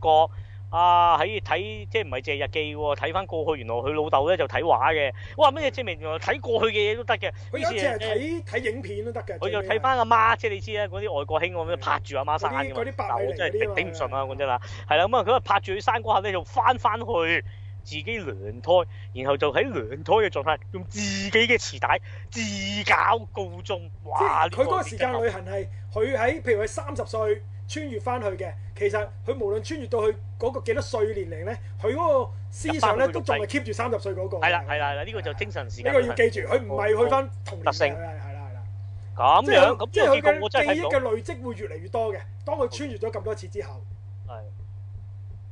啊！喺睇即係唔係借日記喎？睇翻過去，原來佢老豆咧就睇畫嘅。哇！咩證明？原來睇過去嘅嘢都得嘅。佢一隻係睇睇影片都得嘅。佢就睇翻阿媽，即係你知啦，嗰啲外國兄咁樣拍住阿媽生嘅啲白人我真係頂唔順啊！講真啦，係啦，咁啊佢拍住佢山歌後咧，就翻翻去，嗯、自己娘胎，然後就喺娘胎嘅狀態，用自己嘅磁帶自搞告中。哇！佢、這、嗰、個、個時間旅行係佢喺譬如佢三十歲。穿越翻去嘅，其實佢無論穿越到去嗰個幾多歲年齡咧，佢嗰個思想咧都仲係 keep 住三十歲嗰個。係啦係啦，呢個就精神時。呢個要記住，佢唔係去翻童年性，係啦係啦。咁樣，即係佢嘅記憶嘅累積會越嚟越多嘅。當佢穿越咗咁多次之後，係。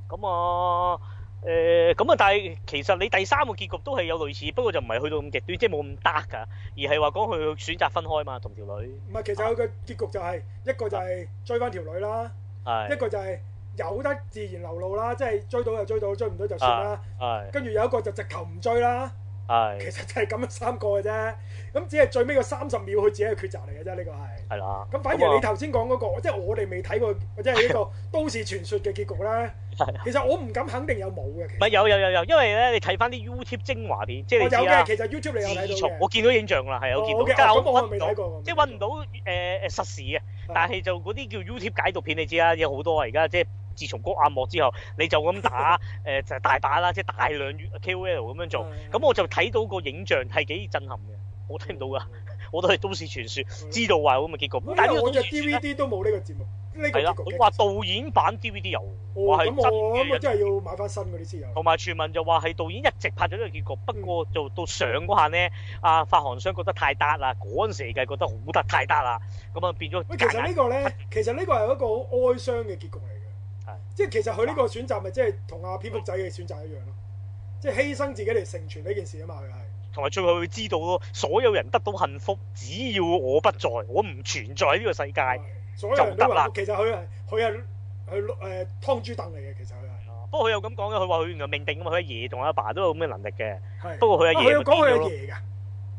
咁啊。誒、呃，咁啊，但係其實你第三個結局都係有類似，不過就唔係去到咁極端，即係冇咁得噶，而係話講佢選擇分開嘛，同條女。唔係，其實佢個結局就係一個就係追翻條女啦，一個就係、啊、有得自然流露啦，即係追到就追到，追唔到就算啦。係、啊。跟、啊、住有一個就直頭唔追啦。係、啊。其實就係咁樣三個嘅啫，咁只係最尾個三十秒佢自己嘅抉擇嚟嘅啫，呢、這個係。係啦。咁反而你頭先講嗰個，啊、即係我哋未睇過，或者係呢個都市傳說嘅結局啦。 (laughs) 啊、其實我唔敢肯定有冇嘅，唔係有有有有，因為咧你睇翻啲 YouTube 精華片，即係你知啦、哦。其實 YouTube 你有睇到我見到影像啦，係我見到，哦、okay，但我搵唔到，即係搵唔到誒誒實時嘅。啊、但係就嗰啲叫 YouTube 解讀片，你知啦，有好多啊。而家即係自從谷阿莫之後，你就咁打誒就、 (laughs) 呃、大把啦，即係大量 K O L 咁樣做。咁、啊、我就睇到個影像係幾震撼嘅。我睇唔到噶， (laughs) (laughs) 我都係都市傳說，知道話咁嘅結果。DVD 但係我著 D V D 都冇呢都沒有這個節目。係、這、啦、個，話導演版 DVD 有，話、哦、咁我，我真係要買翻新嗰啲先有。同埋傳聞就話係導演一直拍咗呢個結局，不過就、嗯、到上嗰下咧，阿、啊、發行商覺得太得啦，嗰陣時計覺得好得太得啦，咁啊變咗。喂，其實這個呢個咧， (laughs) 其實呢個係一個好哀傷嘅結局嚟嘅。係。即係其實佢呢個選擇咪即係同阿蝙蝠仔嘅選擇一樣咯，即係犧牲自己嚟成全呢件事啊嘛，佢係。同埋最後佢會知道咯，所有人得到幸福，只要我不在，我唔存在呢個世界。所以佢係就唔得啦！其實佢係佢係佢誒湯豬凳嚟嘅，其實佢係、啊。不過佢又咁講嘅，佢話佢原來命定㗎嘛，佢阿爺同阿爸都有咁嘅能力嘅。不過佢阿爺又癲咯。佢講佢阿爺㗎，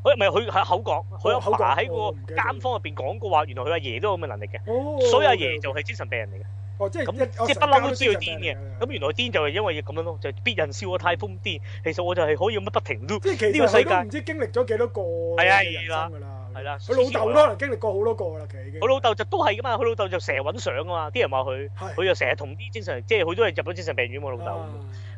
佢唔係佢係口講，佢、哦、阿爸喺個監方入邊講過話，原來佢阿爺都有咁嘅能力嘅。所以阿爺就係精神病人嚟嘅、哦哦哦。即係咁、哦，即係不嬲都需要癲嘅。咁、啊、原來癲就係因為咁樣咯，就係別人笑我太瘋癲、嗯，其實我就係可以咁樣不停碌呢個世界。唔知經歷咗幾多個人生啦。啊係啦，佢老豆可能經歷過好多個啦，其實。佢老豆就都係噶嘛，佢老豆就成日揾相噶嘛。啲人話佢，佢又成日同啲精神，即係佢都係入咗精神病院喎，老豆。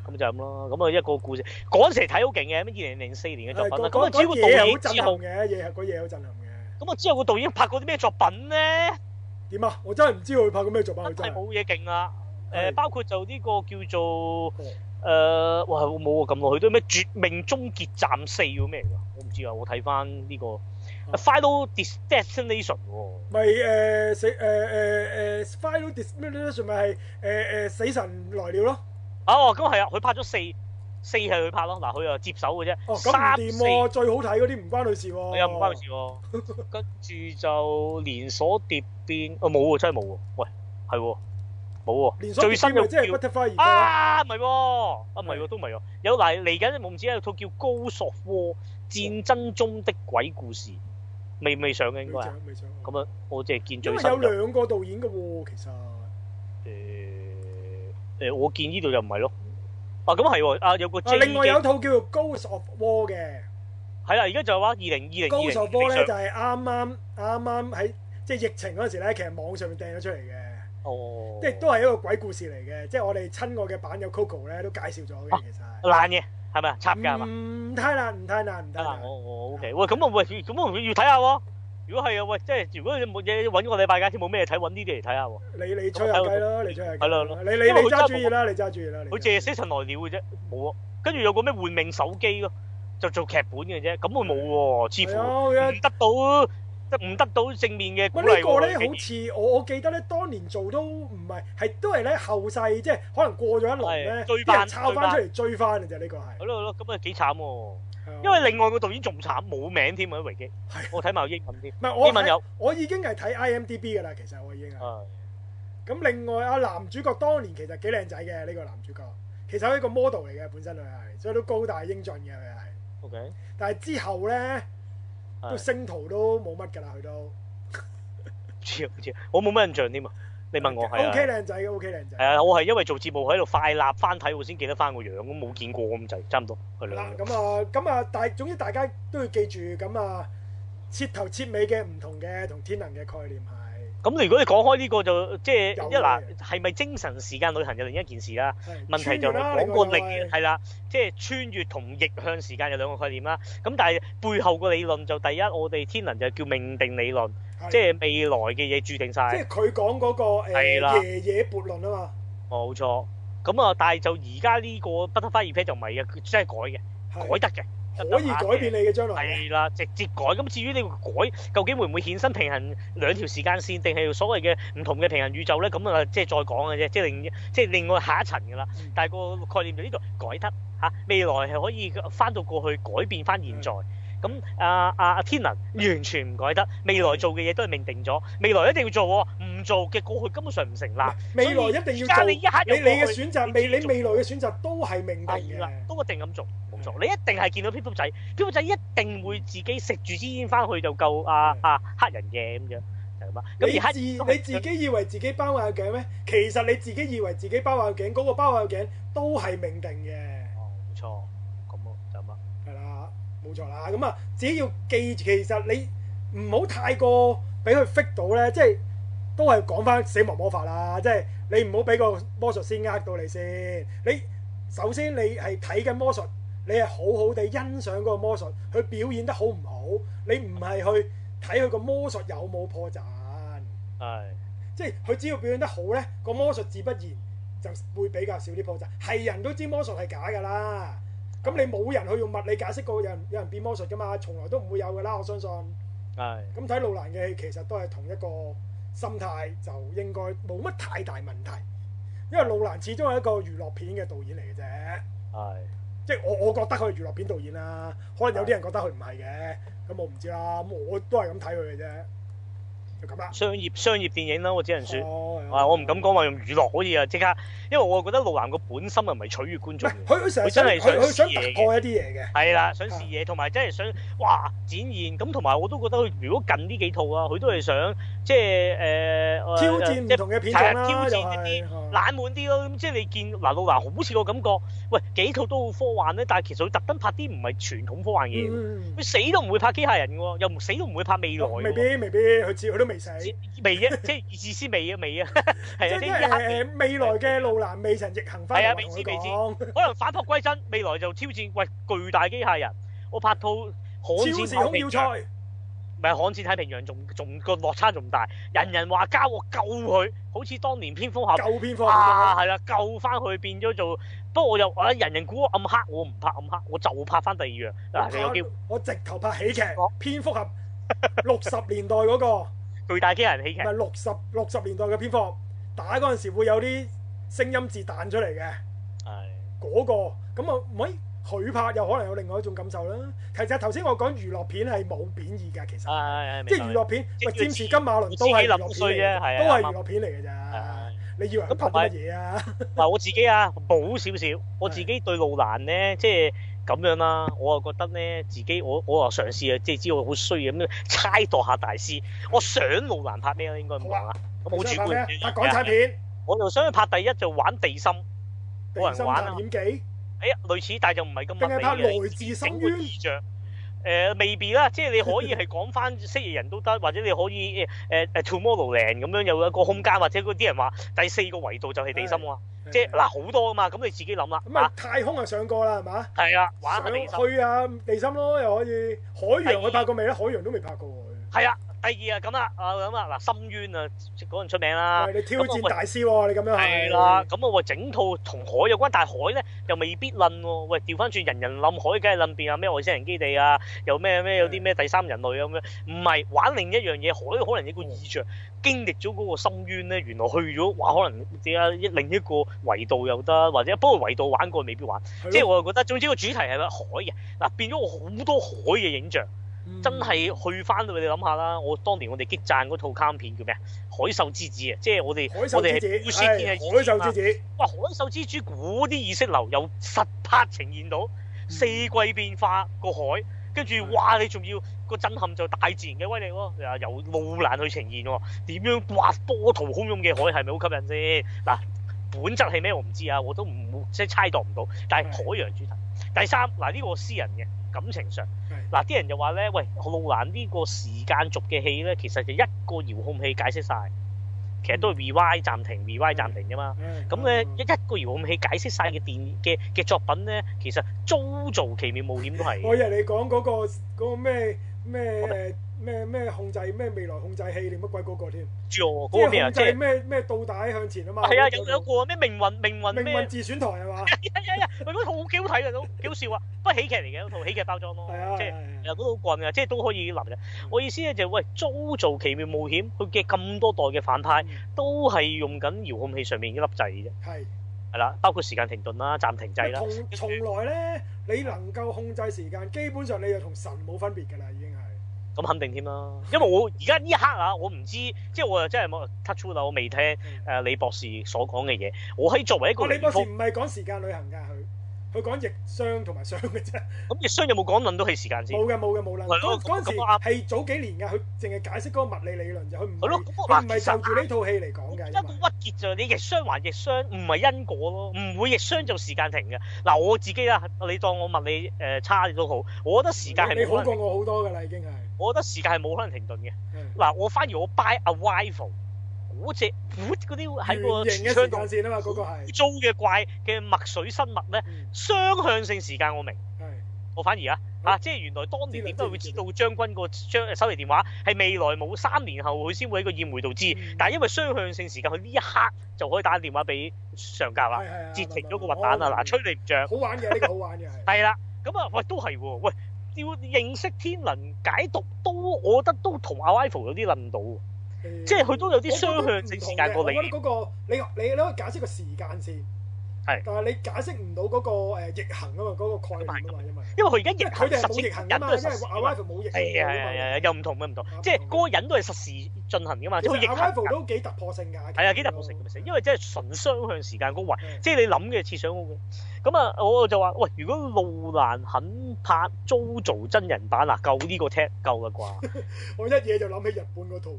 咁就咁咯，咁啊一個故事，嗰陣時睇好勁嘅咩二零零四年嘅作品啦。講下主要導演自豪嘅嘢，嗰嘢好震撼嘅。咁啊，之後個導演拍過啲咩作品咧？點啊？我真係唔知佢拍過咩作品。真係冇嘢勁啦。誒，包括就呢個叫做誒、呃，哇冇咁耐，佢都咩絕命終結站四叫咩嚟㗎？我唔知啊，我睇翻呢個。Final Destination 咪誒死誒誒誒 Final Destination 咪係誒誒死神來了咯。哦，咁係啊，佢拍咗四四係佢拍咯。嗱，佢啊接手嘅啫。三，咁最好睇嗰啲唔關佢事喎、啊嗯啊。 (laughs) 啊，唔關佢事喎。跟住就連鎖疊變啊，冇喎，真係冇喎。喂，係喎，冇喎，最新嘅叫啊，唔係喎，啊唔係喎，都唔係喎。有嗱嚟緊，唔子，有一套叫《高索窩戰爭中的鬼故事》。未未上映噶嘛？咁啊，我淨係見最新啦。因為，有兩個導演嘅喎，其實誒誒，我見呢度就唔係咯。啊，咁係喎，啊有個另外有套叫做《Ghosts of War》嘅。係啦，而家就話二零二零年。Ghosts of War 咧就係啱啱啱啱喺即係疫情嗰時咧，其實網上邊掟咗出嚟嘅。哦。即係都係一個鬼故事嚟嘅，即係我哋親愛嘅版友 Coco 咧都介紹咗嘅。啊，其實爛嘅。係咪啊？插架嘛？唔、嗯、太難，唔太難，唔太難。啊、我我 OK。喂，咁我喂，咁我要睇下喎。如果係啊，喂，即係如果你冇嘢揾個禮拜，假先冇咩睇，揾呢啲嚟睇下喎。你你出計咯，你出嚟。係咯，你你揸住啦，你揸住啦。佢借《死神來了》嘅啫，冇啊。跟住有個咩換命手機咯、啊，就做劇本嘅啫。咁我冇喎，似乎唔得到、啊。唔得到正面嘅，唔係呢個咧，好似我記得咧，當年做都唔係，係都係咧後世，即係可能過咗一輪咧，啲人抄翻出嚟追翻嘅啫。呢個係。好咯好咯，咁啊幾慘喎，因為另外個導演仲慘，冇名添啊，維基。係。我睇埋英文添。唔係我英文有，我已經係睇 IMDB 嘅啦。其實我已經係。啊。咁另外啊，男主角當年其實幾靚仔嘅呢個男主角，其實係一個 model 嚟嘅，本身佢係，所以都高大英俊嘅佢係。OK。但係之後咧。都星途都冇乜噶啦，佢都唔知啊，唔知，啊，我冇乜印象添啊。你問我係 OK 靚仔嘅，O K 靚仔。係、okay, 啊，我係因為做節目喺度快立翻睇，看我先記得翻個樣，咁冇見過咁就差唔多係兩。嗱咁啊，咁、嗯、啊，大、嗯嗯嗯、總之大家都要記住咁啊，徹、嗯、頭徹尾嘅唔同嘅同天能嘅概念吓。咁如果你講開呢個就即係一嗱，係咪精神時間旅行就另一件事啦，啊？問題就係講個力係啦，即係、就是、穿越同逆向時間有兩個概念啦。咁但係背後個理論就第一，我哋天能就叫命定理論，即係未來嘅嘢注定晒。即係佢講嗰個誒爺爺悖論啊嘛。冇錯。咁啊，但係就而家呢個《Butterfly Effect》就唔係佢真係改嘅，改得嘅。可以改變你嘅將來，係啦，直接改。咁至於你改究竟會唔會衍生平衡兩條時間線，定係所謂嘅唔同嘅平衡宇宙咧？咁啊，即係再講嘅啫，即係另即係另外下一層㗎啦。但係個概念就呢度改得、啊、未來係可以翻到過去改變翻現在。咁阿阿阿天能完全唔改得，未來做嘅嘢都係命定咗，未來一定要做，唔做嘅過去根本上唔成立，未來一定要。加你一刻，你你嘅選擇，未你未來嘅選擇都係命定嘅，都一定咁做。冇錯，你一定係見到蝙蝠仔，蝙蝠仔一定會自己食住支煙翻去就救阿阿黑人嘅咁樣，就咁啊。你自而刻你自己以為自己包下個頸咩？其實你自己以為自己包下個頸，嗰、嗰個包下個頸都係命定嘅。哦，冇錯。冇錯啦，咁啊，只要記住其實你唔好太過俾佢 fit 到咧，即係都係講翻死亡魔法啦，即係你唔好俾個魔術師呃到你先。你首先你係睇緊魔術，你係好好地欣賞嗰個魔術，佢表演得好唔好，你唔係去睇佢個魔術有冇破綻。係，即係佢只要表演得好咧，個魔術自不然就會比較少啲破綻。係人都知魔術係假㗎啦。咁你冇人去用物理解釋過有人有人變魔術㗎嘛，從來都唔會有㗎啦，我相信。係。咁睇路蘭嘅戲其實都係同一個心態，就應該冇乜太大問題。因為路蘭始終係一個娛樂片嘅導演嚟嘅啫。係。即係我我覺得佢係娛樂片導演啦，可能有啲人覺得佢唔係嘅，咁我唔知啦。咁我都係咁睇佢嘅啫。啊、商業商業電影啦，我只能説，啊、oh, yeah, yeah, yeah.，我唔敢講話用娛樂可以啊，即刻，因為我覺得路蘭個本身啊，唔係取悅觀眾。唔係，佢真係想佢想突破一啲嘢嘅。係啦，想試嘢，同埋真係想哇展現咁，同埋我都覺得如果近呢幾套啊，佢都係想即係誒挑戰唔同一片種、就是、挑戰一啲冷門啲咯。即、就、係、是嗯就是、你見嗱路蘭好似個感覺，喂幾套都好科幻咧，但係其實佢特登拍啲唔係傳統科幻嘢。佢、嗯、死都唔會拍機械人喎，又死都唔會拍未來。未必，未必，佢都。未 (laughs) 啊，即係自私未啊，未啊，係啊，即係未來嘅路難未曾逆行翻嚟啊，係啊，未知未知，可能返璞歸真，未來就挑戰喂巨大機械人。我拍套《悍戰太平洋》，咪《悍戰太平洋》仲仲個落差仲大，人人話救我救佢，好似當年蝙蝠俠救蝙蝠俠係啦救翻去變咗做。不過我又我諗人人估我暗黑，我唔拍暗黑，我就拍翻第二樣嗱，你有機會我直頭拍喜劇，嗯、蝙蝠俠六十年代嗰個。 (laughs) 巨大機器人喜劇，唔係六十六十年代嘅蝙蝠打嗰陣時會有啲聲音字彈出嚟嘅。係嗰個咁啊，唔可以佢拍，又可能有另外一種感受啦。其實頭先我講娛樂片係冇貶義嘅，其實，即係娛樂片，唔係《占士金馬倫》都係娛樂片啫，都係娛樂片嚟㗎咋？你以為佢拍乜嘢啊？唔係我自己啊，補少少。我自己對路蘭咧，即係。咁樣啦、啊，我啊覺得咧，自己我我想嘗試啊，即係知道好衰嘅咁，猜度下大師。我想老蘭拍咩咧？應該唔錯啦。咁我主要拍咩？拍港產片。啊、我又想去拍第一，就玩地心。地心冇人玩啊？演、嗯、技？誒、哎，類似，但就唔係咁合理咯。跟住拍來自深處的異象。誒、呃，未必啦，即係你可以係講翻蜥蜴人都得， (laughs) 或者你可以誒誒、呃、Tomorrowland 咁樣有一個空間，或者嗰啲人話第四個維度就係地心喎。即嗱好多啊嘛，咁你自己諗啦。咁啊太空啊上過啦，係嘛？係啊，上去啊地心咯，又可以海洋去拍過未咧、啊？海洋都未拍過。係啊。第二啊咁啦，啊咁啊嗱、啊、深淵啊，嗰陣出名啦。你挑戰大師喎、啊，你咁樣係。啦，咁、啊、我話整套同海有關，但海咧又未必諗喎、啊。喂、啊，調翻轉，人人諗海，梗係冧變啊，咩外星人基地啊，又咩咩有啲咩第三人類啊咁樣。唔係玩另一樣嘢，海可能一個意象，哦、經歷咗嗰個深淵咧，原來去咗話可能點啊另一個維度又得，或者不過維度玩過未必玩。即係我覺得總之個主題係海嘅，嗱變咗好多海嘅影像。真係去翻到你哋諗下啦！我當年我哋激讚嗰套卡通片叫咩啊？《海獸之子》啊，即係我哋我哋係故事片係海獸之子》。哇，《海獸之子》嗰啲意識流有實拍呈現到四季變化個海，跟、嗯、住哇你仲要個震撼就大自然嘅威力喎，又由露難去呈現喎。點樣畫波濤洶湧嘅海係咪好吸引先？嗱， (laughs) 本質係咩我唔知啊，我都唔即係猜度唔到。但係海洋主題第三嗱呢、這個私人嘅感情上。嗱，啲人就話咧，喂，路蘭呢個時間軸嘅戲咧，其實就一個遙控器解釋晒，其實都係 Rewind 暫停 Rewind 暫停啫嘛。咁、mm、咧 -hmm.，一、mm -hmm. 一個遙控器解釋晒嘅電嘅嘅作品咧，其實《遭造奇妙冒險都》都 (laughs) 係、那個。我以為你講嗰個嗰咩咩？咩咩咩咩控制咩未來控制器你乜鬼嗰、那個添、嗯？即係控制咩咩倒帶向前啊嘛！係啊，有、啊、有一個咩命運命運咩自選台係嘛？呀呀呀！咪嗰套好幾好睇啊，都幾好笑啊，不過喜劇嚟嘅嗰套喜劇包裝咯，即係又嗰套好棍嘅，即係都可以諗嘅、啊。我意思咧就喂、是，周做、啊、奇妙冒險，佢嘅咁多代嘅反派、啊、都係用緊遙控器上面一粒掣嘅啫。係係啦，包括時間停頓啦，暫停掣啦。從從來咧、啊，你能夠控制時間、啊，基本上你就同神冇分別嘅啦，已經。咁肯定添啦，因為我而家呢一刻啊，我唔知道，即係我又真係冇 touch 到啊，through, 我未聽誒、呃、李博士所講嘅嘢，我可以作為一個，李博士唔係趕時間旅行㗎。佢講逆熵同埋熵嘅啫。咁逆熵有冇講攬到戲時間先？冇嘅，冇嘅，冇攬到。嗰陣時係早幾年㗎，佢淨係解釋嗰個物理理論就。佢唔，佢唔係就住呢套戲嚟講㗎。一個屈結就你逆熵還逆熵，唔係因果咯，唔會逆熵就時間停㗎。嗱，我自己呀，你當我物理誒差都好，我覺得時間係。你好過我好多㗎啦，已經係。我覺得時間係冇可能停頓嘅。嗱，我反而我 buy a rival 嗰隻嗰啲喺個時間線啊嘛，嗰個係租嘅怪嘅墨水生物咧，雙向性時間我明，我反而啊啊，即係原來當年點解會知道將軍個將收嚟電話係未來冇三年後佢先會喺個宴會度知，但係因為雙向性時間，佢呢一刻就可以打電話俾上格啦，截停咗個核彈啊！嗱，吹你唔脹，好玩嘅，這個，好玩嘅，係啦，咁啊、uh，喂，都係喎，喂，要認識天能解讀都，我覺得都同阿 iPhone 有啲論到。嗯、即係佢都有啲雙向性時間過嚟，我嗰、嗰個你你你可以解釋個時間線，但係你解釋唔到嗰個、呃、逆行啊嘛，嗰個概念，因為佢而家逆行，即係逆行人都係實時。i 冇逆行，係係又唔同嘅唔同，即係嗰個人都係實時進行㗎嘛，即、啊、係、就是、逆行。啊、都幾突破性㗎，係啊幾突破性嘅，因為即係純雙向時間公維，即係你諗嘅設想咁咁啊，我就話喂，如果路蘭肯拍 JoJo 真人版啊，夠呢、呢個劇夠啦啩。 (laughs) 我一嘢就諗起日本嗰套。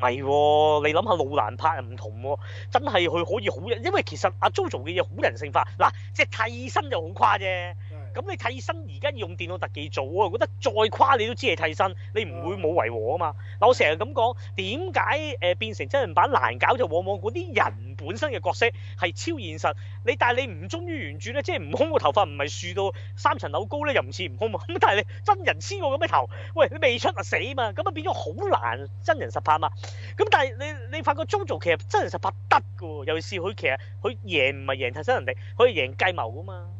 唔係喎，你諗下路蘭拍唔同喎，真係佢可以好，因為其實阿 Jo 做嘅嘢好人性化，嗱，即係替身就好誇啫。咁你替身而家用電腦特技做啊？覺得再誇你都知係替身，你唔會冇違和啊嘛！嗱，我成日咁講，點解誒變成真人版難搞？就往往嗰啲人本身嘅角色係超現實，你但係你唔忠於原著咧，即係悟空個頭髮唔係豎到三層樓高咧，又唔似悟空啊！咁但係你真人黐我咁嘅頭，喂你未出啊死啊嘛！咁啊變咗好難真人實拍啊嘛！咁但係你你發覺中作其實真人實拍得嘅喎，尤其是佢其實佢贏唔係贏替身人哋，佢係贏計謀啊嘛！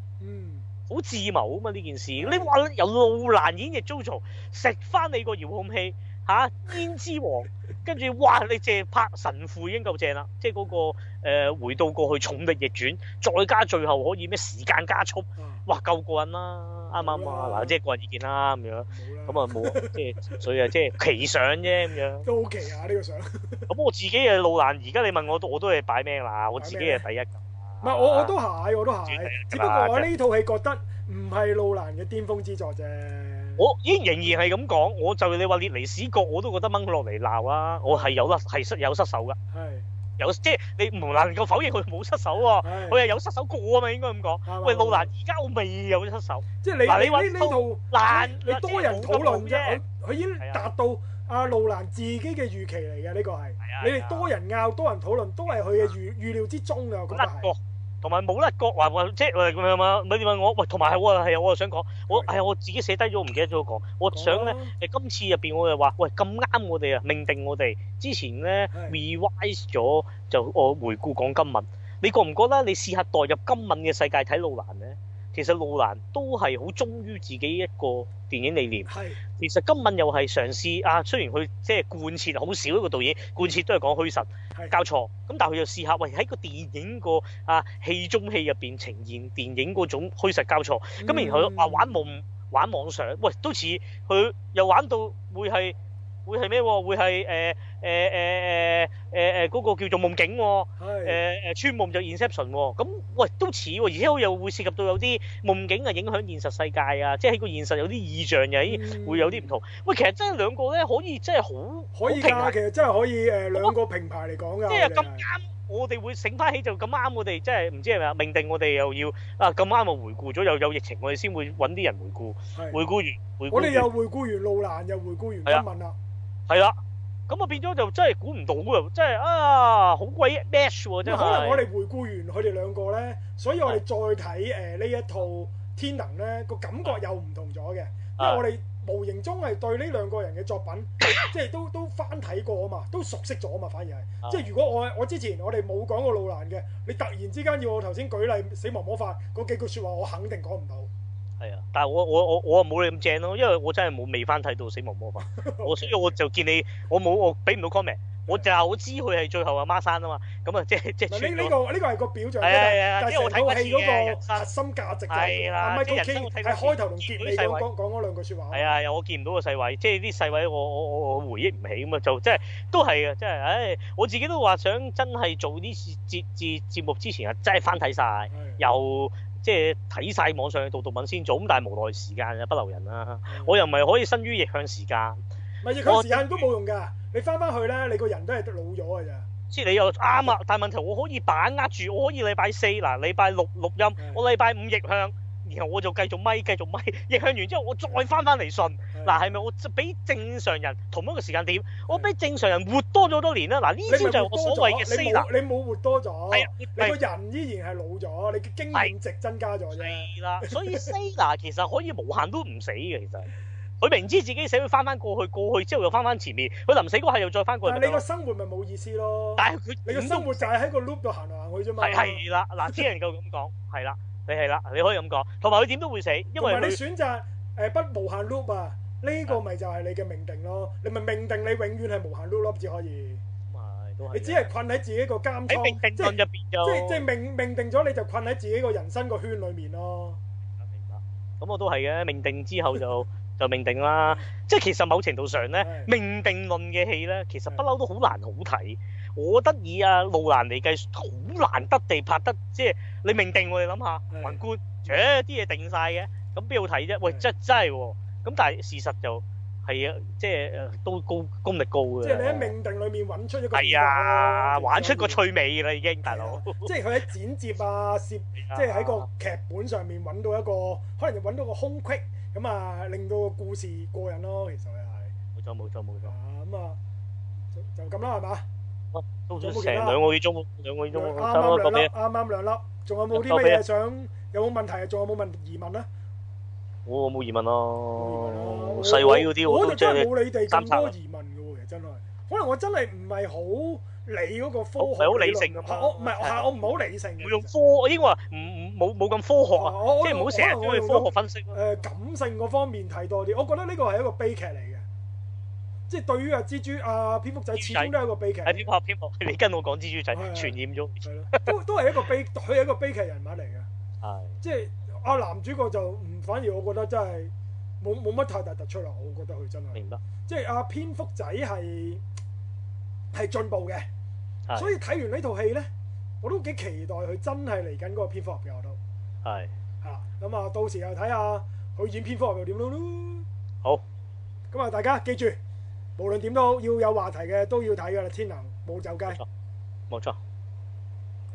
好自謀啊嘛呢件事，嗯、你話由路蘭演嘅 Zozo 食翻你個遙控器嚇、啊，煙之王，跟住 (laughs) 哇你淨係拍神父已經夠正啦、啊，即係嗰、嗰個、呃、回到過去重力逆轉，再加最後可以咩時間加速，嗯、哇夠個人、啊嗯、啦，啱唔啱啊？嗱即係個人意見、啊、啦咁樣，咁啊冇即係所以啊即係奇想啫咁樣。都好奇啊呢、呢個相。咁我自己嘅路蘭而家你問我我都係擺咩啦，啦，我自己係第一。唔、嗯、係、啊、我我都係，我都係。只不過我呢套戲覺得唔係路蘭嘅巔峰之作啫。我依仍然係咁講，我就你話列尼史葛，我都覺得掹落嚟鬧啊！我係有得係失有失手㗎。係有即係你唔能夠否認佢冇失手喎、喔，佢係有失手過啊嘛，應該咁講。喂，路蘭而家我未有失手。即係你、啊、你話呢套難，你多人討論啫，佢、啊、已經達到阿路蘭自己嘅預期嚟嘅呢個係。你哋多人拗、多人討論都係佢嘅預預料之中嘅，我、那、得、個同埋冇甩角話話，即係咁樣嘛？唔係你問我，喂，同埋係我係啊，我誒想講，我係啊，我自己寫低咗，唔記得咗講。我想咧誒，今次入邊我又話，喂，咁啱我哋啊，命定我哋之前咧 revise 咗就我回顧講金文。你覺唔覺得你試下代入金文嘅世界睇路蘭咧？其實路蘭都係好忠於自己一個電影理念。係，其實今敏又係嘗試啊，雖然佢即係貫徹好少一個導演，貫徹都係講虛實交錯。咁但係佢又試下喂，喺個電影個啊戲中戲入面呈現電影嗰種虛實交錯。咁然後佢話玩夢、嗯、玩妄想，喂都似佢又玩到會係。會係咩喎？會係誒誒誒誒誒誒嗰個叫做夢境喎、啊？係誒誒穿夢就 Inception 喎、啊？咁喂都似喎、啊，而且又似會涉及到有啲夢境啊，影響現實世界啊，即係喺個現實有啲異象嘅、啊，依、嗯、會有啲唔同。喂，其實真係兩個咧，可以真係好可以啊。其實真係可以誒、呃、兩個平排嚟講嘅，即係咁啱我哋會醒翻起就咁啱我哋，即係唔知係咪啊命定我哋又要啊咁啱又回顧咗又有，有疫情，我哋先會揾啲人回顧回顧完回我哋又回顧完路蘭又回顧完新聞啦。係啦，咁啊變咗就真係估唔到嘅，真係啊好鬼 match 喎，真係。即係可能我哋回顧完佢哋兩個咧，所以我哋再睇呢一套《天能》咧，個感覺又唔同咗嘅，因為我哋無形中係對呢兩個人嘅作品，即係都都翻睇過啊嘛，都熟悉咗啊嘛，反而係。即係如果我我之前我哋冇講過路蘭嘅，你突然之間要我頭先舉例《死亡魔法》嗰幾句説話，我肯定講唔到。係啊，但係我我我我啊冇你咁正咯，因為我真係冇未翻睇到《死亡魔法》，我所以我就見你，我冇我俾唔到 comment，我就我知佢係最後阿媽生啊嘛，咁啊即即呢呢個呢、呢個係個表象，係啊係啊、但係我睇個戲是看的、嗰個核心價值就係，唔係套劇，係、啊啊、開頭同結尾。講講嗰兩句說話。係啊，又、啊、我見唔到個細偉，即係啲細偉我我我我回憶唔起咁啊，就即係、就是、都係啊，即係唉，我自己都話想真係做啲節節節目之前看啊，真係翻睇晒。又、啊。即係睇晒網上嘅讀讀文先做，咁但係無奈時間啊不留人啦、啊。Mm -hmm. 我又唔係可以身於逆向時間，唔係逆向時間都冇用㗎。你翻翻去咧，你個人都係得老咗㗎咋。即係你又啱啊，但係問題我可以把握住，我可以禮拜四嗱，禮拜六錄音，六 mm -hmm. 我禮拜五逆向。然後我就繼續咪繼續咪逆向完之後，我再翻翻嚟順。嗱，係咪我就比正常人同一個時間點，我比正常人活多咗多年啦？嗱呢啲就係我所謂嘅 Cina。你冇活多咗，係啊，你個人依然係老咗，你嘅經驗值增加咗啫。係啦，所以 Cina 其實可以無限都唔死嘅。其實佢明知自己死，會翻翻過去，過去之後又翻翻前面。佢臨死嗰下又再翻過去。你個生活咪冇意思咯？但係佢，你個生活就係喺個 loop 度行嚟行去啫嘛。係係啦，嗱只能夠咁講，係啦。 (laughs) 你係啦，你可以咁講，同埋佢點都會死，因為你選擇誒、呃、不無限 loop 啊，呢、這個咪就係你嘅命定咯，你咪命定你永遠係無限 loop、啊、只可以，都你只係困喺自己個監倉入邊即係即係命命定咗你就困喺自己個人生個圈裡面咯。明白，咁我都係嘅，命定之後就。 (laughs) 就命定啦，即係其實某程度上咧，的命定論嘅戲咧，其實不嬲都好難好睇。我覺得以啊，路蘭嚟計，好難得地拍得，即係你命定我，我哋諗下，宏觀，誒啲嘢定晒嘅，咁邊度睇啫？喂，的真真係喎。咁但係事實就係、是、啊，即係都高功力高嘅。即係你喺命定裏面揾出，出一個，係啊，玩出個趣味啦已經，大佬。即係佢喺剪接啊、攝、啊，即係喺個劇本上面揾到一個，可能揾到個空隙。咁啊，令到個故事過癮咯，其實又係冇錯，冇錯，冇錯。咁啊，就咁啦，係嘛？都成兩個鐘，兩個鐘。啱啱兩粒，啱啱兩粒。仲有冇啲咩嘢想？有冇問題？仲有冇問疑問啊？我冇疑問咯。細位嗰啲，我我哋再冇你哋咁多疑問嘅喎，其實真係。可能我真係唔係好理嗰個科學理論。唔係，我唔係我唔好理性嘅。唔用科，我已經話唔。冇冇咁科學啊！我即係唔好成日科學分析。誒、呃、感性嗰方面睇多啲，我覺得呢個係一個悲劇嚟嘅。即係對於阿蜘蛛、阿蝙蝠仔，始終都係一個悲劇。蝙蝠俠、蝙蝠、啊，你跟我講蜘蛛仔、啊、傳染咗。係、啊、咯，都都係一個悲，佢 (laughs) 係一個悲劇人物嚟嘅。係。即係阿男主角就唔，反而我覺得真係冇冇乜太大突出啦。我覺得佢真係。明白。即係阿蝙蝠仔係係進步嘅，所以睇完呢套戲咧，我都幾期待佢真係嚟緊嗰個蝙蝠俠嘅。我覺得。係吓咁啊！到時又睇下佢演偏科又點樣咯。好，咁啊！大家記住，無論點都好，要有話題嘅都要睇噶啦。天能冇走雞，冇錯。